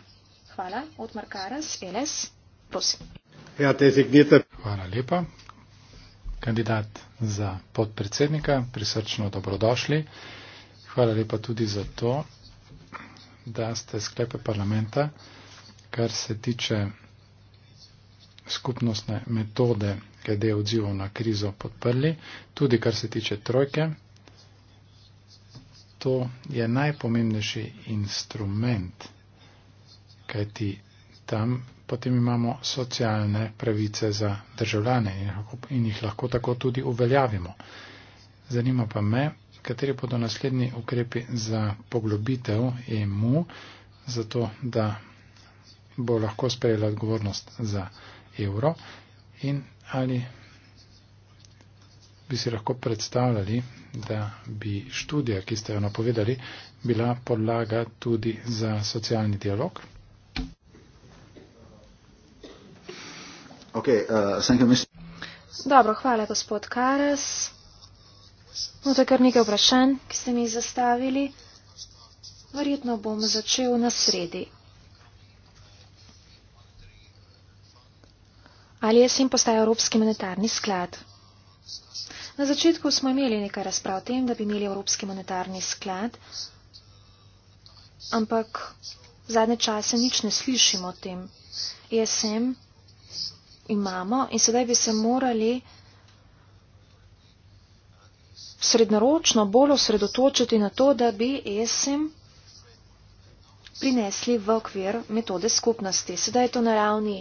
Hvala. Otmar Karas, LS, prosim. Ja, Hvala lepa. Kandidat za podpredsednika, prisrčno dobrodošli. Hvala lepa tudi za to, da ste sklepe parlamenta, kar se tiče skupnostne metode glede odzivov na krizo podprli, tudi kar se tiče trojke, to je najpomembnejši instrument, kajti tam potem imamo socialne pravice za državljane in jih lahko, in jih lahko tako tudi uveljavimo. Zanima pa me, kateri bodo naslednji ukrepi za poglobitev EMU, zato da bo lahko sprejela odgovornost za evro in ali bi si lahko predstavljali, da bi študija, ki ste jo napovedali, bila podlaga tudi za socialni dialog. Okay, uh, Dobro, hvala gospod Karas. No, to je kar nekaj vprašanj, ki ste mi zastavili. Verjetno bom začel na sredi. Ali je sem postaja Evropski monetarni sklad? Na začetku smo imeli nekaj razprav o tem, da bi imeli Evropski monetarni sklad, ampak zadnje čase nič ne slišimo o tem. ESM imamo in sedaj bi se morali srednjeročno bolj osredotočiti na to, da bi ESM prinesli v okvir metode skupnosti. Sedaj je to na ravni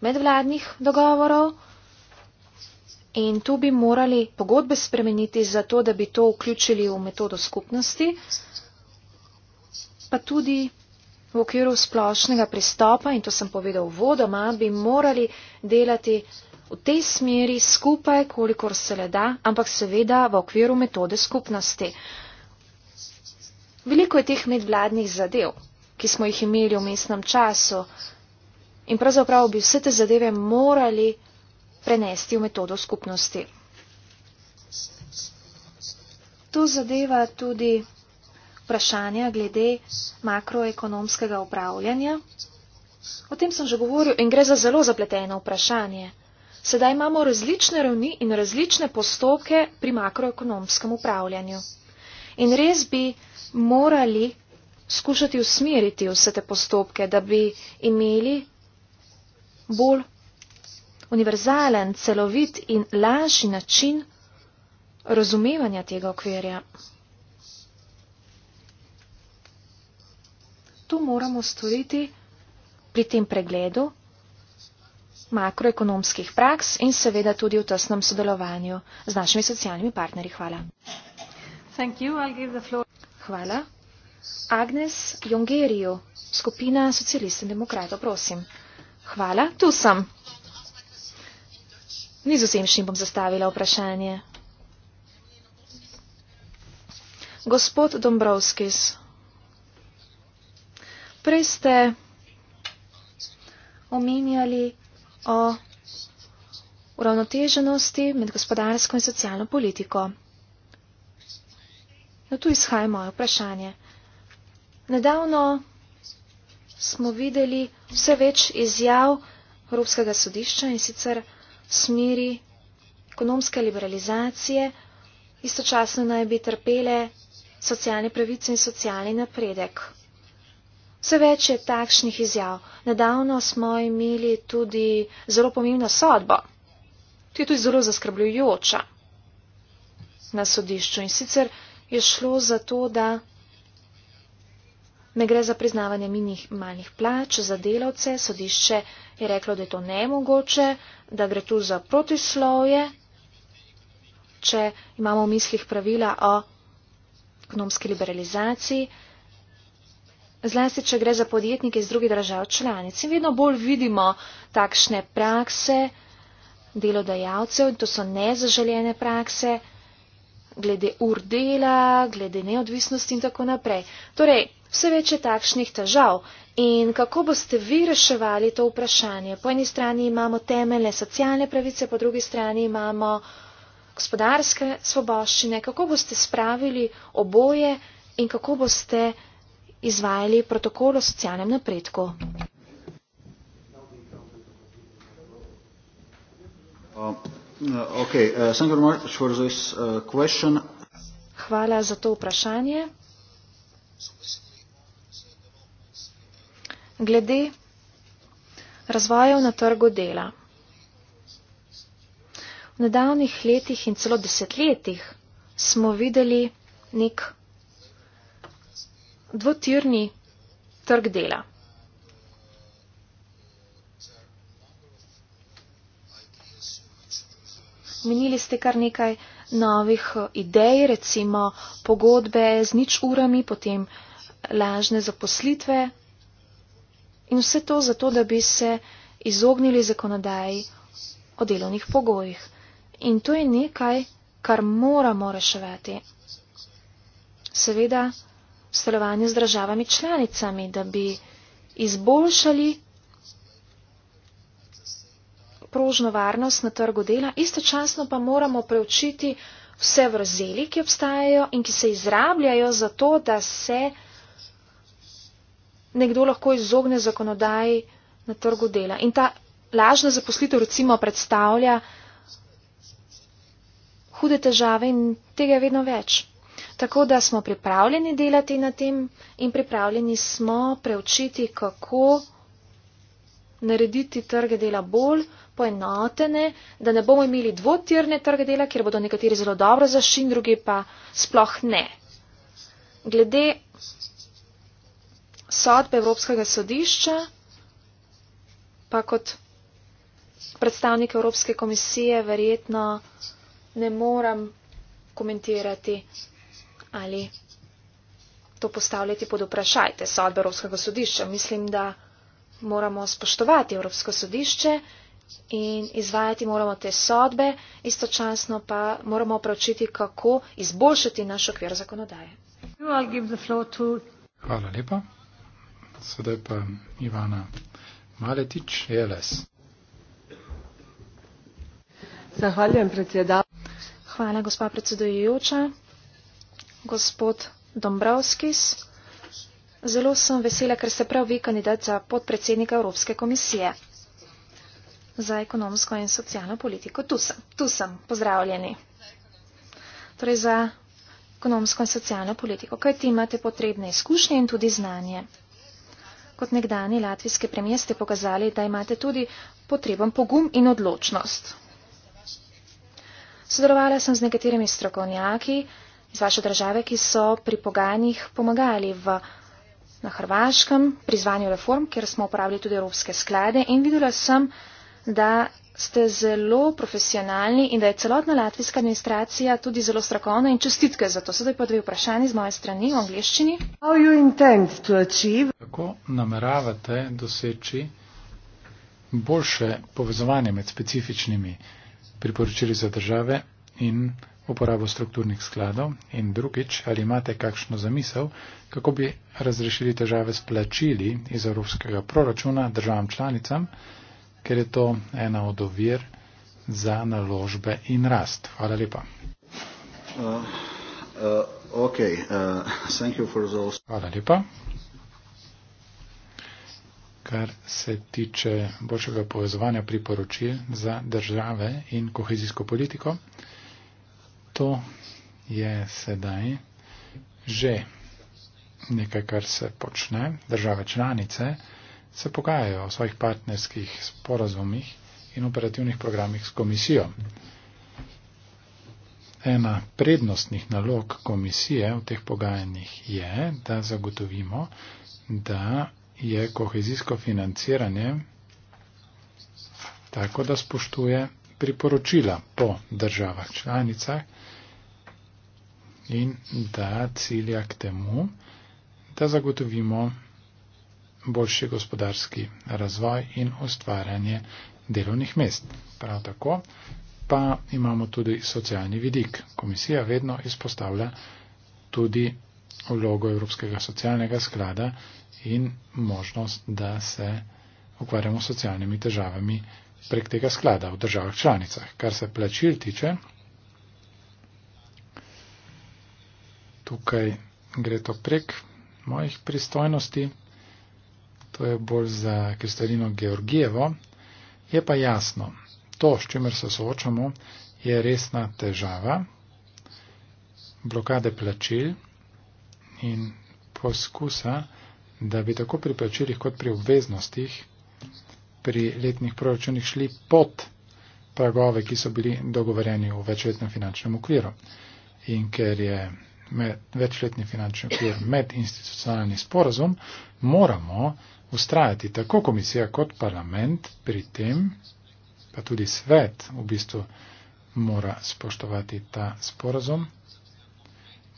medvladnih dogovorov. In tu bi morali pogodbe spremeniti za to, da bi to vključili v metodo skupnosti, pa tudi v okviru splošnega pristopa, in to sem povedal vodoma, bi morali delati v tej smeri skupaj, kolikor se le da, ampak seveda v okviru metode skupnosti. Veliko je teh medvladnih zadev, ki smo jih imeli v mestnem času in pravzaprav bi vse te zadeve morali prenesti v metodo skupnosti. To zadeva tudi vprašanja glede makroekonomskega upravljanja. O tem sem že govoril in gre za zelo zapleteno vprašanje. Sedaj imamo različne ravni in različne postopke pri makroekonomskem upravljanju. In res bi morali skušati usmeriti vse te postopke, da bi imeli bolj univerzalen, celovit in lažji način razumevanja tega okvirja. To moramo storiti pri tem pregledu makroekonomskih praks in seveda tudi v tesnem sodelovanju z našimi socialnimi partnerji. Hvala. Hvala. Agnes Jongeriju, skupina socialistov in demokratov, prosim. Hvala, tu sem. Nizozemščini bom zastavila vprašanje. Gospod Dombrovskis, prej ste omenjali o uravnoteženosti med gospodarsko in socialno politiko. Na no, tu izhaja moje vprašanje. Nedavno smo videli vse več izjav Evropskega sodišča in sicer smeri ekonomske liberalizacije, istočasno naj bi trpele socialne pravice in socialni napredek. Vse več je takšnih izjav. Nedavno smo imeli tudi zelo pomembno sodbo, ki je tudi zelo zaskrbljujoča na sodišču in sicer je šlo za to, da ne gre za priznavanje minih malih plač za delavce, sodišče je reklo, da je to nemogoče, da gre tu za protislovje, če imamo v mislih pravila o ekonomski liberalizaciji, zlasti, če gre za podjetnike iz drugih držav članic. In vedno bolj vidimo takšne prakse delodajalcev, to so nezaželjene prakse, glede ur dela, glede neodvisnosti in tako naprej. Torej, vse več je takšnih težav. In kako boste vi reševali to vprašanje? Po eni strani imamo temeljne socialne pravice, po drugi strani imamo gospodarske svoboščine. Kako boste spravili oboje in kako boste izvajali protokol o socialnem napredku? Uh, uh, uh, Hvala za to vprašanje glede razvojev na trgu dela. V nedavnih letih in celo desetletjih smo videli nek dvotirni trg dela. Menili ste kar nekaj novih eh, idej, recimo pogodbe z nič urami, potem lažne zaposlitve, In vse to zato, da bi se izognili zakonodaji o delovnih pogojih. In to je nekaj, kar moramo reševati. Seveda, sodelovanje z državami članicami, da bi izboljšali prožno varnost na trgu dela, istočasno pa moramo preučiti vse vrzeli, ki obstajajo in ki se izrabljajo za to, da se nekdo lahko izogne zakonodaji na trgu dela. In ta lažna zaposlitev recimo predstavlja hude težave in tega je vedno več. Tako da smo pripravljeni delati na tem in pripravljeni smo preučiti, kako narediti trge dela bolj poenotene, da ne bomo imeli dvotirne trge dela, kjer bodo nekateri zelo dobro zašin, drugi pa sploh ne. Glede sodbe Evropskega sodišča, pa kot predstavnik Evropske komisije verjetno ne moram komentirati ali to postavljati pod vprašaj te sodbe Evropskega sodišča. Mislim, da moramo spoštovati Evropsko sodišče in izvajati moramo te sodbe, istočasno pa moramo pravčiti, kako izboljšati naš okvir zakonodaje. Hvala lepa. Sedaj pa Ivana Maletič, e LS. Zahvaljujem predsedavu. Hvala, gospa predsedujoča. Gospod Dombrovskis, zelo sem vesela, ker ste prav vi kandidat za podpredsednika Evropske komisije za ekonomsko in socialno politiko. Tu sem, tu sem, pozdravljeni. Torej za ekonomsko in socialno politiko, kaj ti imate potrebne izkušnje in tudi znanje kot nekdani latvijske premijeste pokazali, da imate tudi potreben pogum in odločnost. Sodelovala sem z nekaterimi strokovnjaki iz vaše države, ki so pri pogajanjih pomagali v, na Hrvaškem pri zvanju reform, kjer smo uporabili tudi evropske sklade in videla sem, da ste zelo profesionalni in da je celotna latvijska administracija tudi zelo strokovna in čestitke za to. Sedaj pa dve vprašanje z moje strani v angliščini. Kako nameravate doseči boljše povezovanje med specifičnimi priporočili za države in uporabo strukturnih skladov in drugič, ali imate kakšno zamisel, kako bi razrešili težave s plačili iz evropskega proračuna državam članicam? ker je to ena od ovir za naložbe in rast. Hvala lepa. Uh, uh, okay. uh, those... Hvala lepa. Kar se tiče boljšega povezovanja priporočil za države in kohezijsko politiko, to je sedaj že nekaj, kar se počne. Države članice se pogajajo o svojih partnerskih sporazumih in operativnih programih s komisijo. Ena prednostnih nalog komisije v teh pogajanjih je, da zagotovimo, da je kohezijsko financiranje tako, da spoštuje priporočila po državah članicah in da cilja k temu, da zagotovimo boljši gospodarski razvoj in ustvarjanje delovnih mest. Prav tako pa imamo tudi socialni vidik. Komisija vedno izpostavlja tudi vlogo Evropskega socialnega sklada in možnost, da se ukvarjamo s socialnimi težavami prek tega sklada v državah članicah. Kar se plačil tiče, tukaj gre to prek mojih pristojnosti, to je bolj za kristalino Georgijevo, je pa jasno, to, s čimer se soočamo, je resna težava, blokade plačil in poskusa, da bi tako pri plačilih kot pri obveznostih pri letnih proračunih šli pod pragove, ki so bili dogovorjeni v večletnem finančnem okviru. In ker je med, večletni finančni okvir med institucionalni sporazum, moramo ustrajati tako komisija kot parlament pri tem, pa tudi svet v bistvu mora spoštovati ta sporazum.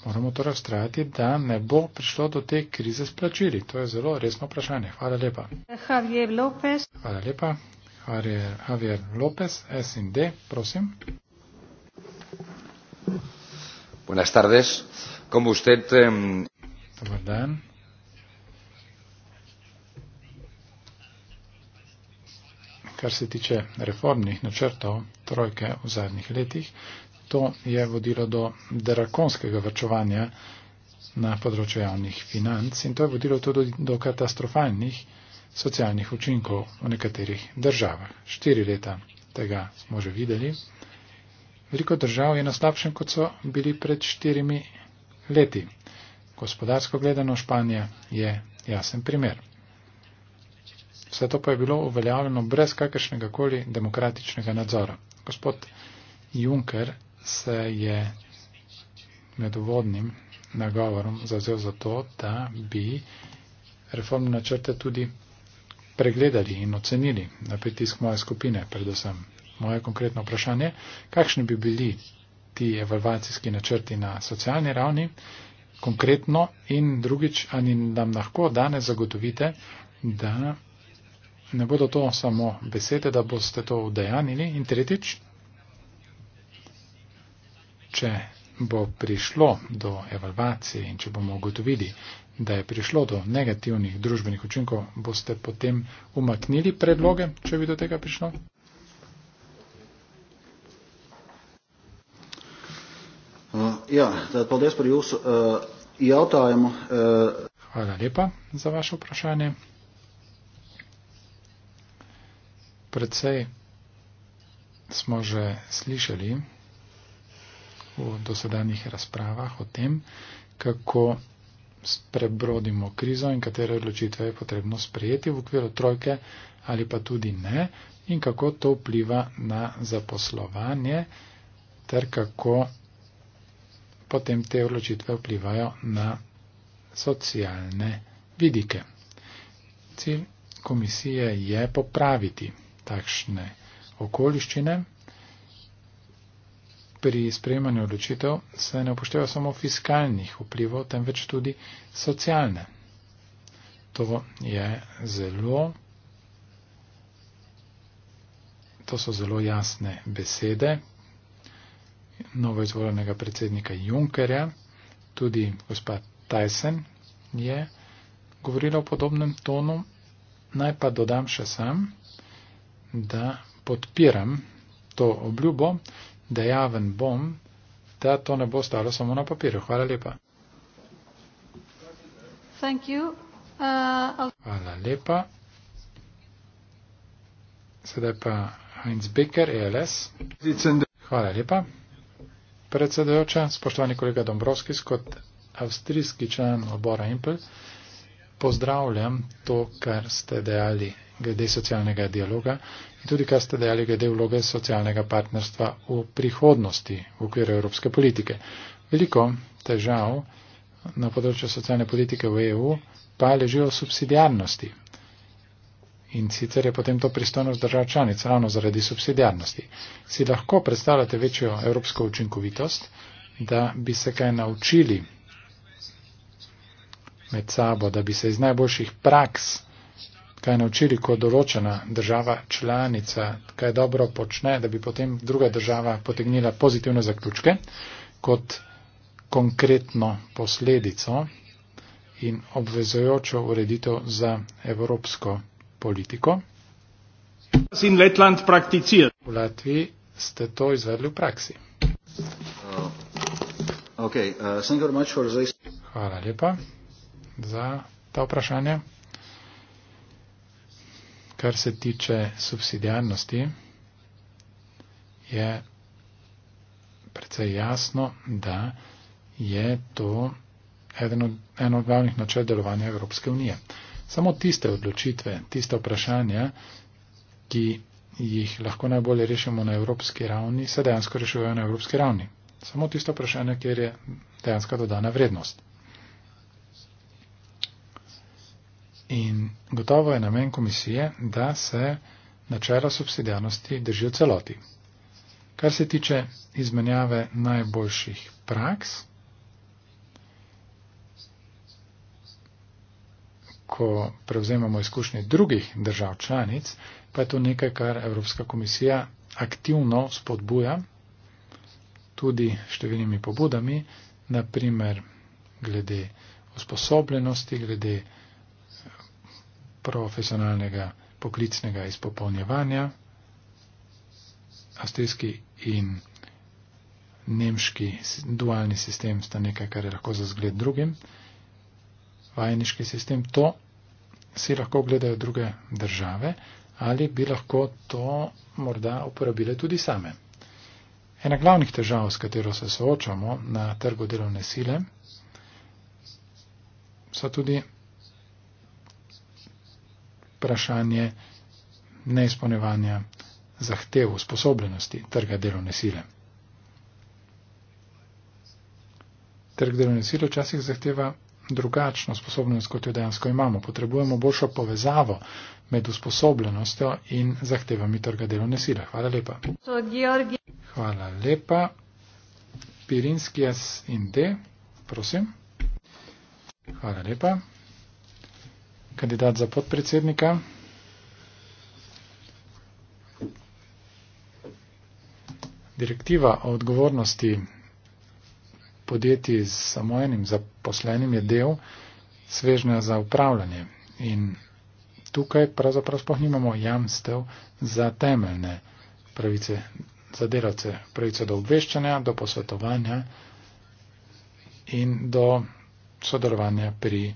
Moramo torej ustrajati, da ne bo prišlo do te krize s plačili. To je zelo resno vprašanje. Hvala lepa. Javier Lopez. Hvala lepa. Javier Lopez, SND, prosim. Buenas tardes. Como usted. Eh, Dobar dan. kar se tiče reformnih načrtov trojke v zadnjih letih, to je vodilo do drakonskega vrčevanja na področju javnih financ in to je vodilo tudi do katastrofalnih socialnih učinkov v nekaterih državah. Štiri leta tega smo že videli. Veliko držav je na slabšem, kot so bili pred štirimi leti. Gospodarsko gledano Španija je jasen primer. Vse to pa je bilo uveljavljeno brez kakršnega koli demokratičnega nadzora. Gospod Juncker se je med uvodnim nagovorom zazel za to, da bi reformne načrte tudi pregledali in ocenili na pritisk moje skupine, predvsem moje konkretno vprašanje, kakšni bi bili ti evalvacijski načrti na socialni ravni, konkretno in drugič, ali nam lahko danes zagotovite, da ne bodo to samo besede, da boste to udejanili. In tretjič, če bo prišlo do evalvacije in če bomo ugotovili, da je prišlo do negativnih družbenih učinkov, boste potem umaknili predloge, če bi do tega prišlo. Uh, ja, podes pri us uh, e, i autajem. Uh... Hvala lepa za vaše vprašanje. precej smo že slišali v dosedanjih razpravah o tem, kako prebrodimo krizo in katere odločitve je potrebno sprejeti v okviru trojke ali pa tudi ne in kako to vpliva na zaposlovanje ter kako potem te odločitve vplivajo na socialne vidike. Cilj komisije je popraviti takšne okoliščine. Pri sprejemanju odločitev se ne upošteva samo fiskalnih vplivov, temveč tudi socialne. To je zelo. To so zelo jasne besede novoizvoljenega predsednika Junkerja, tudi gospa Tyson je govorila v podobnem tonu. Naj pa dodam še sam da podpiram to obljubo, da javen bom, da to ne bo stalo samo na papirju. Hvala lepa. Uh, Hvala lepa. Sedaj pa Heinz Becker, ELS. Hvala lepa. Predsedujoča, spoštovani kolega Dombrovskis, kot avstrijski član obora Impel pozdravljam to, kar ste dejali glede socialnega dialoga in tudi kar ste dejali glede vloge socialnega partnerstva v prihodnosti v okviru evropske politike. Veliko težav na področju socialne politike v EU pa ležijo v subsidijarnosti. In sicer je potem to pristojnost držav članic ravno zaradi subsidijarnosti. Si lahko predstavljate večjo evropsko učinkovitost, da bi se kaj naučili med sabo, da bi se iz najboljših praks kaj naučili, ko določena država članica kaj dobro počne, da bi potem druga država potegnila pozitivne zaključke kot konkretno posledico in obvezojočo ureditev za evropsko politiko. V Latviji ste to izvedli v praksi. Uh, uh, Hvala lepa za ta vprašanja. Kar se tiče subsidijarnosti, je predvsej jasno, da je to eno od, en od glavnih načel delovanja Evropske unije. Samo tiste odločitve, tiste vprašanja, ki jih lahko najbolje rešimo na evropski ravni, se dejansko rešujejo na evropski ravni. Samo tisto vprašanje, kjer je dejansko dodana vrednost. Gotovo je namen komisije, da se načela subsidijanosti držijo celoti. Kar se tiče izmenjave najboljših praks, ko prevzemamo izkušnje drugih držav članic, pa je to nekaj, kar Evropska komisija aktivno spodbuja, tudi številnimi pobudami, naprimer glede usposobljenosti, glede profesionalnega poklicnega izpopolnjevanja, astejski in nemški dualni sistem sta nekaj, kar je lahko za zgled drugim, vajeniški sistem, to si lahko gledajo druge države ali bi lahko to morda uporabile tudi same. Ena glavnih težav, s katero se soočamo na trgu delovne sile, so tudi vprašanje neizpolnevanja zahtev, sposobnosti trga delovne sile. Trg delovne sile včasih zahteva drugačno sposobnost, kot jo dejansko imamo. Potrebujemo boljšo povezavo med usposobljenostjo in zahtevami trga delovne sile. Hvala lepa. Hvala lepa. Pirinski S in D, prosim. Hvala lepa kandidat za podpredsednika. Direktiva o odgovornosti podjetij z samo enim zaposlenim je del svežnja za upravljanje in tukaj pravzaprav sploh nimamo jamstev za temeljne pravice za delavce, pravice do obveščanja, do posvetovanja in do sodelovanja pri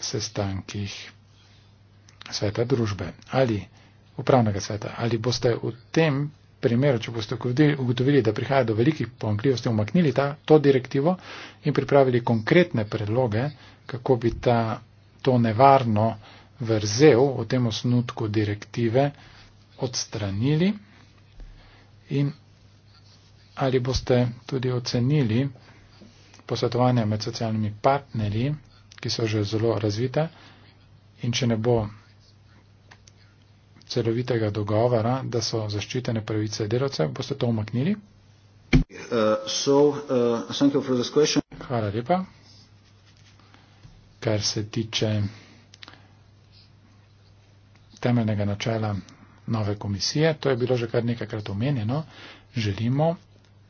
sestankih sveta družbe ali upravnega sveta. Ali boste v tem primeru, če boste ugotovili, da prihaja do velikih pomankljivosti, umaknili ta, to direktivo in pripravili konkretne predloge, kako bi ta, to nevarno vrzel v tem osnutku direktive odstranili in ali boste tudi ocenili posvetovanja med socialnimi partnerji, ki so že zelo razvite. In če ne bo celovitega dogovora, da so zaščitene pravice delavcev, boste to umaknili? Uh, so, uh, Hvala lepa. Kar se tiče temeljnega načela nove komisije, to je bilo že kar nekakrat omenjeno, želimo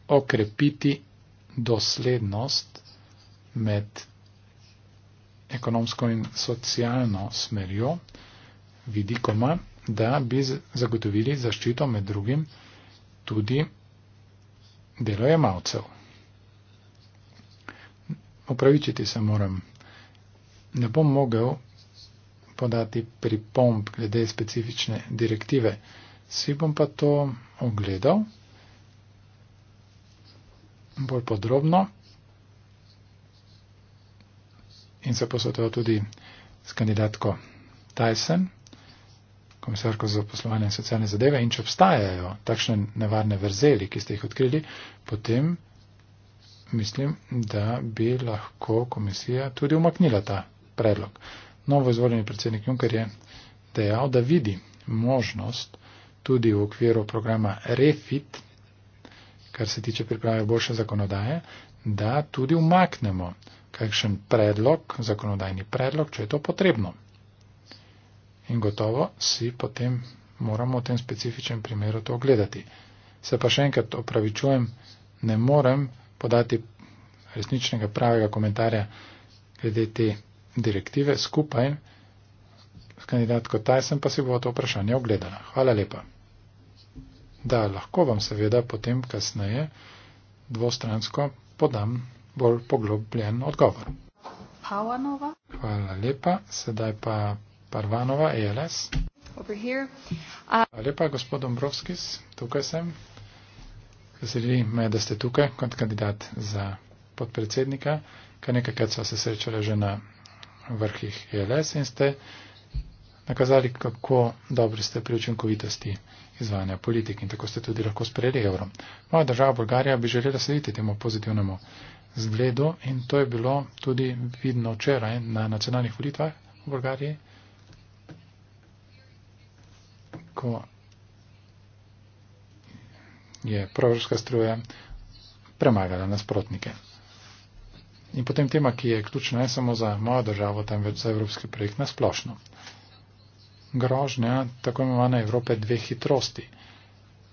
okrepiti doslednost med ekonomsko in socialno smerjo vidikoma, da bi zagotovili zaščito med drugim tudi delojemalcev. Opravičiti se moram. Ne bom mogel podati pripomb glede specifične direktive. Si bom pa to ogledal bolj podrobno in se posvetoval tudi s kandidatko Tyson, komisarko za poslovanje in socialne zadeve. In če obstajajo takšne nevarne vrzeli, ki ste jih odkrili, potem mislim, da bi lahko komisija tudi umaknila ta predlog. Novo izvoljeni predsednik Juncker je dejal, da vidi možnost tudi v okviru programa REFIT, kar se tiče priprave boljše zakonodaje, da tudi umaknemo kakšen predlog, zakonodajni predlog, če je to potrebno. In gotovo si potem moramo v tem specifičnem primeru to ogledati. Se pa še enkrat opravičujem, ne morem podati resničnega pravega komentarja glede te direktive skupaj s kandidatko Tyson, pa si bo to vprašanje ogledala. Hvala lepa. Da, lahko vam seveda potem kasneje dvostransko podam bolj poglobljen odgovor. Pavanova. Hvala lepa, sedaj pa Parvanova, ELS. Uh, Hvala lepa, gospod Dombrovskis, tukaj sem. Veseli me, da ste tukaj kot kandidat za podpredsednika, ker nekajkrat so se srečali že na vrhih ELS in ste nakazali, kako dobri ste pri učinkovitosti izvajanja politik in tako ste tudi lahko sprejeli evro. Moja država Bolgarija bi želela slediti temu pozitivnemu zbledo in to je bilo tudi vidno včeraj na nacionalnih volitvah v Bolgariji, ko je pravžarska struja premagala nasprotnike. In potem tema, ki je ključna ne samo za mojo državo, temveč za evropski projekt nasplošno. Grožnja tako imenovane Evrope dveh hitrosti.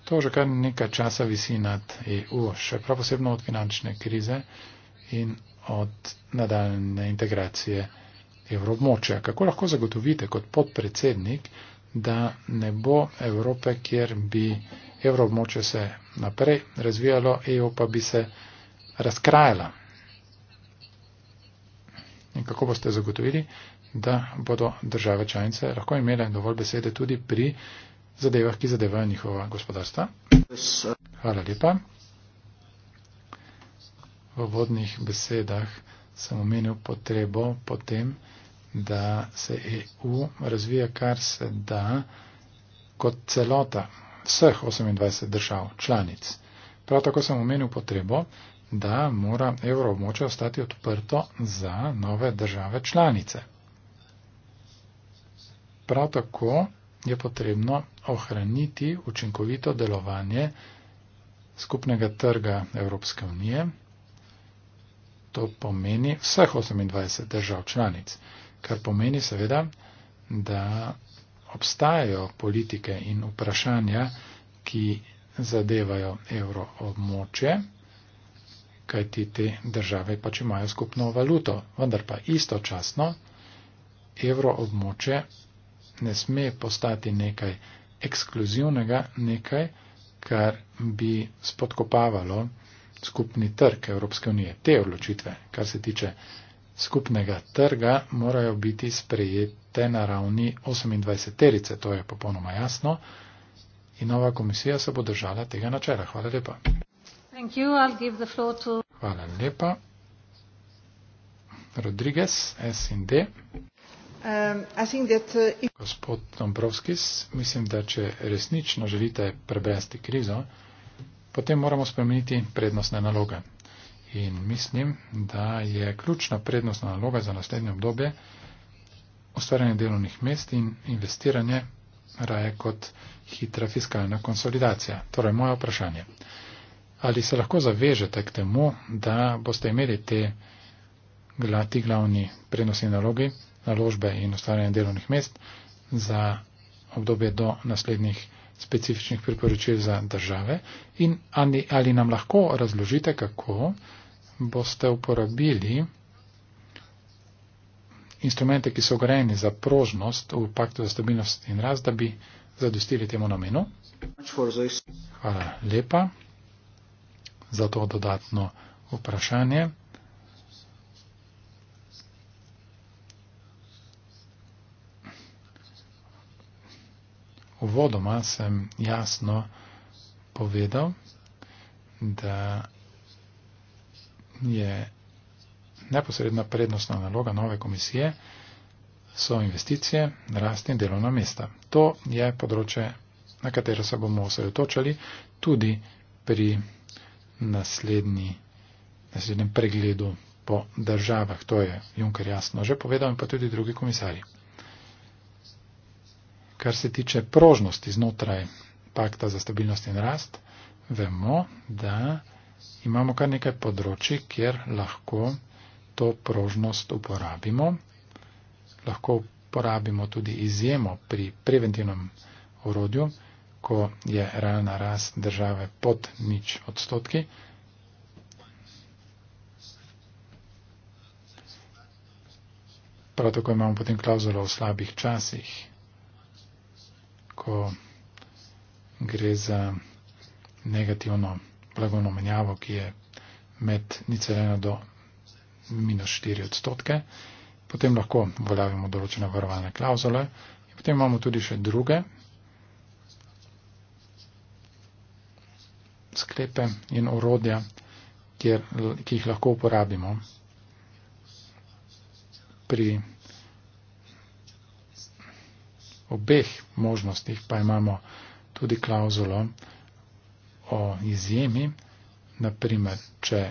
To že kar nekaj časa visi nad EU, še prav posebno od finančne krize in od nadaljne integracije evroobmočja. Kako lahko zagotovite kot podpredsednik, da ne bo Evrope, kjer bi evroobmočje se naprej razvijalo, EU pa bi se razkrajala? In kako boste zagotovili, da bodo države članice lahko imele dovolj besede tudi pri zadevah, ki zadevajo njihova gospodarstva. Hvala lepa. V vodnih besedah sem omenil potrebo potem, da se EU razvija kar se da kot celota vseh 28 držav članic. Prav tako sem omenil potrebo, da mora evroobmoče ostati odprto za nove države članice. Prav tako je potrebno ohraniti učinkovito delovanje skupnega trga Evropske unije. To pomeni vseh 28 držav članic, kar pomeni seveda, da obstajajo politike in vprašanja, ki zadevajo evro območje, kajti te države pač imajo skupno valuto, vendar pa istočasno evro območje ne sme postati nekaj ekskluzivnega, nekaj, kar bi spodkopavalo skupni trg Evropske unije. Te odločitve, kar se tiče skupnega trga, morajo biti sprejete na ravni 28-terice, to je popolnoma jasno. In nova komisija se bo držala tega načela. Hvala lepa. Hvala lepa. Rodriguez, SND. Um, uh, Gospod Dombrovskis, mislim, da če resnično želite prebrasti krizo, potem moramo spremeniti prednostne naloge. In mislim, da je ključna prednostna naloga za naslednje obdobje ustvarjanje delovnih mest in investiranje raje kot hitra fiskalna konsolidacija. Torej, moja vprašanje. Ali se lahko zavežete k temu, da boste imeli te glati glavni prednostni nalogi? naložbe in ustvarjanje delovnih mest za obdobje do naslednjih specifičnih priporočil za države in ali, ali nam lahko razložite, kako boste uporabili instrumente, ki so grejeni za prožnost v paktu za stabilnost in rast, da bi zadostili temu namenu. Hvala lepa za to dodatno vprašanje. Uvodoma sem jasno povedal, da je neposredna prednostna naloga nove komisije so investicije, rast in delovna mesta. To je področje, na katero se bomo osredotočali tudi pri naslednji, naslednjem pregledu po državah. To je Junker jasno že povedal in pa tudi drugi komisarji. Kar se tiče prožnosti znotraj pakta za stabilnost in rast, vemo, da imamo kar nekaj področji, kjer lahko to prožnost uporabimo. Lahko uporabimo tudi izjemo pri preventivnem orodju, ko je realna rast države pod nič odstotki. Prav tako imamo potem klauzulo o slabih časih ko gre za negativno blagovno menjavo, ki je med nicelena do minus 4 odstotke. Potem lahko uveljavimo določene varovalne klauzule. Potem imamo tudi še druge sklepe in orodja, kjer, ki jih lahko uporabimo pri obeh možnostih pa imamo tudi klauzulo o izjemi, naprimer, če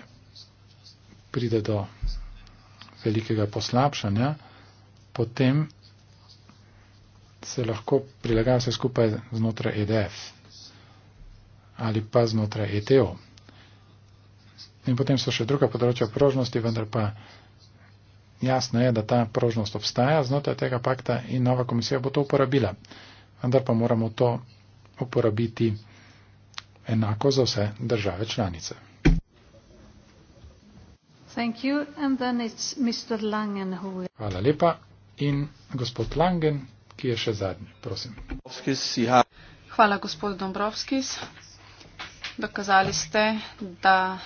pride do velikega poslabšanja, potem se lahko prilega vse skupaj znotraj EDF ali pa znotraj ETO. In potem so še druga področja prožnosti, vendar pa jasno je, da ta prožnost obstaja znotraj tega pakta in nova komisija bo to uporabila. Vendar pa moramo to uporabiti enako za vse države članice. Hvala lepa. In gospod Langen, ki je še zadnji, prosim. Hvala, gospod Dombrovskis. Dokazali ste, da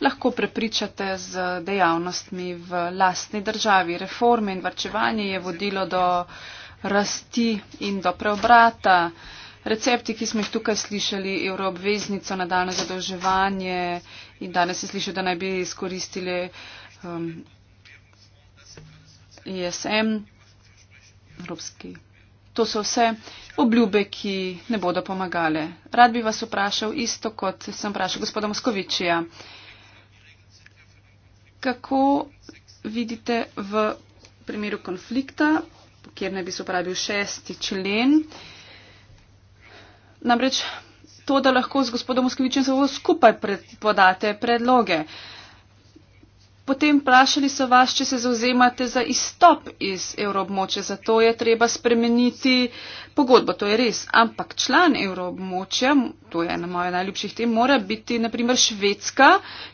lahko prepričate z dejavnostmi v lastni državi. Reforme in varčevanje je vodilo do rasti in do preobrata. Recepti, ki smo jih tukaj slišali, evroobveznico, nadaljne zadolževanje in danes je slišal, da naj bi izkoristili um, ISM, e Evropski. To so vse obljube, ki ne bodo pomagale. Rad bi vas vprašal isto, kot sem vprašal gospoda Moskovičija kako vidite v primeru konflikta, kjer naj bi se uporabil šesti člen. Namreč to, da lahko z gospodom Moskvičem skupaj pred, podate predloge. Uh, Potem vprašali so vas, če se zauzemate za izstop iz evroobmoče. Zato je treba spremeniti pogodbo, to je res. Ampak član evroobmoče, to je ena moja najljubših tem, mora biti naprimer Švedska,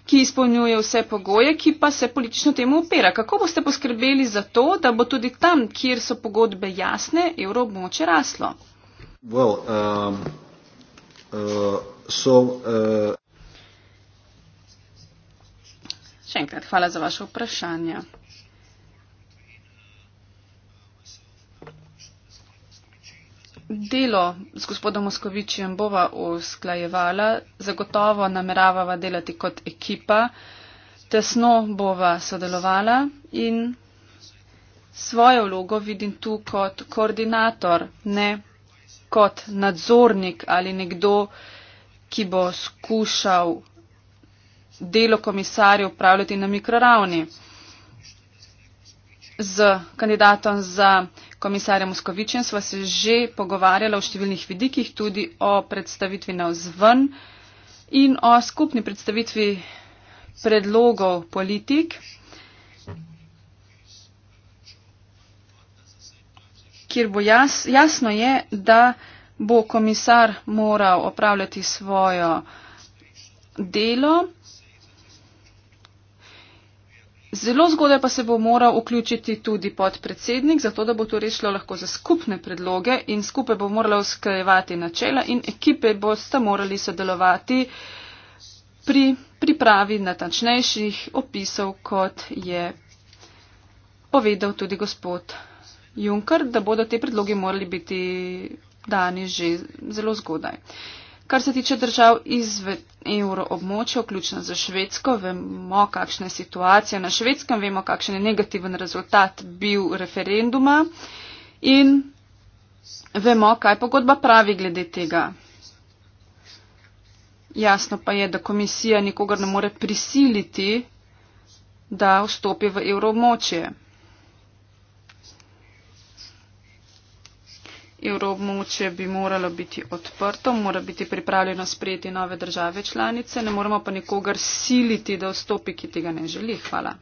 ki izpolnjuje vse pogoje, ki pa se politično temu upira. Kako boste poskrbeli za to, da bo tudi tam, kjer so pogodbe jasne, evroobmoče raslo? Well, um, uh, so, uh... Še enkrat hvala za vaše vprašanje. Delo z gospodom Moskovičem bova usklajevala, zagotovo nameravava delati kot ekipa, tesno bova sodelovala in svojo vlogo vidim tu kot koordinator, ne kot nadzornik ali nekdo, ki bo skušal delo komisarjev upravljati na mikroravni. Z kandidatom za komisarja Moskovičem sva se že pogovarjala o številnih vidikih, tudi o predstavitvi na vzven in o skupni predstavitvi predlogov politik, kjer bo jas, jasno je, da bo komisar moral opravljati svojo delo. Zelo zgodaj pa se bo moral vključiti tudi podpredsednik, zato da bo to rešilo lahko za skupne predloge in skupaj bo morala usklajevati načela in ekipe bo sta morali sodelovati pri pripravi natančnejših opisov, kot je povedal tudi gospod Juncker, da bodo te predloge morali biti dani že zelo zgodaj. Kar se tiče držav izven evroobmočja, vključno za Švedsko, vemo, kakšna je situacija na Švedskem, vemo, kakšen je negativen rezultat bil referenduma in vemo, kaj pogodba pravi glede tega. Jasno pa je, da komisija nikogar ne more prisiliti, da vstopi v evroobmočje. evroobmočje bi moralo biti odprto, mora biti pripravljeno sprejeti nove države članice, ne moremo pa nikogar siliti, da vstopi, ki tega ne želi. Hvala.